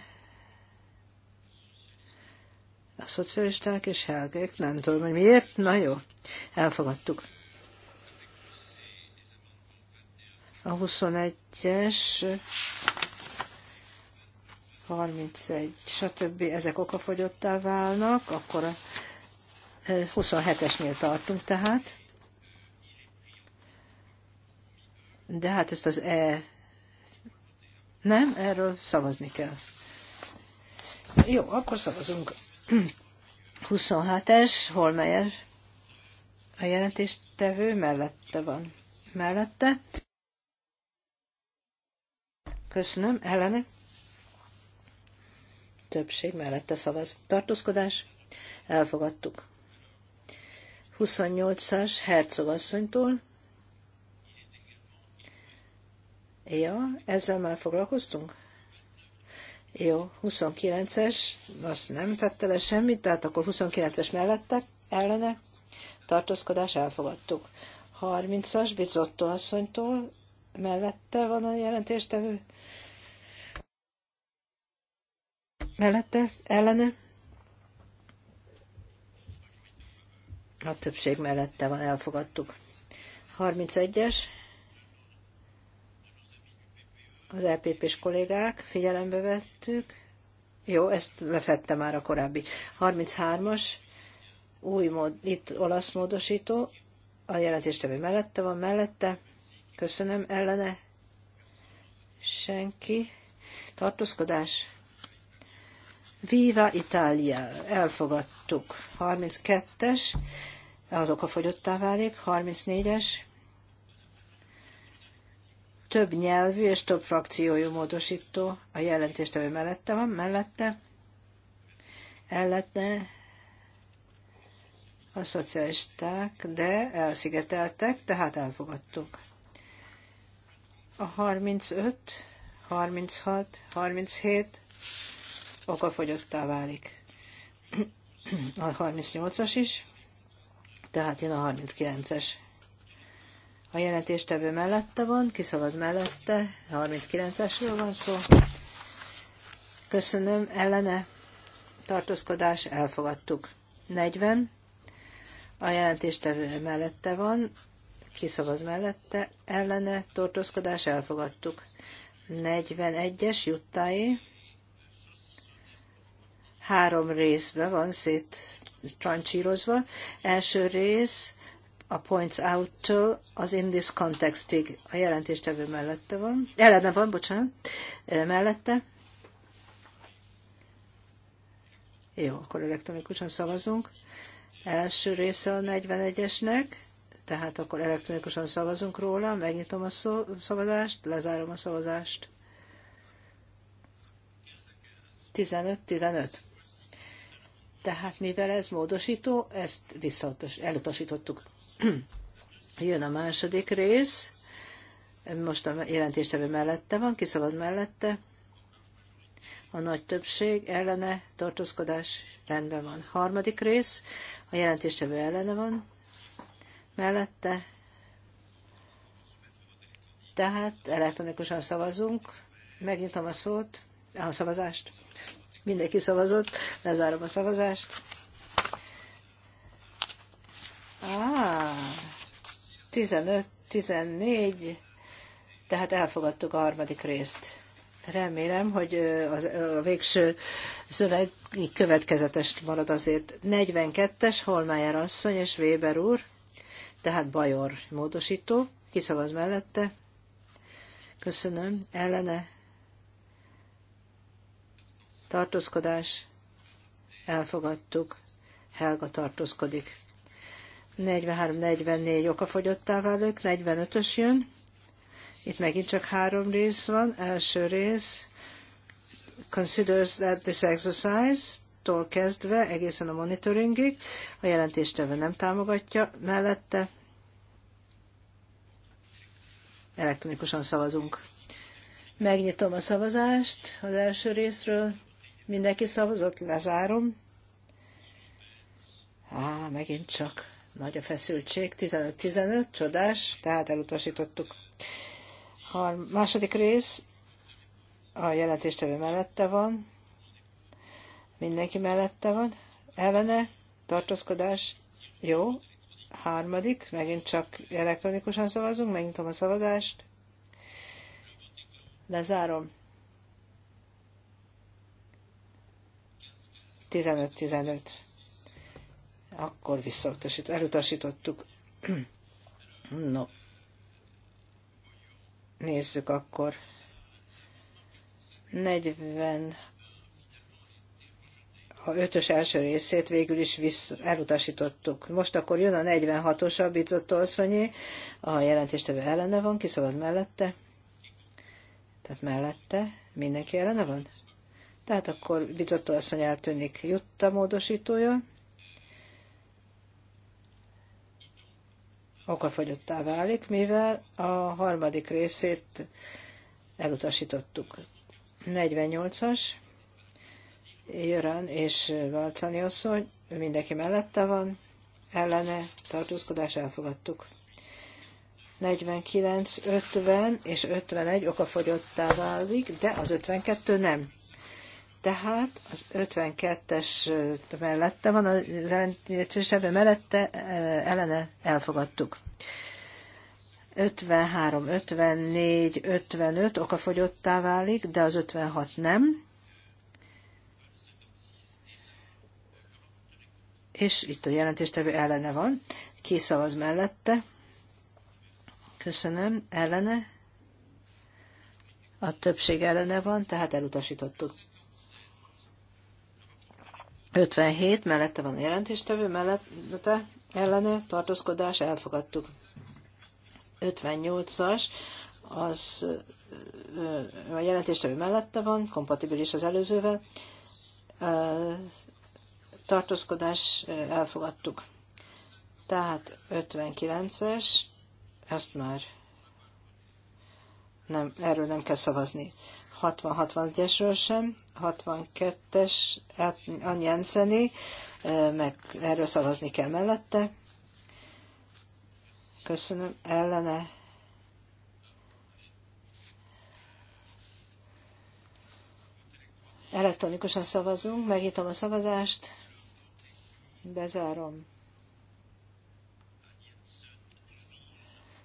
a szocialisták és Helgék, nem tudom, hogy miért, na jó, elfogadtuk. a 21-es, 31, stb. ezek okafogyottá válnak, akkor a 27-esnél e, tartunk tehát. De hát ezt az E... Nem, erről szavazni kell. Jó, akkor szavazunk. 27-es, melyes? a jelentéstevő mellette van. Mellette. Köszönöm. Ellene? Többség mellette szavaz. Tartózkodás? Elfogadtuk. 28-as hercogasszonytól. Ja, ezzel már foglalkoztunk? Jó, 29-es, azt nem tette le semmit, tehát akkor 29-es mellette, ellene, tartózkodás elfogadtuk. 30-as Bizotto asszonytól mellette van a jelentéstevő. Mellette, ellene. A többség mellette van, elfogadtuk. 31-es. Az lpp e s kollégák, figyelembe vettük. Jó, ezt lefette már a korábbi. 33-as, új mód, itt olasz módosító, a jelentéstevő mellette van, mellette, Köszönöm ellene. Senki. Tartózkodás. Viva Italia. Elfogadtuk. 32-es. Az a fogyottá válik. 34-es. Több nyelvű és több frakciójú módosító a jelentést ami mellette van, mellette. Ellette a szocialisták, de elszigeteltek, tehát elfogadtuk. A 35, 36, 37 okafogyottá válik. A 38-as is, tehát jön a 39-es. A jelentéstevő mellette van, kiszalad mellette, 39-esről van szó. Köszönöm, ellene tartózkodás, elfogadtuk. 40. A jelentéstevő mellette van, kiszavaz mellette, ellene, tartózkodás, elfogadtuk. 41-es juttái. Három részbe van szét trancsírozva. Első rész a points out-től az in this context-ig a jelentéstevő mellette van. Ellene van, bocsánat, mellette. Jó, akkor elektronikusan szavazunk. Első része a 41-esnek. Tehát akkor elektronikusan szavazunk róla, megnyitom a szavazást, lezárom a szavazást. 15-15. Tehát mivel ez módosító, ezt elutasítottuk. Jön a második rész. Most a jelentéstevő mellette van, kiszavaz mellette. A nagy többség ellene tartózkodás rendben van. Harmadik rész, a jelentéstevő ellene van mellette. Tehát elektronikusan szavazunk. Megnyitom a szót, a szavazást. Mindenki szavazott, lezárom a szavazást. Á, 15, 14, tehát elfogadtuk a harmadik részt. Remélem, hogy a végső szöveg következetes marad azért. 42-es, Holmeyer asszony és Weber úr tehát Bajor módosító, kiszavaz mellette, köszönöm, ellene, tartózkodás, elfogadtuk, Helga tartózkodik. 43-44 okafogyottá válok, 45-ös jön, itt megint csak három rész van, első rész, considers that this exercise, 16-tól kezdve egészen a monitoringig, a jelentéstevő nem támogatja mellette. Elektronikusan szavazunk. Megnyitom a szavazást az első részről. Mindenki szavazott, lezárom. Á, megint csak nagy a feszültség. 15-15, csodás, tehát elutasítottuk. A második rész a jelentéstevő mellette van. Mindenki mellette van. Ellene, tartózkodás, jó. Harmadik, megint csak elektronikusan szavazunk, megnyitom a szavazást. Lezárom. 15-15. Akkor visszautasít, elutasítottuk. No. Nézzük akkor. 40 a ötös első részét végül is vissz, elutasítottuk. Most akkor jön a 46-os a bizottolszonyi, a jelentéstevő ellene van, kiszabad mellette. Tehát mellette mindenki ellene van? Tehát akkor bizottolszony eltűnik jutta módosítója. Okafogyottá válik, mivel a harmadik részét elutasítottuk. 48-as Jörön és Valcani asszony, mindenki mellette van, ellene tartózkodás elfogadtuk. 49, 50 és 51 okafogyottá válik, de az 52 nem. Tehát az 52-es mellette van, az ellentétesebben mellette eh, ellene elfogadtuk. 53, 54, 55 okafogyottá válik, de az 56 nem. és itt a jelentéstevő ellene van, ki szavaz mellette, köszönöm, ellene, a többség ellene van, tehát elutasítottuk. 57, mellette van a jelentéstevő, mellette ellene tartózkodás, elfogadtuk. 58-as, az a jelentéstevő mellette van, kompatibilis az előzővel, tartózkodás elfogadtuk. Tehát 59-es, ezt már nem, erről nem kell szavazni. 60-61-esről sem, 62-es hát enceni, meg erről szavazni kell mellette. Köszönöm, ellene. Elektronikusan szavazunk, megnyitom a szavazást. Bezárom.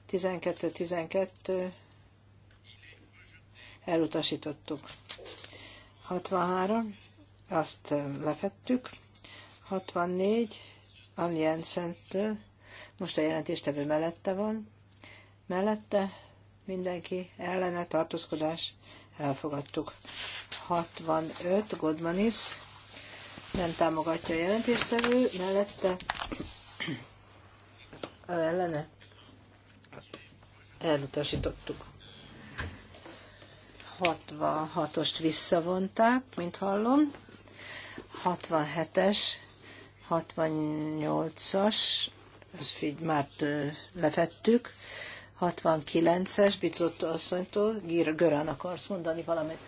12-12 elutasítottuk. 63, azt lefettük. 64, Ann Jensen-től, most a jelentéstevő mellette van. Mellette mindenki ellene tartózkodás elfogadtuk. 65, Godmanis nem támogatja a jelentéstevő, mellette a ellene elutasítottuk. 66-ost visszavonták, mint hallom. 67-es, 68-as, ezt így már lefettük. 69-es, Bicotto asszonytól, Görán akarsz mondani valamit?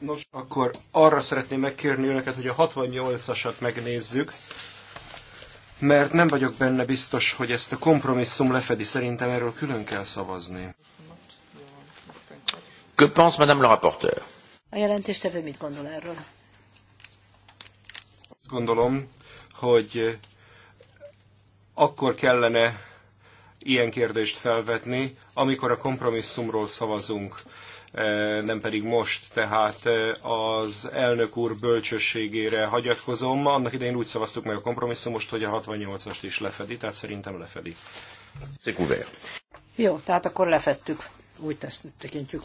Nos, akkor arra szeretném megkérni önöket, hogy a 68-asat megnézzük, mert nem vagyok benne biztos, hogy ezt a kompromisszum lefedi, szerintem erről külön kell szavazni. Que pense madame la rapporteur? A jelentéstevő mit gondol erről? Azt gondolom, hogy akkor kellene ilyen kérdést felvetni, amikor a kompromisszumról szavazunk. E, nem pedig most. Tehát e, az elnök úr bölcsességére hagyatkozom. Annak idején úgy szavaztuk meg a kompromisszumost, hogy a 68-ast is lefedi, tehát szerintem lefedi. Jó, tehát akkor lefettük. Úgy tesz, tekintjük.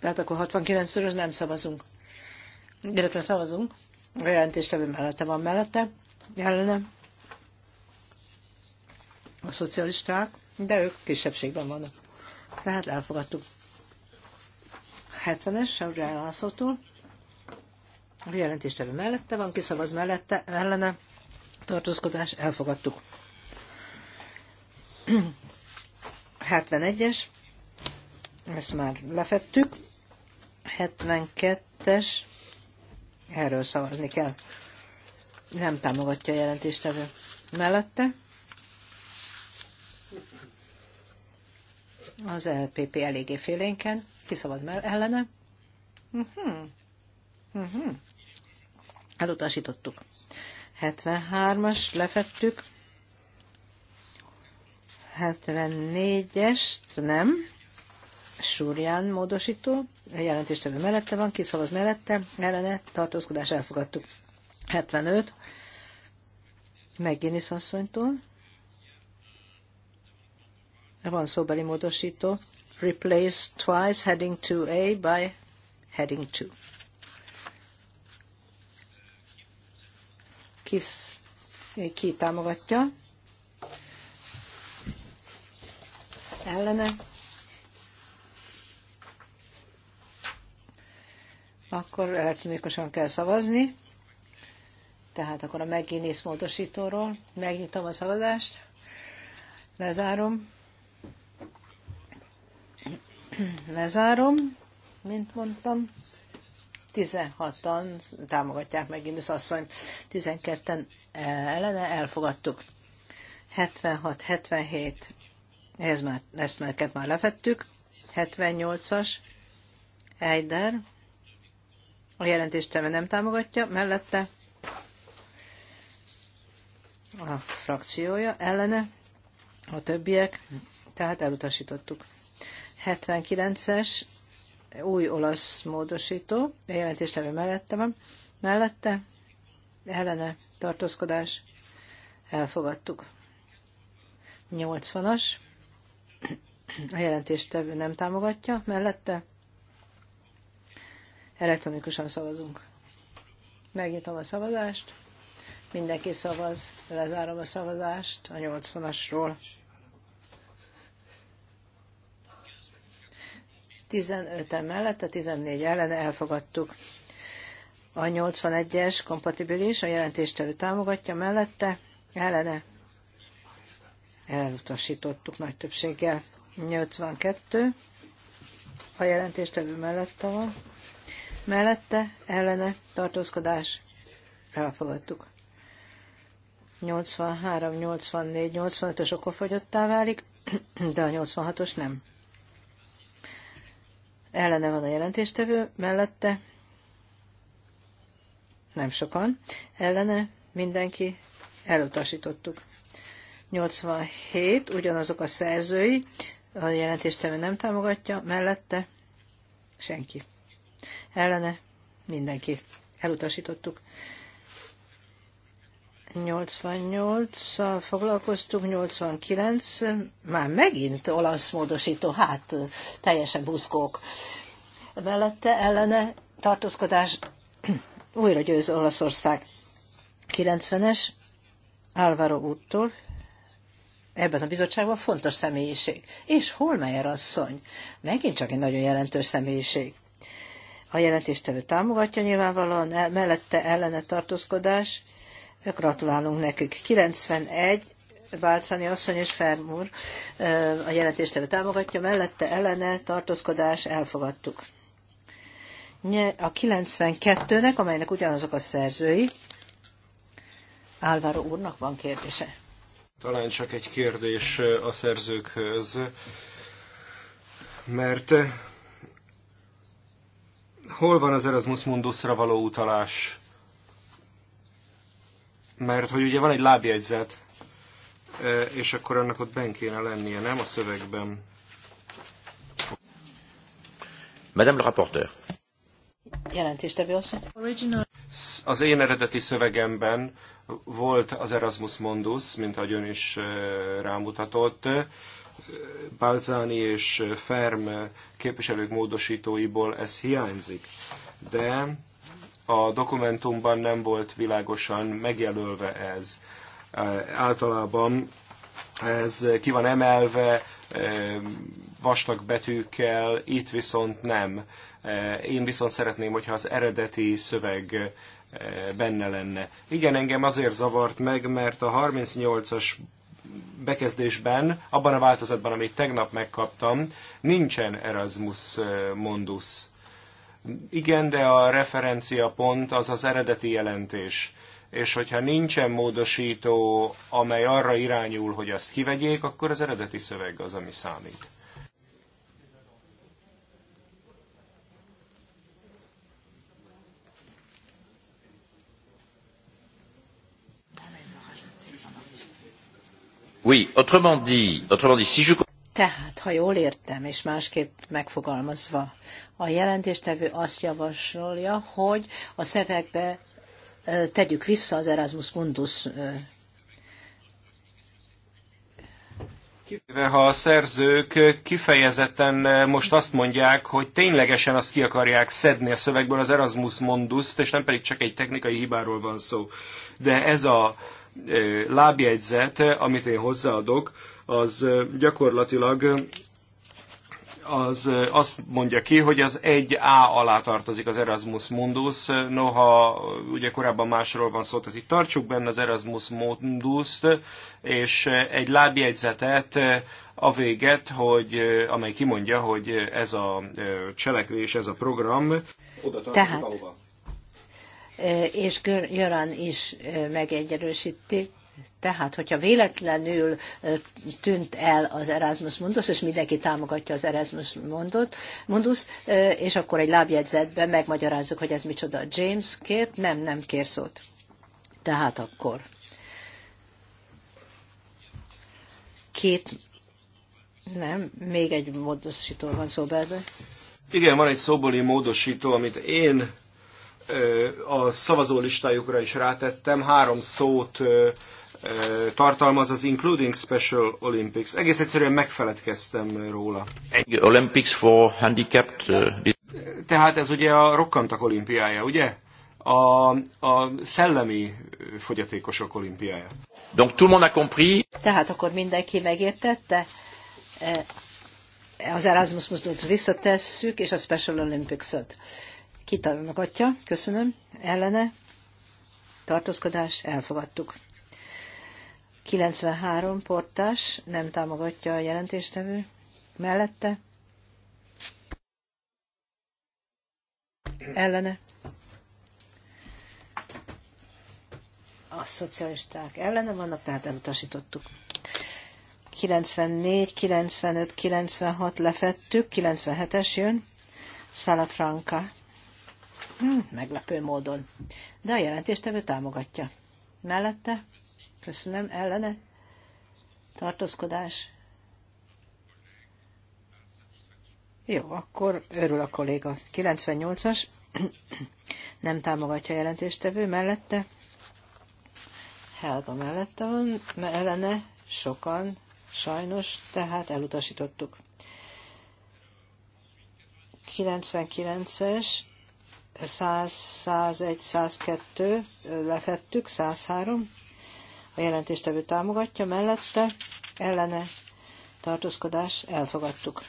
Tehát akkor 69-szörös nem szavazunk. Illetve szavazunk. A jelentéstevő mellette van mellette. Jellenem a szocialisták, de ők kisebbségben vannak. Tehát elfogadtuk. 70-es, Saudi Alászótól. A jelentéstevő mellette van, kiszavaz mellette, ellene, tartózkodás, elfogadtuk. 71-es, ezt már lefettük. 72-es, erről szavazni kell. Nem támogatja a jelentéstevő mellette. az LPP eléggé félénken, kiszabad mell ellene. Uh-huh. Uh-huh. Elutasítottuk. 73-as lefettük. 74-est nem. Súrján módosító, A jelentéstevő mellette van, kiszavaz mellette, ellene, tartózkodás elfogadtuk. 75, Megint is asszonytól, van szóbeli módosító. Replace twice heading 2A by heading 2. Ki, ki támogatja? Ellene? Akkor elektronikusan kell szavazni tehát akkor a megénész módosítóról. Megnyitom a szavazást, lezárom. Lezárom, mint mondtam. 16-an támogatják meg Indisz asszony, 12-en eh, ellene elfogadtuk. 76-77, ez már, ezt melket már levettük. 78-as, Eider, a jelentésteve nem támogatja, mellette a frakciója ellene, a többiek, tehát elutasítottuk. 79-es új olasz módosító, a jelentéstevő mellette van, mellette ellene tartózkodás elfogadtuk. 80-as, a jelentéstevő nem támogatja, mellette elektronikusan szavazunk. Megnyitom a szavazást, mindenki szavaz, lezárom a szavazást a 80-asról. 15-en mellette, 14 ellen elfogadtuk. A 81-es kompatibilis, a jelentéstevő támogatja mellette, ellene elutasítottuk nagy többséggel. 82, a jelentéstevő mellette van, mellette, ellene, tartózkodás, elfogadtuk. 83, 84, 85-ös okofogyottá válik, de a 86-os nem ellene van a jelentéstevő, mellette nem sokan, ellene mindenki elutasítottuk. 87, ugyanazok a szerzői, a jelentéstevő nem támogatja, mellette senki. Ellene mindenki. Elutasítottuk. 88-szal foglalkoztunk, 89, már megint olasz módosító, hát teljesen buzgók. Mellette ellene tartózkodás újra győz Olaszország. 90-es Álvaro úttól, ebben a bizottságban fontos személyiség. És Holmeyer asszony, megint csak egy nagyon jelentős személyiség. A jelentéstevő támogatja nyilvánvalóan, mellette ellene tartózkodás, Gratulálunk nekik. 91, Bálcani asszony és Fermúr a jelentéstevő támogatja, mellette ellene tartózkodás elfogadtuk. A 92-nek, amelynek ugyanazok a szerzői, Álvaro úrnak van kérdése. Talán csak egy kérdés a szerzőkhöz, mert hol van az Erasmus Mundusra való utalás? mert hogy ugye van egy lábjegyzet, e, és akkor annak ott benn kéne lennie, nem a szövegben. Madame le rapporteur. Jelentéstevő asszony. Az én eredeti szövegemben volt az Erasmus Mondus, mint ahogy ön is e, rámutatott, e, Balzani és Ferm képviselők módosítóiból ez hiányzik. De a dokumentumban nem volt világosan megjelölve ez. Általában ez ki van emelve vastag betűkkel, itt viszont nem. Én viszont szeretném, hogyha az eredeti szöveg benne lenne. Igen, engem azért zavart meg, mert a 38-as bekezdésben, abban a változatban, amit tegnap megkaptam, nincsen Erasmus Mondus igen, de a referencia pont az az eredeti jelentés. És hogyha nincsen módosító, amely arra irányul, hogy azt kivegyék, akkor az eredeti szöveg az, ami számít. Oui, autrement dit, autrement dit, si je... Tehát, ha jól értem, és másképp megfogalmazva, a jelentéstevő azt javasolja, hogy a szövegbe tegyük vissza az Erasmus Mundus Kivéve, ha a szerzők kifejezetten most azt mondják, hogy ténylegesen azt ki akarják szedni a szövegből az Erasmus Monduszt, és nem pedig csak egy technikai hibáról van szó. De ez a lábjegyzet, amit én hozzáadok, az gyakorlatilag az azt mondja ki, hogy az 1A alá tartozik az Erasmus Mundus, noha ugye korábban másról van szó, tehát itt tartsuk benne az Erasmus Mundust, és egy lábjegyzetet a véget, hogy, amely kimondja, hogy ez a cselekvés, ez a program oda tartozik tehát, ahova. És Göran is megegyerősíti, tehát, hogyha véletlenül tűnt el az Erasmus Mundus, és mindenki támogatja az Erasmus Mundus, és akkor egy lábjegyzetben megmagyarázzuk, hogy ez micsoda. James kért? Nem, nem kér szót. Tehát akkor. Két, nem, még egy módosító van szó belőle. Igen, van egy szóbeli módosító, amit én a szavazólistájukra is rátettem. Három szót tartalmaz az Including Special Olympics. Egész egyszerűen megfeledkeztem róla. Olympics for handicapped. Tehát ez ugye a rokkantak olimpiája, ugye? A, a szellemi fogyatékosok olimpiája. Donc tout le monde a compris. Tehát akkor mindenki megértette? Az Erasmus mozdult visszatesszük, és a Special olympics ot Kitalálnak Köszönöm. Ellene? Tartózkodás? Elfogadtuk. 93 portás nem támogatja a jelentéstevő mellette. Ellene. A szocialisták ellene vannak, tehát elutasítottuk. 94, 95, 96 lefettük, 97-es jön. Salafranca. Hm, meglepő módon. De a jelentéstevő támogatja. Mellette Köszönöm. Ellene? Tartózkodás? Jó, akkor örül a kolléga. 98-as. Nem támogatja a jelentéstevő mellette. Helga mellette van, ellene sokan, sajnos, tehát elutasítottuk. 99-es, 100, 101, 102, lefettük, 103, a jelentéstevő támogatja, mellette ellene tartózkodás elfogadtuk.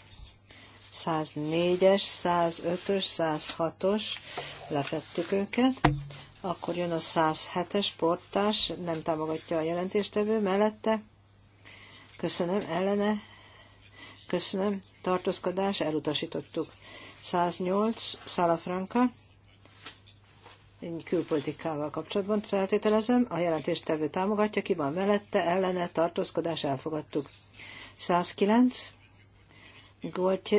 104-es, 105-ös, 106-os, lefettük őket. Akkor jön a 107-es portás, nem támogatja a jelentéstevő mellette. Köszönöm, ellene. Köszönöm, tartózkodás, elutasítottuk. 108, Salafranca, külpolitikával kapcsolatban feltételezem. A jelentéstevő támogatja, ki van mellette, ellene, tartózkodás, elfogadtuk. 109.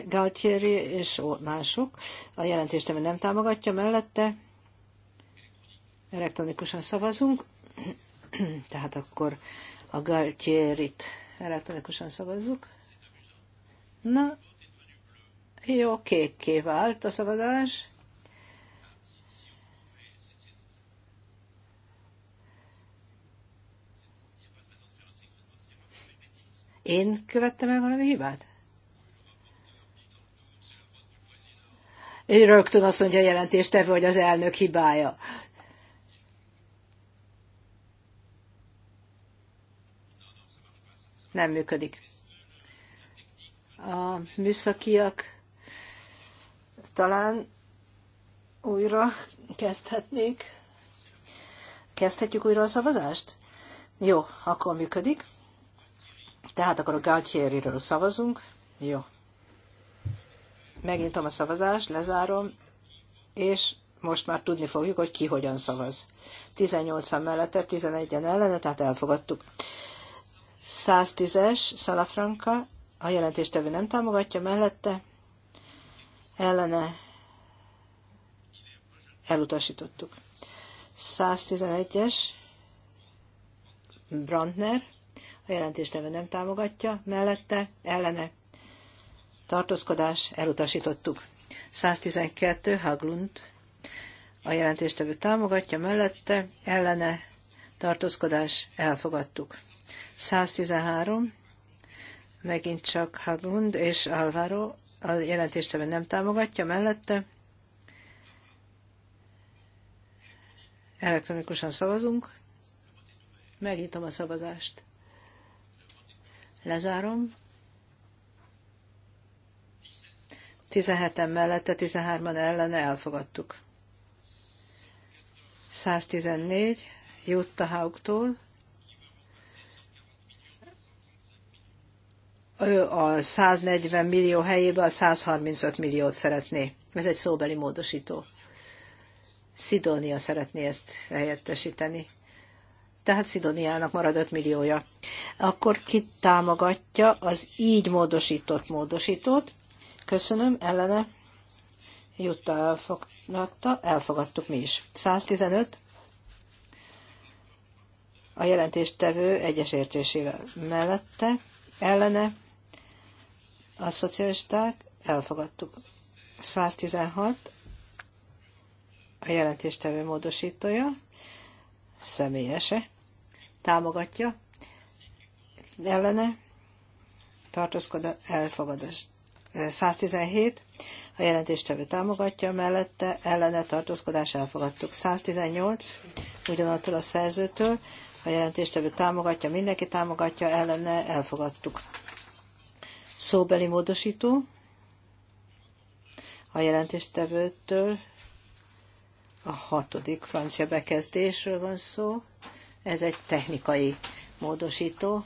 Galtieri és mások. A jelentéstevő nem támogatja, mellette elektronikusan szavazunk. Tehát akkor a Galtierit elektronikusan szavazzuk. Na, jó, kékké vált a szavazás. Én követtem el valami hibát? Én rögtön azt mondja a te hogy az elnök hibája. Nem működik. A műszakiak talán újra kezdhetnék. Kezdhetjük újra a szavazást? Jó, akkor működik. Tehát akkor a Galtieriről szavazunk. Jó. Megnyitom a szavazást, lezárom, és most már tudni fogjuk, hogy ki hogyan szavaz. 18-an mellette, 11-en ellene, tehát elfogadtuk. 110-es Salafranca, a jelentéstevő nem támogatja mellette, ellene elutasítottuk. 111-es Brandner a jelentéstevő nem támogatja, mellette, ellene, tartózkodás, elutasítottuk. 112 Haglund, a jelentéstevő támogatja, mellette, ellene, tartózkodás, elfogadtuk. 113, megint csak Haglund és Alvaro, a jelentéstevő nem támogatja, mellette, elektronikusan szavazunk, megnyitom a szavazást. Lezárom. 17-en mellette, 13-an ellene elfogadtuk. 114 Jutta Haugtól. Ő a 140 millió helyébe a 135 milliót szeretné. Ez egy szóbeli módosító. Szidónia szeretné ezt helyettesíteni tehát Szidoniának marad 5 milliója. Akkor ki támogatja az így módosított módosítót? Köszönöm, ellene. Jutta elfogadta, elfogadtuk mi is. 115. A jelentéstevő értésével mellette, ellene. A szocialisták elfogadtuk. 116. A jelentéstevő módosítója személyese, támogatja, ellene, tartózkod, elfogadás. 117, a jelentéstevő támogatja, mellette ellene tartózkodás elfogadtuk. 118, ugyanattól a szerzőtől, a jelentéstevő támogatja, mindenki támogatja, ellene elfogadtuk. Szóbeli módosító, a jelentéstevőtől a hatodik francia bekezdésről van szó. Ez egy technikai módosító.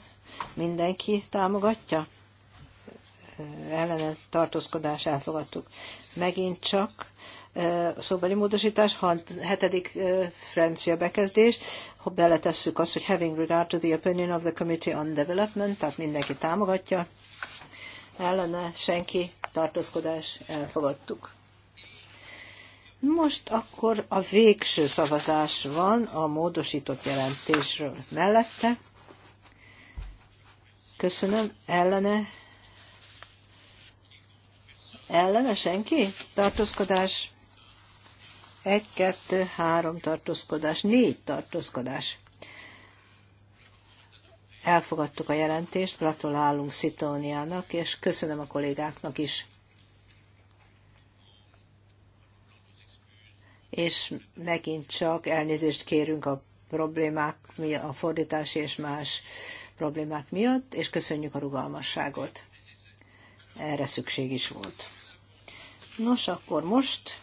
Mindenki támogatja? ellene tartózkodás elfogadtuk. Megint csak szóbeli módosítás, hetedik francia bekezdés, ha beletesszük azt, hogy having regard to the opinion of the committee on development, tehát mindenki támogatja, ellene senki tartózkodás elfogadtuk. Most akkor a végső szavazás van a módosított jelentésről mellette. Köszönöm. Ellene? Ellene senki? Tartózkodás? Egy, kettő, három tartózkodás, négy tartózkodás. Elfogadtuk a jelentést, gratulálunk Szitóniának, és köszönöm a kollégáknak is. és megint csak elnézést kérünk a problémák, a fordítási és más problémák miatt, és köszönjük a rugalmasságot. Erre szükség is volt. Nos, akkor most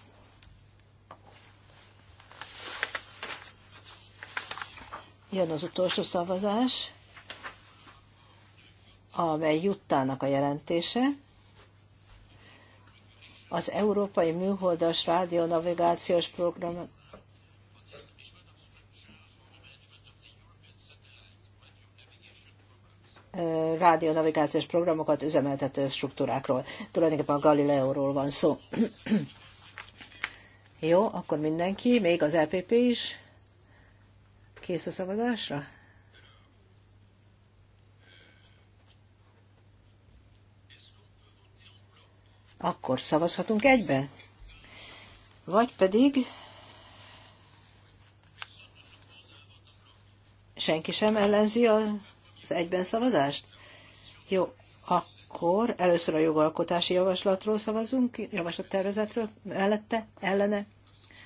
jön az utolsó szavazás, amely Juttának a jelentése az Európai Műholdas Rádionavigációs Program rádionavigációs programokat üzemeltető struktúrákról. Tulajdonképpen a Galileóról van szó. Jó, akkor mindenki, még az LPP e is kész a szavazásra? Akkor szavazhatunk egybe? Vagy pedig senki sem ellenzi az egyben szavazást? Jó, akkor először a jogalkotási javaslatról szavazunk, javaslattervezetről mellette, ellene,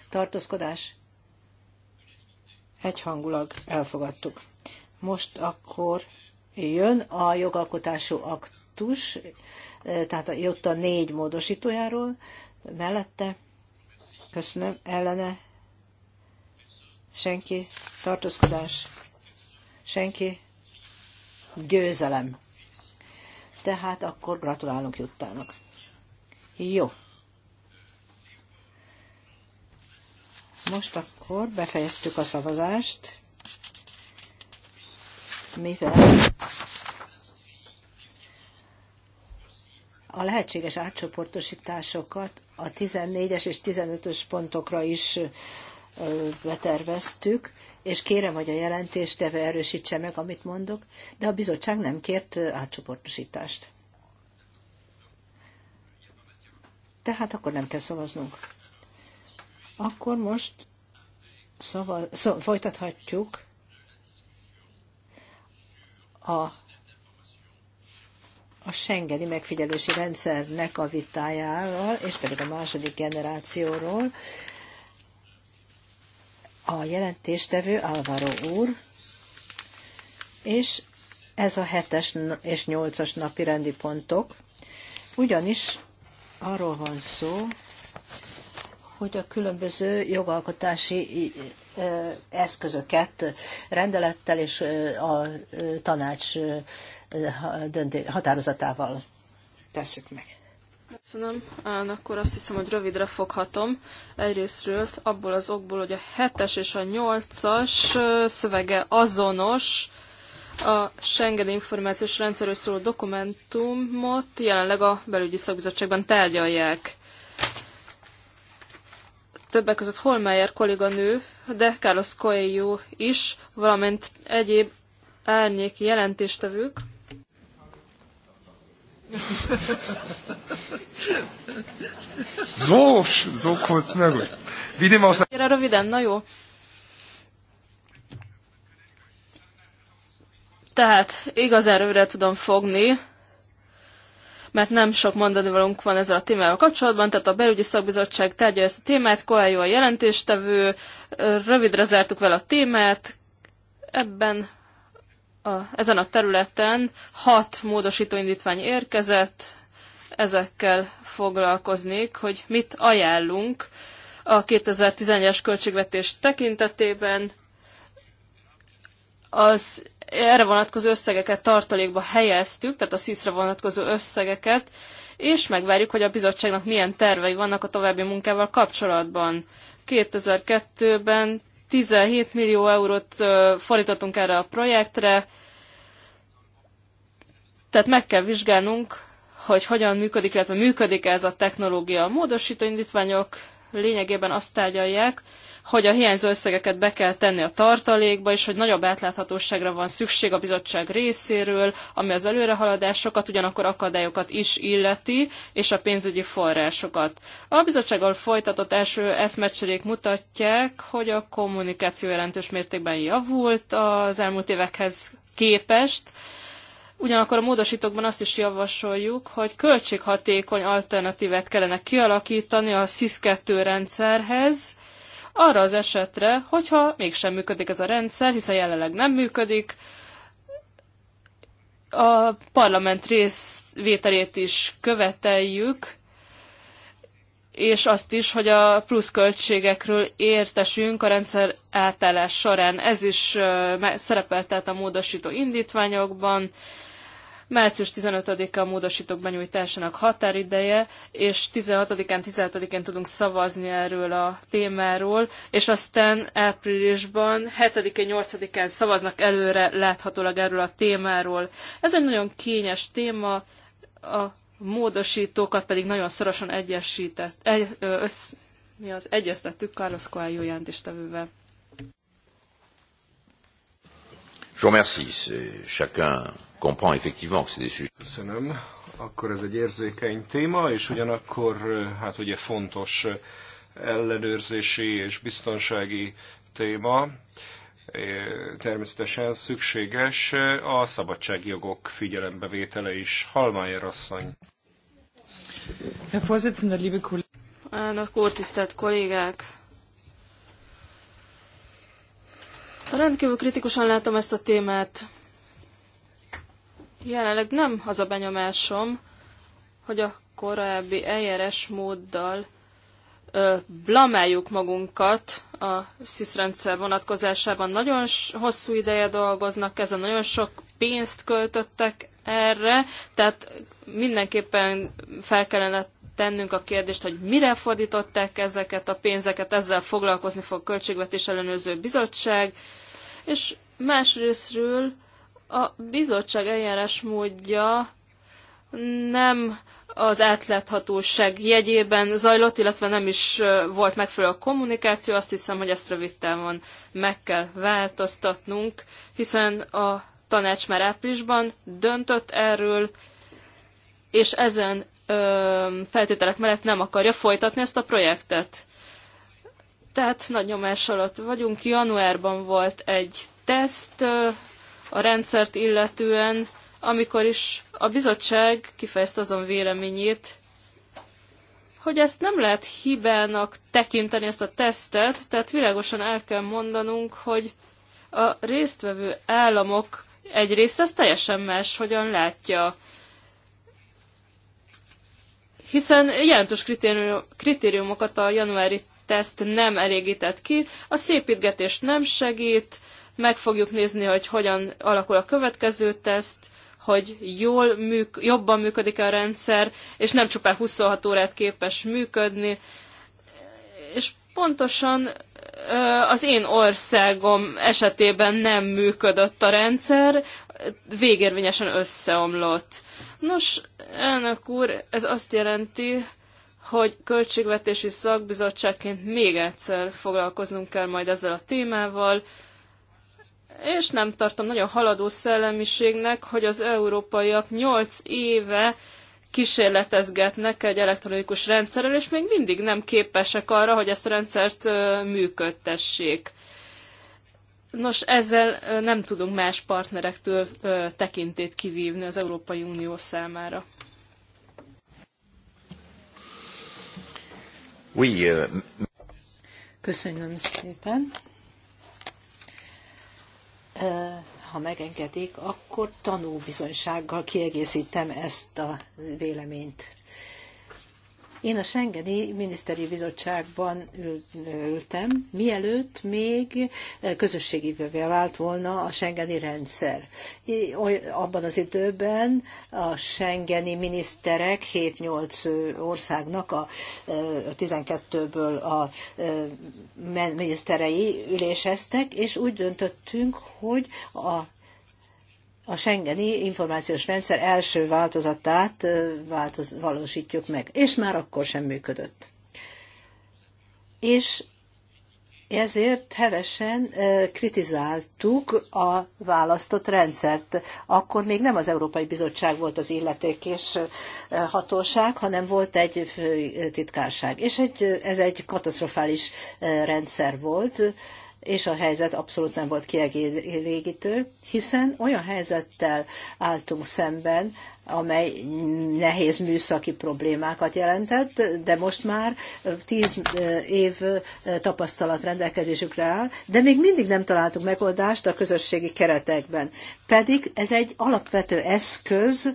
tartózkodás. Egyhangulag elfogadtuk. Most akkor jön a jogalkotású akt aktus, eh, tehát jött a négy módosítójáról, mellette, köszönöm, ellene, senki, tartózkodás, senki, győzelem. Tehát akkor gratulálunk Juttának. Jó. Most akkor befejeztük a szavazást. Mivel a lehetséges átcsoportosításokat a 14-es és 15-ös pontokra is beterveztük, és kérem, hogy a jelentéstevő erősítse meg, amit mondok, de a bizottság nem kért átcsoportosítást. Tehát akkor nem kell szavaznunk. Akkor most szava, szó, folytathatjuk a a Schengeni megfigyelési rendszernek a vitájáról, és pedig a második generációról. A jelentéstevő Álvaro úr, és ez a hetes és nyolcas napi rendi pontok, ugyanis arról van szó, hogy a különböző jogalkotási eszközöket rendelettel és a tanács határozatával tesszük meg. Köszönöm. Án, akkor azt hiszem, hogy rövidre foghatom. Egyrésztről abból az okból, hogy a 7-es és a 8-as szövege azonos, a Schengen információs rendszerről szóló dokumentumot jelenleg a belügyi szakbizottságban tárgyalják többek között Holmeyer kolléganő, de Carlos Coelho is, valamint egyéb árnyéki jelentéstevők. Zós, zokot meg. Vidim az... Röviden, na jó. Tehát igazán rövidre tudom fogni mert nem sok mondani valunk van ezzel a témával kapcsolatban, tehát a belügyi szakbizottság tárgya ezt a témát, Koályó a jelentéstevő, rövidre zártuk vele a témát, ebben a, ezen a területen hat módosítóindítvány érkezett, ezekkel foglalkoznék, hogy mit ajánlunk a 2011-es költségvetés tekintetében, az erre vonatkozó összegeket tartalékba helyeztük, tehát a sziszra vonatkozó összegeket, és megvárjuk, hogy a bizottságnak milyen tervei vannak a további munkával kapcsolatban. 2002-ben 17 millió eurót fordítottunk erre a projektre, tehát meg kell vizsgálnunk, hogy hogyan működik, illetve működik ez a technológia. A módosító indítványok lényegében azt tárgyalják, hogy a hiányzó összegeket be kell tenni a tartalékba, és hogy nagyobb átláthatóságra van szükség a bizottság részéről, ami az előrehaladásokat, ugyanakkor akadályokat is illeti, és a pénzügyi forrásokat. A bizottsággal folytatott első eszmecserék mutatják, hogy a kommunikáció jelentős mértékben javult az elmúlt évekhez képest, Ugyanakkor a módosítókban azt is javasoljuk, hogy költséghatékony alternatívet kellene kialakítani a sis 2 rendszerhez, arra az esetre, hogyha mégsem működik ez a rendszer, hiszen jelenleg nem működik, a parlament részvételét is követeljük, és azt is, hogy a pluszköltségekről értesünk a rendszer átállás során. Ez is szerepelt a módosító indítványokban, Március 15-a a módosítók benyújtásának határideje, és 16-án, 17-én tudunk szavazni erről a témáról, és aztán áprilisban 7-én, 8-án szavaznak előre láthatólag erről a témáról. Ez egy nagyon kényes téma, a módosítókat pedig nagyon szorosan egyesített, egy, össz, mi az egyeztettük Carlos Coelho jelentéstevővel. Je remercie. Chacun comprend effectivement que c'est des sujets. Köszönöm. Akkor ez egy érzékeny téma, és ugyanakkor hát ugye fontos ellenőrzési és biztonsági téma e, természetesen szükséges a szabadságjogok figyelembevétele is. Halmájer asszony. Elnök úr, tisztelt kollégák! Rendkívül kritikusan látom ezt a témát. Jelenleg nem az a benyomásom, hogy a korábbi eljárás móddal ö, blamáljuk magunkat a sziszrendszer vonatkozásában. Nagyon hosszú ideje dolgoznak ezen, nagyon sok pénzt költöttek erre, tehát mindenképpen fel kellene tennünk a kérdést, hogy mire fordították ezeket a pénzeket, ezzel foglalkozni fog a Költségvetés Ellenőrző Bizottság, és másrésztről a bizottság eljárás módja nem az átláthatóság jegyében zajlott, illetve nem is volt megfelelő a kommunikáció. Azt hiszem, hogy ezt rövid távon meg kell változtatnunk, hiszen a tanács már áprilisban döntött erről, és ezen ö, feltételek mellett nem akarja folytatni ezt a projektet. Tehát nagy nyomás alatt vagyunk. Januárban volt egy teszt, a rendszert illetően, amikor is a bizottság kifejezte azon véleményét, hogy ezt nem lehet hibának tekinteni, ezt a tesztet, tehát világosan el kell mondanunk, hogy a résztvevő államok egyrészt ezt teljesen más, hogyan látja. Hiszen jelentős kritériumokat a januári teszt nem elégített ki, a szépítgetés nem segít, meg fogjuk nézni, hogy hogyan alakul a következő teszt, hogy jól műk, jobban működik a rendszer, és nem csupán 26 órát képes működni. És pontosan az én országom esetében nem működött a rendszer, végérvényesen összeomlott. Nos, elnök úr, ez azt jelenti, hogy költségvetési szakbizottságként még egyszer foglalkoznunk kell majd ezzel a témával, és nem tartom nagyon haladó szellemiségnek, hogy az európaiak 8 éve kísérletezgetnek egy elektronikus rendszerrel, és még mindig nem képesek arra, hogy ezt a rendszert működtessék. Nos, ezzel nem tudunk más partnerektől tekintét kivívni az Európai Unió számára. Euh, Köszönöm szépen. ha megengedik, akkor tanúbizonysággal kiegészítem ezt a véleményt. Én a Schengeni Miniszteri Bizottságban ültem, mielőtt még közösségi vált volna a Schengeni rendszer. Abban az időben a Schengeni miniszterek 7-8 országnak a 12-ből a miniszterei üléseztek, és úgy döntöttünk, hogy a a Schengeni információs rendszer első változatát változ, valósítjuk meg, és már akkor sem működött. És ezért hevesen kritizáltuk a választott rendszert. Akkor még nem az Európai Bizottság volt az és hatóság, hanem volt egy fő titkárság. És egy, ez egy katasztrofális rendszer volt, és a helyzet abszolút nem volt kielégítő, hiszen olyan helyzettel álltunk szemben, amely nehéz műszaki problémákat jelentett, de most már tíz eh, év eh, tapasztalat rendelkezésükre áll, de még mindig nem találtuk megoldást a közösségi keretekben. Pedig ez egy alapvető eszköz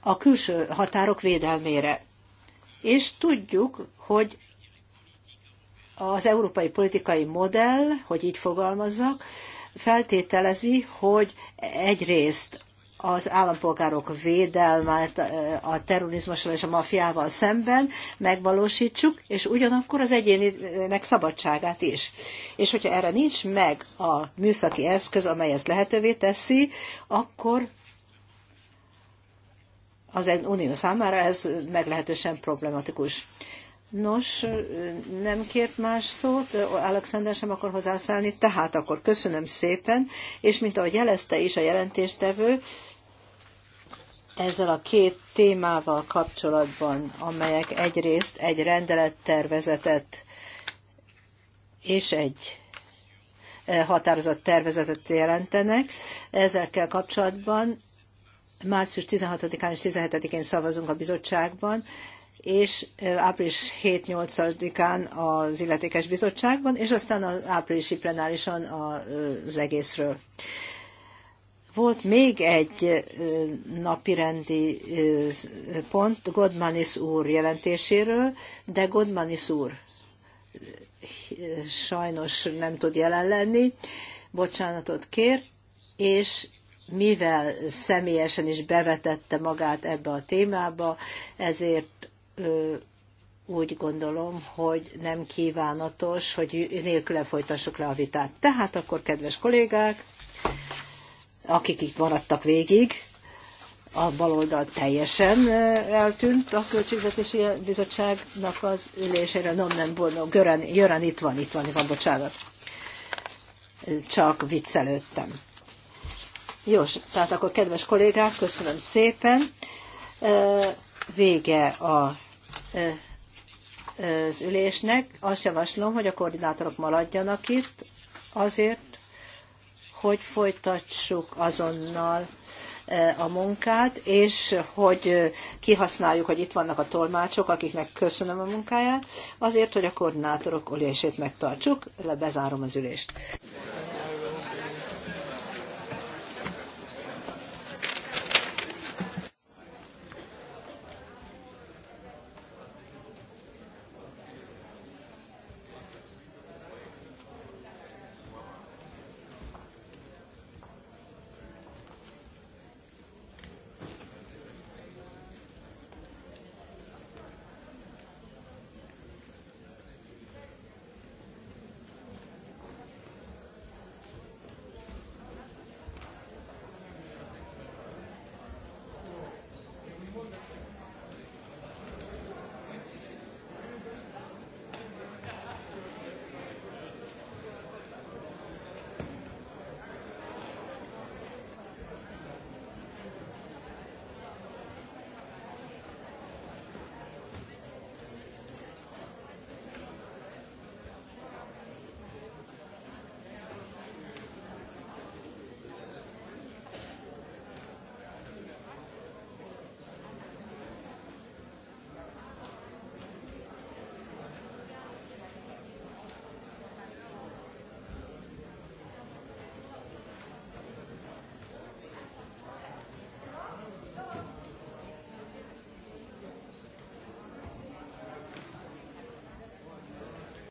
a külső határok védelmére. És tudjuk, hogy az európai politikai modell, hogy így fogalmazzak, feltételezi, hogy egyrészt az állampolgárok védelmét a terrorizmussal és a mafiával szemben megvalósítsuk, és ugyanakkor az egyéninek szabadságát is. És hogyha erre nincs meg a műszaki eszköz, amely ezt lehetővé teszi, akkor az Unió számára ez meglehetősen problematikus. Nos, nem kért más szót, Alexander sem akar hozzászállni, tehát akkor köszönöm szépen, és mint ahogy jelezte is a jelentéstevő, ezzel a két témával kapcsolatban, amelyek egyrészt egy rendelettervezetet és egy határozott tervezetet jelentenek. Ezekkel kapcsolatban március 16-án és 17-én szavazunk a bizottságban, és április 7-8-án az illetékes bizottságban, és aztán az áprilisi plenárison az egészről. Volt még egy napirendi pont Godmanis úr jelentéséről, de Godmanis úr sajnos nem tud jelen lenni, bocsánatot kér, és mivel személyesen is bevetette magát ebbe a témába, ezért úgy gondolom, hogy nem kívánatos, hogy nélküle folytassuk le a vitát. Tehát akkor, kedves kollégák, akik itt maradtak végig, a baloldal teljesen eltűnt a Költségvetési Bizottságnak az ülésére. Nem, nem, Bono, Gören, Gören itt van, itt van, itt van, bocsánat. Csak viccelődtem. Jó, tehát akkor kedves kollégák, köszönöm szépen. Vége a az ülésnek. Azt javaslom, hogy a koordinátorok maradjanak itt azért, hogy folytassuk azonnal a munkát, és hogy kihasználjuk, hogy itt vannak a tolmácsok, akiknek köszönöm a munkáját, azért, hogy a koordinátorok ülését megtartsuk, lebezárom az ülést.